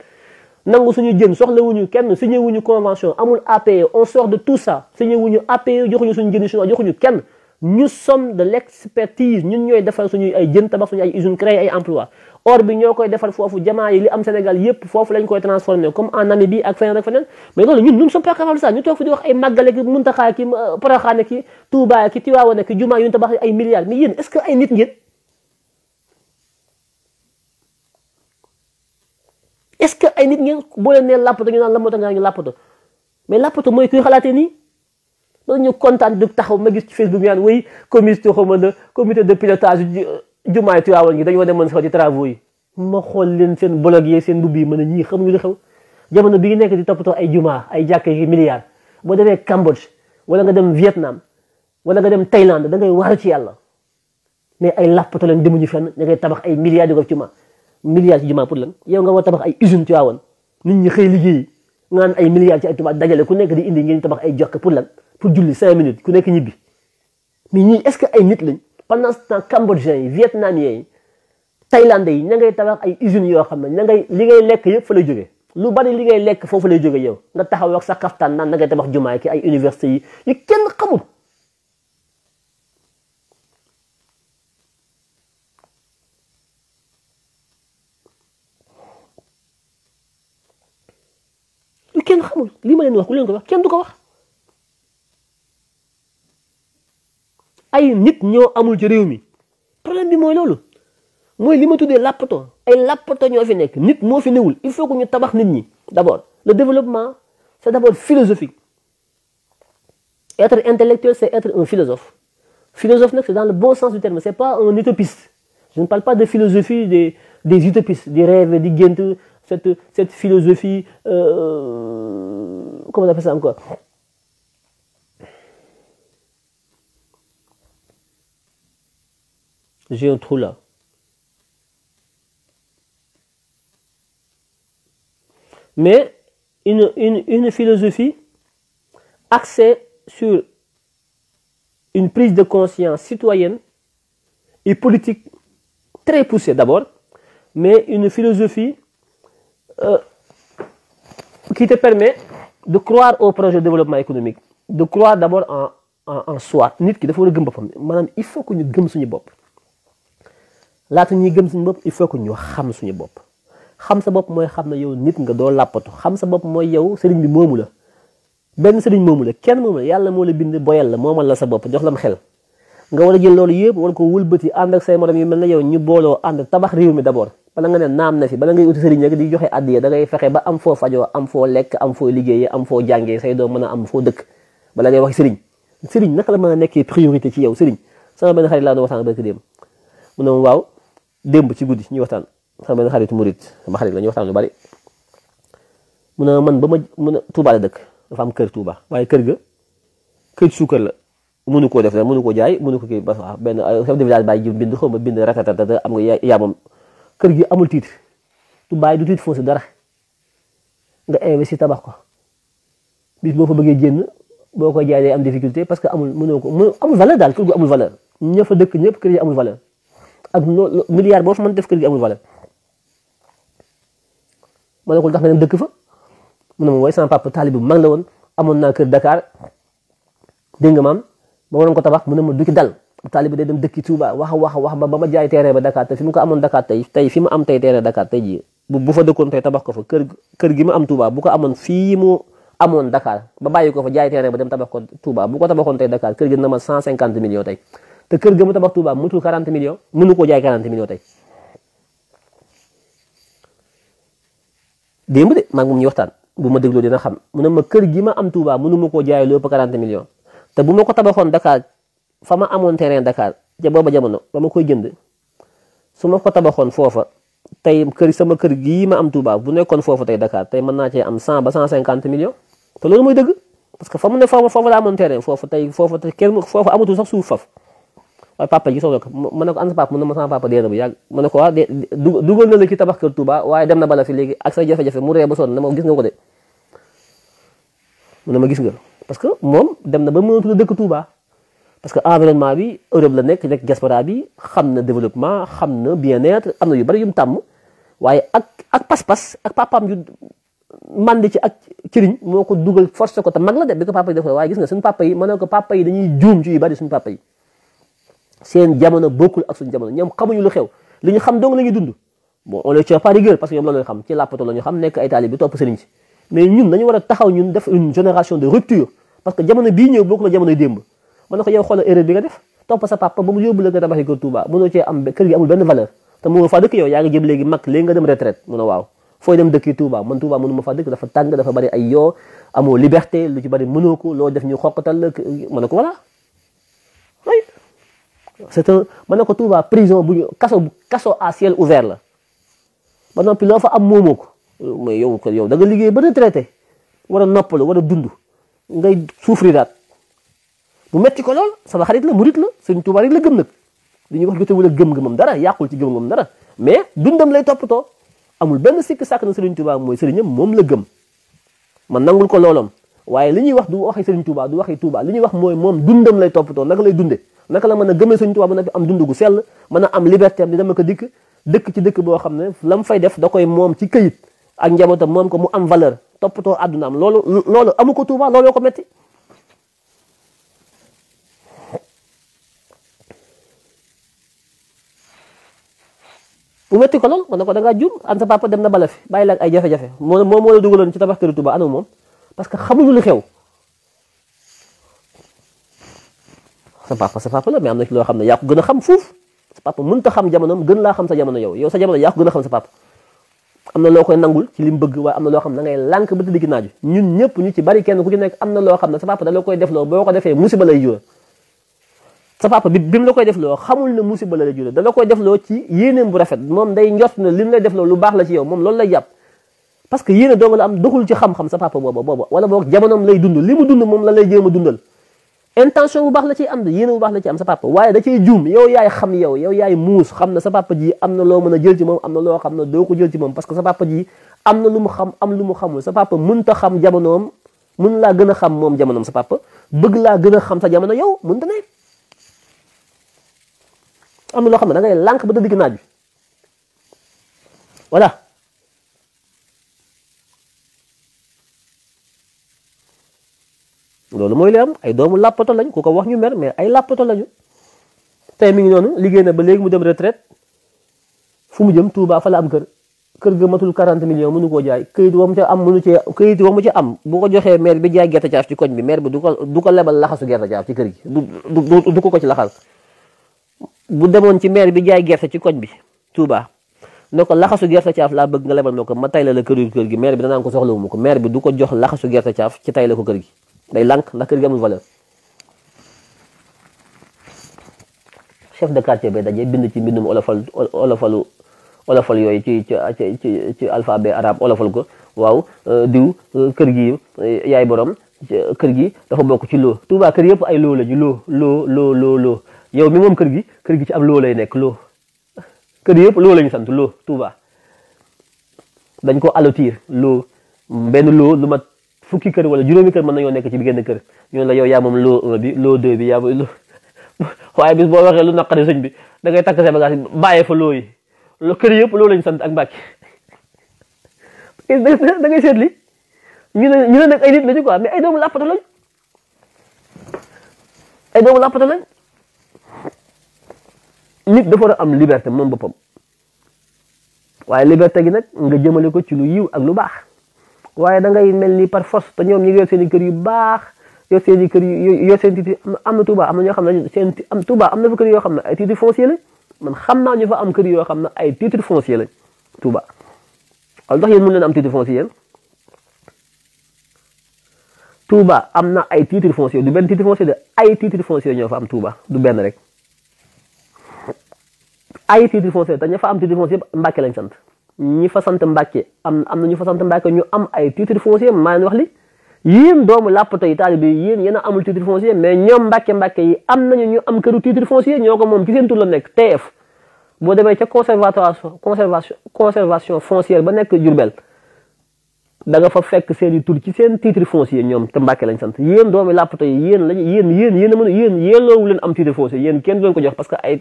nangu suñu soxla wuñu kenn signé wuñu convention amul APE on sort de tout ça signé wuñu APE joxuñu suñu jën chinois joxuñu kenn ñu sommes de l'expertise ñun ñoy defal suñu ay jën tabax suñu ay usine créer ay emploi or bi ñoo koy defar foofu jamaa yi li am Sénégal yépp foofu lañ koy transformé comme en Namibie ak feneen ak feneen mais loolu ñun nous ne sommes pas capables de ça ñu toog fi di wax ay màggale ki muntaxaa ki euh, ki Touba ki Tiwaawane est-ce que ay nit ngeen est-ce que ay nit ngeen boo leen nee làppatu ñu naan la moo tax nga ñu làppatu mais làppatu mooy kuy xalaatee nii loolu ñu kontaan du taxaw ma gis ci Facebook ñu naan oui comité xaw ma de pilotage euh, jumaay Tiwaawan gi dañoo demoon sax di travaux yi ma xool leen seen bolog yi seen dubbi man a xam xamuñu li xew jamono bi nekk di toppatoo ay juma ay jakkay yi milliard bo demé Cambodge wala nga dem Vietnam wala nga dem thailand da ngay waru ci yalla mais ay làppato leen demuñu fenn da ngay tabax ay milliards ko ci jumaa milliards ci jumaa pour lan yow nga wa tabax ay usine Tiwaawan nit ñi xey liggéeyi nga ay milliards ci ay tuba dajale ku nekk di indi ngeen tabax ay jokk pour lan pour julli 5 minutes ku nekk ñibi mais ñi est ce que ay nit lañ pendant ce temps cambodgiens yi vietnamiens yi thaïlandais yi ña ngay tabax ay usines yoo xam ne ña ngay li ngay lekk yëpp fa lay jógee lu bari li ngay lekk foofu lay jógee yow nga taxaw ak sa kaftaan naan na ngay tabax jumaay ki ay yi yu kenn xamul li ma leen wax ku leen ko kenn du ko wax ay nit ñoo amul ci réew mi problème bi mooy loolu mooy li ma tuddee làppato ay làppato ñoo fi nekk nit moo fi newul il faut que ñu tabax nit ñi d'abord le développement c'est d'abord philosophique être intellectuel c'est être un philosophe philosophe nag c'est dans le bon sens du terme c'est pas un utopiste je ne parle pas de philosophie des des utopistes des rêves di gént cette cette philosophie euh, comment on appelle ça encore J'ai un trou là. Mais une, philosophie axée sur une prise de conscience citoyenne et politique très poussée d'abord, mais une philosophie euh, qui te permet de croire au projet de développement économique, de croire d'abord en, soi. il faut que nous soyons. laata ñuy gëm suñu bopp il faut que ñu xam suñu bopp xam sa bopp mooy xam na yow nit nga doo làppatu xam sa bopp mooy yow sëriñ bi moomu la benn sëriñ moomu la kenn moomu yàlla moo la bind boyal la moomal la sa bopp jox la xel nga war loolu yëpp war ko wëlbati ànd ak say morom yu mel ne yow ñu booloo ànd tabax réew mi d'abord bala nga ne naam na fi bala ngay uti sëriñ rek di joxe addiya da fexe ba am foo fajoo am foo lekk am foo liggéeyee am foo jàngee say doo mën a am foo dëkk bala ngay wax sëriñ sëriñ naka la mën a nekkee priorité ci yow sëriñ sama benn xarit laa doon waxtaan ba mu ne waaw démb ci guddi ñuy waxtaan sama benn xarit murit sama xarit la ñuy waxtaan lu bari mu ne man ba ma mu ne Touba la dëkk dafa am kër Touba waaye kër ga kër suukar la mënu koo def rek mënu ko jaay mënu ko kii ba waaw benn chef de village bàyyi bind xaw ma bind ratatata am nga yaa kër gi amul titre du bàyyi du titre foncier dara nga investi tabax ko bis boo fa bëggee génn boo ko jaay day am difficulté parce que amul mënoo ko amul valeur daal kër gu amul valeur ña fa dëkk ñëpp kër yi amul valeur. ak noo milliard boo fa man def kër gi amul valeur ma ne ko tax nga dem dëkk fa mu ne ma waaye sama papa taalibe bu la woon amoon naa kër dakaar dégg nga maam ma waroon ko tabax mu ne ma du ci dal taalibe day dem dëkki Touba wax wax wax ba ba ma jaay terrain ba Dakar te fi mu ko fi ma am tey terrain Dakar tey jii bu bu fa dëkkoon tey tabax ko fa kër kër gi ma am Touba bu ko amoon fii mu amoon Dakar ba bàyyi ko fa jaay terrain ba dem tabax ko Touba bu ko tabaxoon tey Dakar kër na ma 150 millions tey. te kër ga mu tabax Touba mutul 40 millions mënu ko jaay 40 millions tay dembe de maa ngi ñu waxtaan bu ma deglu dina xam mu ne ma kër gi ma am Touba mënu ma koo jaay lu ëpp 40 millions te bu ma ko tabaxoon Dakar fa ma amoon terrain Dakar ja booba jamono ba ma koy jënd su ma ko tabaxoon fofa tay kër sama kër gi ma am Touba bu nekkon foofa tay Dakar tay man na ci am 100 ba 150 millions te lolu moy deug parce que famu ne foofa fofu la mon terrain fofu tay fofu tay kenn fofu amatu sax souf fofu waaye papa ji soog a ma ne ko ana papa mu ne ma sama papa dee na bu yàgg ma ne ko waaw de dugal na la ci tabax kër Touba waaye dem na bala ak sa jafe-jafe mu ree ba sonn ne ma gis nga ko de mu ne ma gis nga parce que moom dem na ba mënatul dëkk Touba parce que environnement bi Europe la nekk nekk diaspora bi xam na développement xam na bien-être am na yu bari yu tàmm waaye ak ak pas-pas ak papaam yu màndi ci ak cëriñ moo ko dugal forcé ko te mag la de bi ko papa yi def waaye gis nga suñu papa yi ma ne ko papa yi dañuy juum ci yu bari suñu papa yi seen jamono bokkul ak suñ jamono ñoom xamuñu lu xew li ñu xam dong la ñuy dund bon on les tient pas parce que ñoom loolu xam ci làppato la ñu xam nekk ay taalib bi topp a taxaw ñun def une génération de rupture parce que bii ñëw bokkul la jamonoy démb man na ko yow xoolal erreur bi nga def topp sa papa ba mu yóbbu la nga tabaxi kër Touba mënoo cee am kër gi amul benn valeur te mënoo faa dëkk yow yaa ngi jëm léegi mag léegi nga dem retraite mu waaw fooy dem dëkki Touba man Touba mënu ma faa dëkk dafa tàng dafa bari ay yoo amoo liberté lu ci bari mënoo ko loo c'est un mën na ko Touba prison bu ñu kaso kaso à ciel ouvert la ba noppi loo fa am moomoo ko mooy yow ko yow da nga liggéey ba retraité traité wara noppalu war a dund ngay souffrir daat bu metti ko lool sama xarit la murit la Sëriñ Touba rek la gëm nag li ñuy wax jotewul ak gëm-gëmam dara yàqul ci gëm-gëmam dara mais dundam lay toppatoo amul benn sikk sàkk na Sëriñ Touba mooy sëriñam moom la gëm man nangul ko loolam waaye li ñuy wax du waxi Sëriñ Touba du waxi Touba li ñuy wax mooy moom dundam lay toppatoo naka lay dunde naka la mën a gëmee sëñ Tuubaa ba noppi am dund gu sell mën a am liberté am di dama ko dikk dëkk ci dëkk boo xam ne la mu fay def da koy moom ci këyit ak njabootam moom ko mu am valeur toppatoo àdduna am loolu loolu amu ko Tuubaa ko metti bu lool da ngaa jum an sa papa dem na bala fi bàyyi la ay jafe-jafe moom moo la dugaloon ci tabax këru Tuubaa moom parce que xamuñu lu xew sa papa sa papa la mais am na ci loo xam ne yaa ko gën a xam fuuf sa papa mënut a xam jamonoom gën laa xam sa jamono yow yow sa jamono yaa ko gën a xam sa papa am na loo koy nangul ci li mu bëgg waaye am na loo xam ne da ngay lànk ba tëddi naaju ñun ñëpp ñu ci bari kenn ku ci nekk am na loo xam ne sa papa da la koy def loo boo ko defee musiba lay jural sa papa bi bi mu la koy def loo xamul ne musiba la lay jural da la koy def loo ci yéeneem bu rafet moom day njort ne li mu lay def loo lu baax la ci yow moom loolu lay jàpp parce que yéene dong la am doxul ci xam-xam sa papa booba booba wala boog jamonoom lay dund li mu dund moom la lay jéem a dundal intention wu baax la ciy am de yéene bu baax la ciy am sa papa waaye da ciy juum yow yaay xam yow yow yaay muus xam na sa papa ji am na loo mën a jël ci moom am na loo xam ne doo ko jël ci moom parce que sa papa ji am na lu mu xam am lu mu xamul sa papa mënta xam jamonoom mën laa gën a xam moom jamonoom sa papa bëgg laa gën a xam sa jamono yow mënta nekk am na loo xam ne da ngay lànk ba da digg naaj bi loolu mooy li am ay doomu làppato lañ ko ko wax ñu mer mais ay làppato lañu tey mi ngi noonu liggéey na ba léegi mu dem retraite fu mu jëm Touba fa la am kër kër ga matul 40 millions mënu koo jaay këyit wa mu ca am mënu cee këyit wa mu ca am bu ko joxee maire bi jaay gerte caaf ci koñ bi maire bi du ko du ko lebal laxasu gerte caaf ci kër gi du du ko ko ci laxal bu demoon ci maire bi jaay gerte ci koñ bi Touba ne ko laxasu gerte caaf laa bëgg nga lebal ma ko ma tay la la kër gi kër gi maire bi danaan ko soxlawu ma ko maire bi du ko jox laxasu gerte caaf ci tay la ko kër gi day lànk ndax kër gi amul valeur chef de quartier bay daje bind ci mbindum olofal olofal yooyu ci ci ci ci alphabet arabe olofal ko waaw euh, diw euh, kër gi euh, yaay borom kër gi dafa bokk ci loo Touba kër yëpp ay loo lañu loo loo loo loo loo yow mi moom kër gi kër gi ci am loo lay nekk loo kër yëpp loo lañu sant loo Touba dañ ko allotir loo benn loo lu fukki kër wala juróomi kër mën nañoo nekk ci bi genn kër ñoon la yow yaa moom loo 1 bi loo 2 bi yaa [LAUGHS] waaye bis boo waxee lu naqari sëñ bi da ngay takk sa bàyyee fa loo yi lo kër yëpp loo lañ sant ak mbàkki da ngay seetli ñu ne ñu ne ay nit lañu quoi mais ay doomu làppata lañ ay doomu làppata lañ nit dafa am liberté moom boppam waaye liberté gi nag nga jëmale ko ci lu yiw ak lu baax waaye da ngay mel ni par force te ñoom ñu ngi yor seen i kër yu baax yor seen kër yu yor seen titre am na Touba am na ñoo am Touba am na fa kër yoo xam ne ay titre foncier lañ man xam naa ñu fa am kër yoo xam ne ay titre foncier lañ Touba wala ndax yéen mën leen am titre foncier yéen am na ay titre foncier du benn titre foncier de ay titre foncier ñoo fa am Touba du benn rek ay titre foncier te ña fa am titre foncier Mbàkke lañ sant. ñi fa sant Mbàkke am am na ñu fa sant Mbàkke ñu am ay titre foncier maa leen wax li yéen doomu làppato yi taalibe yi yéen yéen a amul titre foncier mais ñoom Mbàkke Mbàkke yi am nañu ñu am këru titre foncier ñoo ko moom ci seen tur la nekk TF boo demee ca conservatoire conservation conservation foncière ba nekk Jurbel da nga fa fekk seen i tur ci seen titre foncier ñoom te Mbàkke lañ sant yéen doomu làppato yi yéen lañ yéen yéen yéen a mën yéen yelloowu leen am titre foncier yéen kenn du ko jox parce que ay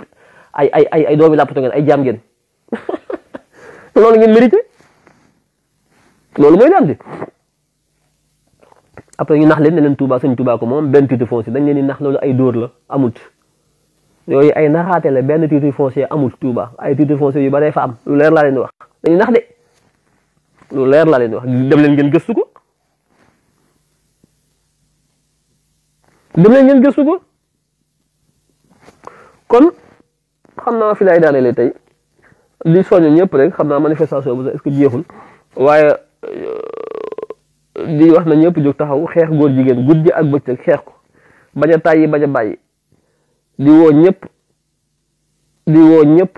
ay ay ay doomu làppato ngeen ay jaam ngeen [LAUGHS] loolu ngeen mérité loolu mooy après ñu nax leen ne leen Touba sëñ Touba ko moom benn titre foncier dañ leen nax loolu ay dóor la amut yooyu ay naxaate la benn titre foncier amut Touba ay titre foncier yu baree fa am lu leer laaleen leen di wax dañuy nax de lu leer laa leen wax dem leen ngeen gëstu ko dem leen ngeen gëstu kon xam naa fi laay daanelee tey. li soññu ñëpp rek xam naa manifestation bi est-ce que jeexul waaye li wax na ñëpp jóg taxaw xeex góor jigéen guddi ak bëccëg xeex ko bañ a tàyyi bañ a bàyyi di woo ñëpp di woo ñëpp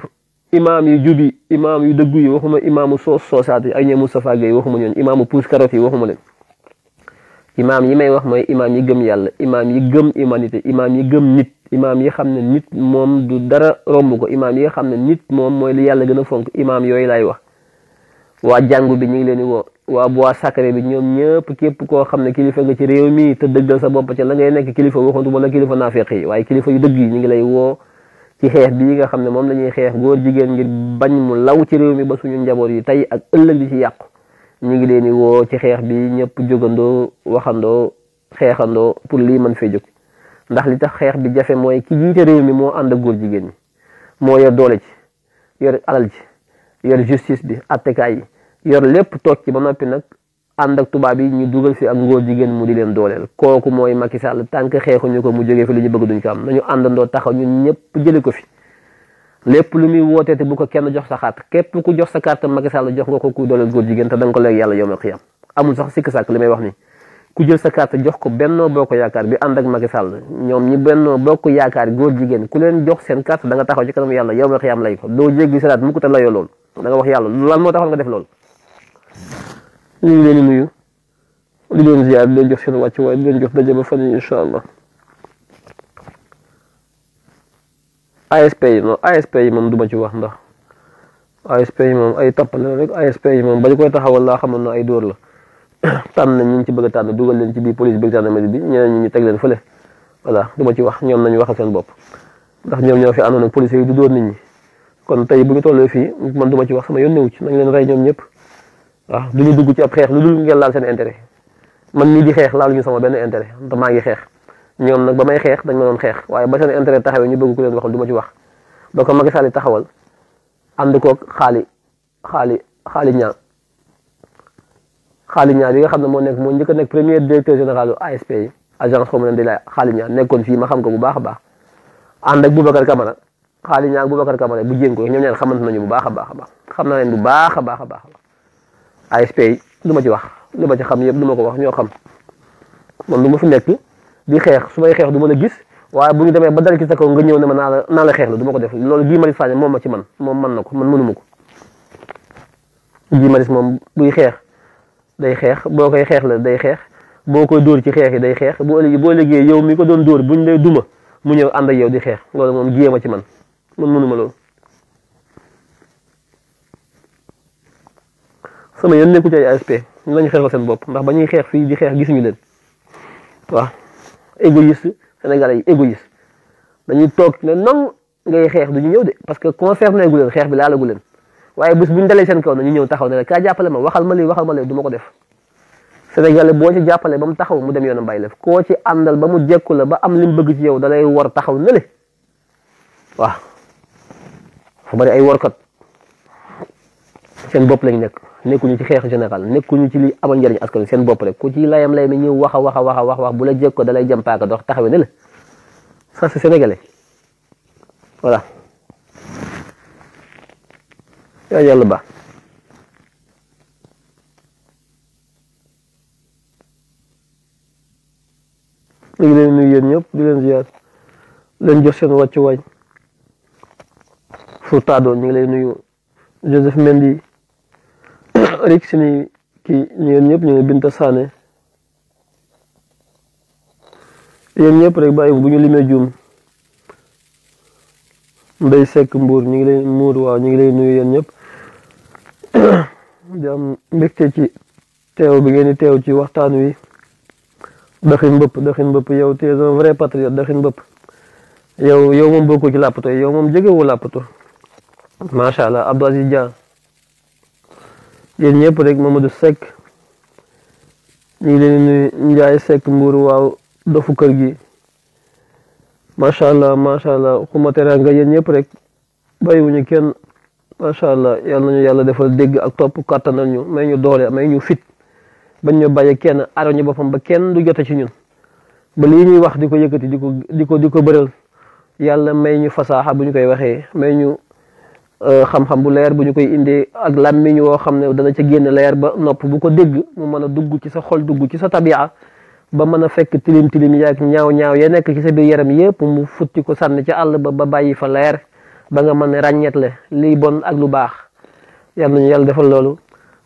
imaam yu jubi imaam yu dëggu yi waxuma imaamu soos soosaat yi ak ñoom Moustapha Gueye waxuma ñoon imaamu puus karot yi waxuma leen imaam yi may wax mooy imaam yi gëm yàlla imaam yi gëm humanité imaam yi gëm nit imaam yi xam ne nit moom du dara romb ko imaam yi xam ne nit moom mooy li yàlla gën a fonk imaam yooyu lay wax waa jàngu bi ñu ngi leen di woo waa bois sacré bi ñoom ñëpp képp koo xam ne kilifa nga ci réew mi te dëggal sa bopp ca la ngay nekk kilifa waxantu wala kilifa naafeq yi waaye kilifa yu dëgg yi ngi lay woo ci xeex bii nga xam ne moom la ñuy xeex góor jigéen ngir bañ mu law ci réew mi ba njaboot yi tey ak ëllëg di ci yàqu ñu ngi leen di woo ci xeex bi ñëpp jógandoo waxandoo xeexandoo pour lii mën fee jóg ndax li tax xeex bi jafe mooy ki jiite réew mi moo ànd ak góor jigéen ñi moo yor doole ci yor alal ci yor justice bi attekaay yi yor lépp toog ci ba noppi nag ànd ak tubaab yi ñu dugal fi ak ngóor jigéen mu di leen dooleel kooku mooy Macky Sall tànk xeexuñu ko mu jógee fi lu ñu bëgg duñ ko am nañu àndandoo taxaw ñun ñëpp jëlee ko fi lépp lu muy wootee bu ko kenn jox sa xaat képp ku jox sa carte Macky Sall jox nga ko ku dooleel góor jigéen te da nga ko léegi yàlla yomal xiyam amul sax sikk sàkk li may wax ni ku jël sa carte jox ko Benno Bokk Yaakaar bi ànd ak Macky Sall ñoom ñi Benno Bokk Yaakaar góor jigéen ku leen jox seen carte danga nga taxaw ci kanam yàlla yow ma xiyaam lay ko doo jéggi salaat mu ko te layoo loolu da nga yàlla lan moo taxoon nga def loolu ñu leen di nuyu di leen ziar di leen jox seen wàcc waaye di leen jox daje ba fan yi incha allah ASP yi moom du ma ci wax ndax ASP yi moom ay tappale rek ASP yi moom ba ñu koy taxawal laa xamoon na ay dóor la tànn nañ ñu ci bëgg a tànn dugal leen ci biir police bi gendarmerie bi ñeneen ñi ñu teg leen fële voilà du ma ci wax ñoom nañu waxal seen bopp ndax ñoom ñoo fi àndoon ak police yi du kon tey bu ñu tollee fii man du ma ci wax sama yónnewu ci nañ leen rey ñoom ñëpp waaw du ñu dugg ci ab xeex lu dul ngeen laal seen intérêt man mii di xeex ñu sama benn intérêt te maa ngi xeex ñoom nag ba may xeex dañ ma doon xeex waaye ba seen intérêt taxawee ñu bëgg ku leen waxal du ma ci wax donc Macky Sall taxawal ànd koog xaali xaali xaali ñaa xaali ñaar yi nga xam ne moo nekk moo njëkk nekk premier directeur général ASP yi agence commune de la xaali ñaar nekkoon fii ma xam ko bu baax a baax ànd ak Boubacar Camara xaali ñaar Boubacar Camara bu jéem ko ñoom ñaar nañu bu baax a baax a baax xam naa leen bu baax a baax a baax ASP yi du ma ci wax lu ma ci xam yëpp du ma ko wax ñoo xam man lu ma fi nekk di xeex su may xeex du ma la gis waaye bu ñu demee ba dara ci sa kaw nga ñëw ne ma naa la naa la xeex la du ma ko def loolu Guy Marius Sagna moom ma ci man moom man na ko man mënuma ko Guy Marius moom buy xeex day xeex boo koy xeex la day xeex boo koy dóor ci xeex yi day xeex boo léegi boo léegi yow mi ko doon dóor buñ lay duma mu ñëw ànd ak di xeex loolu moom jéem a ci man man mënuma loolu sama yoon nekku ci ay ASP ñu lañu xeexal seen bopp ndax ba ñuy xeex fii di xeex gisuñu leen waaw égoïste sénégalais yi égoïste dañuy toog ne non ngay xeex du ñu ñëw de parce que concerné gu leen xeex bi laalagu leen waaye bis bu ñu dalee seen kaw na ñu ñëw taxaw ne kaa jàppale ma waxal ma lii waxal ma lii du ma ko def Sénégalais boo ci jàppale ba mu taxaw mu dem yoonam bàyyi lef koo ci àndal ba mu jekku la ba am li mu bëgg ci yow dalay war taxaw ne le waaw fa bari ay warkat seen bopp lañ nekk nekkuñu ci xeex général nekkuñu ci li amal njëriñ askan seen bopp rek ku ci layam lay mi ñëw wax a wax a wax wax wax bu la jekko dalay jëm paaka dox taxawee Ya ya lebah. Lilin lilin yop, lilin ziat, lilin josen wacu wain. Furtado ni lilin yu, Joseph Mendy, [COUGHS] Rick sini ki lilin yop ni lilin tasane. Eh. Lilin yop rek bayu bunyi lima jum. Mbay sek mbur ni lilin mur wa ni lilin yu yan yop. jam mbégte ci teew bi ngeen di teew ci waxtaan wi daxin bëpp daxin bëpp yow tu es un vrai daxin bëpp yow yow moom bokkoo ci làppato yow moom jegewoo làppato macha allah Abdou Aziz Dia yéen ñëpp rek Mamadou Seck ñu ngi leen nuyu Ndiaye Seck Mbour waaw dofu kër gi macha allah macha allah xuma teranga yéen ñëpp rek bàyyiwuñu kenn macha allah yal nañu yàlla defal dégg ak topp kattanal ñu may ñu doole may ñu fit bañ ñu bàyyi kenn aar ñu boppam ba kenn du jote ci ñun ba lii ñuy wax di ko yëkkati di ko di ko di ko bëral yàlla may ñu fasaaxa bu ñu koy waxee may ñu euh, xam-xam bu leer bu ñu koy indee ak làmmiñ woo xam ne dana ca génn leer ba nopp bu ko dégg mu mën a dugg ci sa xol dugg ci sa tabia ba mën a fekk tilim tilim yaak ñaaw ñaaw ya nekk ci sa biir yaram yëpp mu futti ko sànni ci àll ba ba bàyyi fa leer ba nga mën a ràññeetle liy bon ak lu baax yàlla nañu yàlla defal loolu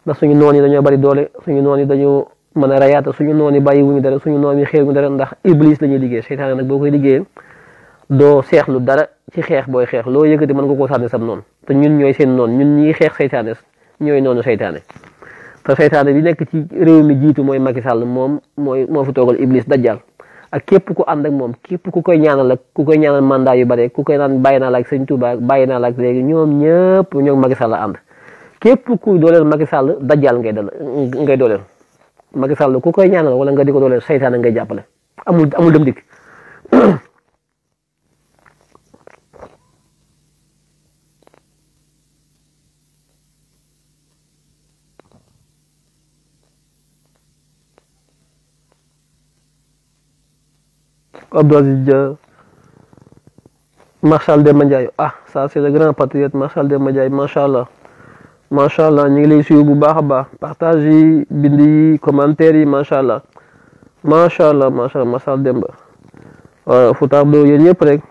ndax suñu noon yi dañoo bari doole suñu noon yi dañoo mën a rayaata suñu noon yi bàyyiwuñu dara suñu noon yi xeewuñu dara ndax iblis la ñuy liggéey seytaane nag boo koy liggéeyee doo seexlu dara ci xeex booy xeex loo yëkkati mën nga koo sànni sam noonu te ñun ñooy seen ñun ñiy xeex seytaane ñooy noonu seytaane te seytaane bi nekk ci réew mi jiitu mooy Macky Sall moom mooy moo fi toogal iblis dajjal ak képp ku ànd ak moom képp ku koy ñaana ak ku koy ñaanal mandat yu bare ku koy naan na naa la ak sëñ Touba bàyyi naa la ak léegi ñoom ñëpp ñoom Macky Sall ànd képp ku dooleel Macky Sall dajjal ngay dal ngay dooleel Macky Sall ku koy ñaanal wala nga di ko dooleel ngay jàppale amul amul dem dikk [CLEARS THROAT] Abdou Aziz Dia Marshal Demba Ndiaye ah ça c'est le grand patriote Marshal Demba Ndiaye machallah machallah ñi ngi lay suyu bu baax a baax partage yi bind yi commentaire yi machallah machallah machallah Marshal Demba waaw Fouta do yeen ñëpp rek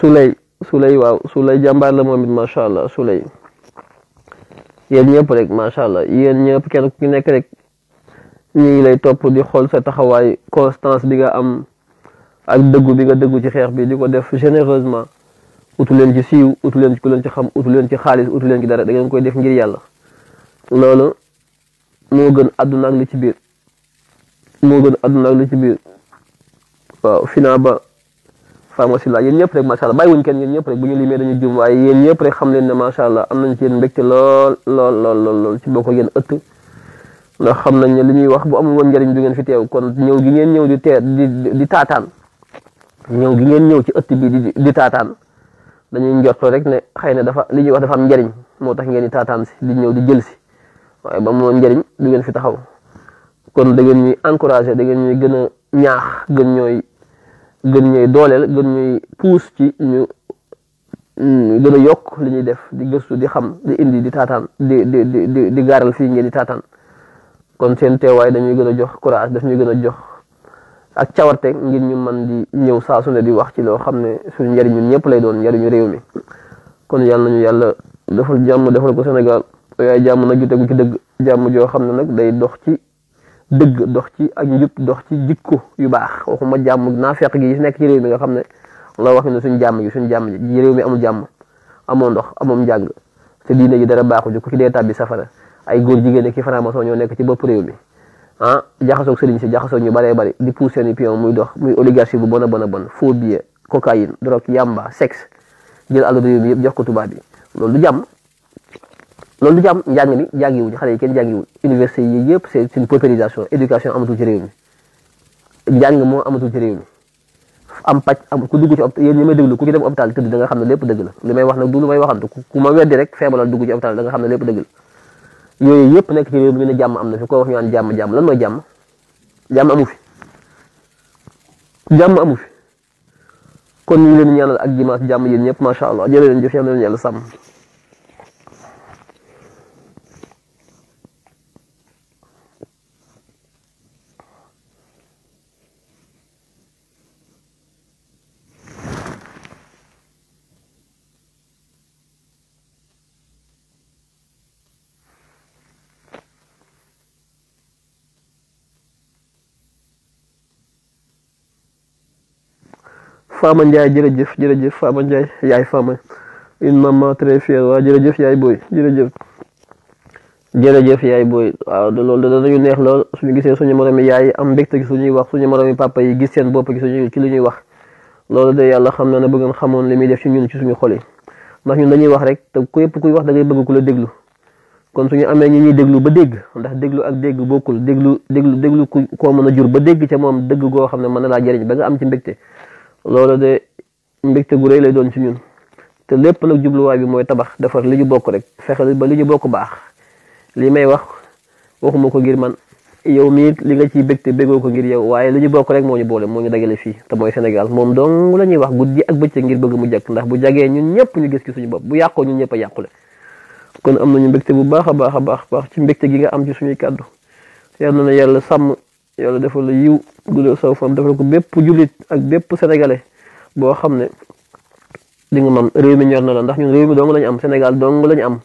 Souley Souley waaw Souley Jambar la momit machallah Souley yeen ñëpp rek machallah yeen yéen kenn ku nekk rek ñu ngi lay topp di xool sa taxawaay constance bi nga am ak dëggu bi nga dëggu ci xeex bi di ko def généreusement utu leen ci siw utu leen ci leen ci xam utu leen ci xaalis utu leen ci dara da ngeen koy def ngir yàlla loolu moo gën àdduna ak li ci biir moo gën àdduna ak li ci biir waaw fina ba pharmacie la yéen ñëpp rek macha allah bàyyi wuñ kenn yéen rek xam leen ne macha allah am nañ ci yéen mbégte lool lool lool lool lool ci boo ko ëtt ndax xam nañ ne li ñuy wax bu amul woon njëriñ du ngeen fi teew kon ñëw gi ngeen ñëw di tee di di taataan ñëw gi ngeen ñëw ci ëtt bi di di taataan dañuy njort rek ne xëy na dafa li ñuy wax dafa am njëriñ moo tax ngeen di taataan si di ñëw di jël si waaye ba mu njëriñ du ngeen fi taxaw kon da ngeen ñuy encouragé da ngeen ñuy gën a ñaax gën ñooy gën ñooy dooleel gën ñuy puus ci ñu gën a yokk li ñuy def di gëstu di xam di indi di taataan di di di di gaaral fii ngeen di taataan kon seen teewaay dañuy gën a jox courage daf ñuy gën a jox ak cawarte ngir ñu man di ñëw saa su ne di wax ci loo xam ne suñu njëriñ ñun ñëpp lay doon njëriñu réew mi kon yàlla nañu yàlla defal jàmm defal ko Sénégal waaye jàmm nag ju ci dëgg jàmm joo xam ne nag day dox ci dëgg dox ci ak njub dox ci jikko yu baax waxuma jàmm naa fekk gi nekk ci réew nga xam ne la wax ne suñu jàmm gi suñu jàmm ji mi amul jàmm amoo ndox amoom njàng te diine ji dara baaxu ji ku ci dee tàbbi safara ay góor jigéen ak i franc-maçon ñoo nekk ci bopp réew mi ah jaxasoog sëriñ si jaxasoog ñu bëree bëri di pousse seeni pion muy dox muy oligarchie bu bon a bon a bon faux billet cocaïne drogue yamba sexe jël àll réew mi yëpp jox ko tubaab bi loolu jam jàmm loolu du jàmm njàng mi jàngiwuñ xale yi kenn jàngiwuñ université yi yëpp c' est une paupérisation éducation amatul ci réew mi njàng moo amatul ci réew mi am pàcc am ku dugg ci opt yéen ñi may déglu ku ci dem hôpital tëdd da xam ne lépp dëgg la yooyu yëpp nekk ci réew mi ñu jàmm am na fi ko wax ñu naan jàmm jàmm lan mooy jàmm jàmm amu fi jàmm amu fi kon ñu ngi leen ñaanal ak dimanche jàmm yéen ñëpp macha allah jërë leen jëf yàlla na leen yàlla sàmm Fama Ndiaye jërëjëf jërëjëf Fama Ndiaye yaay Fama une maman très fière waaw jërëjëf yaay booy jërëjëf jërëjëf yaay booy waaw loolu danañu neex lool suñu gisee suñu moromi yaay am mbégte gi suñuy wax suñu moromi papa yi gis seen bopp gi suñu ci li ñuy wax loolu de yàlla xam na ne bëgg xamoon li muy def si ñun ci suñu xol yi ndax ñun dañuy wax rek te ku yëpp kuy wax da ngay bëgg ku la lu kon suñu amee ñi ñuy déglu ba dégg ndax déglu ak dégg bokkul déglu déglu déglu ku koo mën a jur ba dégg ca moom dëgg goo xam ne mën na laa jëriñ ba nga am ci mbégte loolu de mbégte gu rey lay doon ci ñun te lépp nag jubluwaay bi mooy tabax defar li ñu bokk rek fexe ba li ñu bokk baax li may wax waxuma ko ngir man yow mii li nga ciy bégte béggoo ko ngir yow waaye li ñu bokk rek moo ñu boole moo ñu dagale fii te mooy Sénégal moom dong la ñuy wax guddi ak bëccëg ngir bëgg mu jekk ndax bu jagee ñun ñëpp ñu gis ci suñu bopp bu yàqoo ñun ñëpp a yàqule kon am nañu mbégte bu baax a baax a baax baax ci mbégte gi nga am ci suñuy kàddu yal yàlla sàmm yàlla defal la yiw guddal saw fan defal ko bépp jullit ak bépp senegale boo xam ne li mam réew mi ñor na la ndax ñun réew mi dong lañu am Sénégal dong lañu am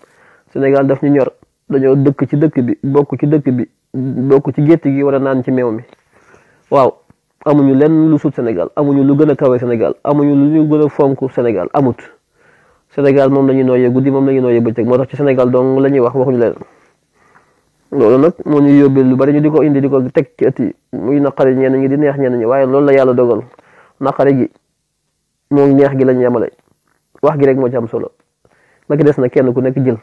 Sénégal def ñu ñor dañoo dëkk ci dëkk bi bokk ci dëkk bi bokk ci gétt gi war a naan ci meew mi waaw amuñu lenn lu sut Sénégal amuñu lu gën a kawe Sénégal amuñu lu ñu gën a fonk senegal amut Sénégal moom la ñuy nooyee guddi moom la ñuy nooyee bëccëg moo tax ci Sénégal dong la ñuy wax waxuñu leen loolu nag moo ñu yóbbee lu bari ñu di ko indi di ko teg ci ëtt yi muy naqari ñenn ñi di neex ñenn ñi waaye loolu la yàlla dogal gi moo neex gi lañ yemale wax gi rek moo ci am solo la ki des na kenn ku nekk jël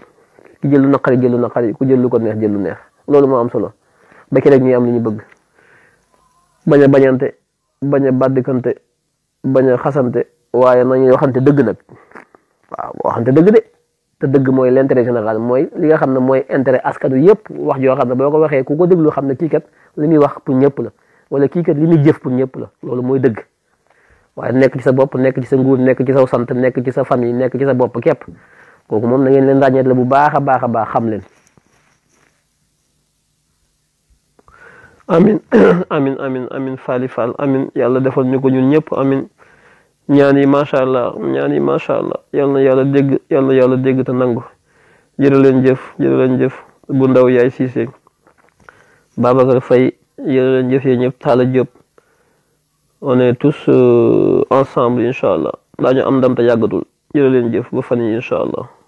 ki jël lu naqari ku jël ko neex jël lu neex loolu moo am solo ba ki rek ñuy am li ñu bëgg bañ a bañante bañ a bàddikante bañ a xasante waaye na waxante dëgg nag waxante dëgg de. te dëgg mooy l' intérêt général mooy li nga xam ne mooy intérêt askanu yëpp wax joo xam ne boo ko waxee ku ko déglu xam ne kii li muy wax pour ñëpp la wala kii li muy jëf pour ñëpp la loolu mooy dëgg nekk sa bopp nekk sa nguur nekk sa sant nekk sa famille nekk sa bopp képp kooku moom na ngeen leen ràññeet la bu baax a baax a baax xam leen amin [CLEARS THROAT] amin amin amin Fally Fall amin yàlla defal ñu ko ñun ñëpp ñaan yi macha allah ñaan yi macha allah yal na yàlla dégg yal na yàlla dégg te nangu jërë leen jëf jërë leen jëf bu ndaw yaay Cissé Babacar Faye jërë leen jëf yéen ñëpp Talla Diop on est tous euh, ensemble incha allah daañu am ndam te yàggatul jërë leen jëf ba fan yi allah.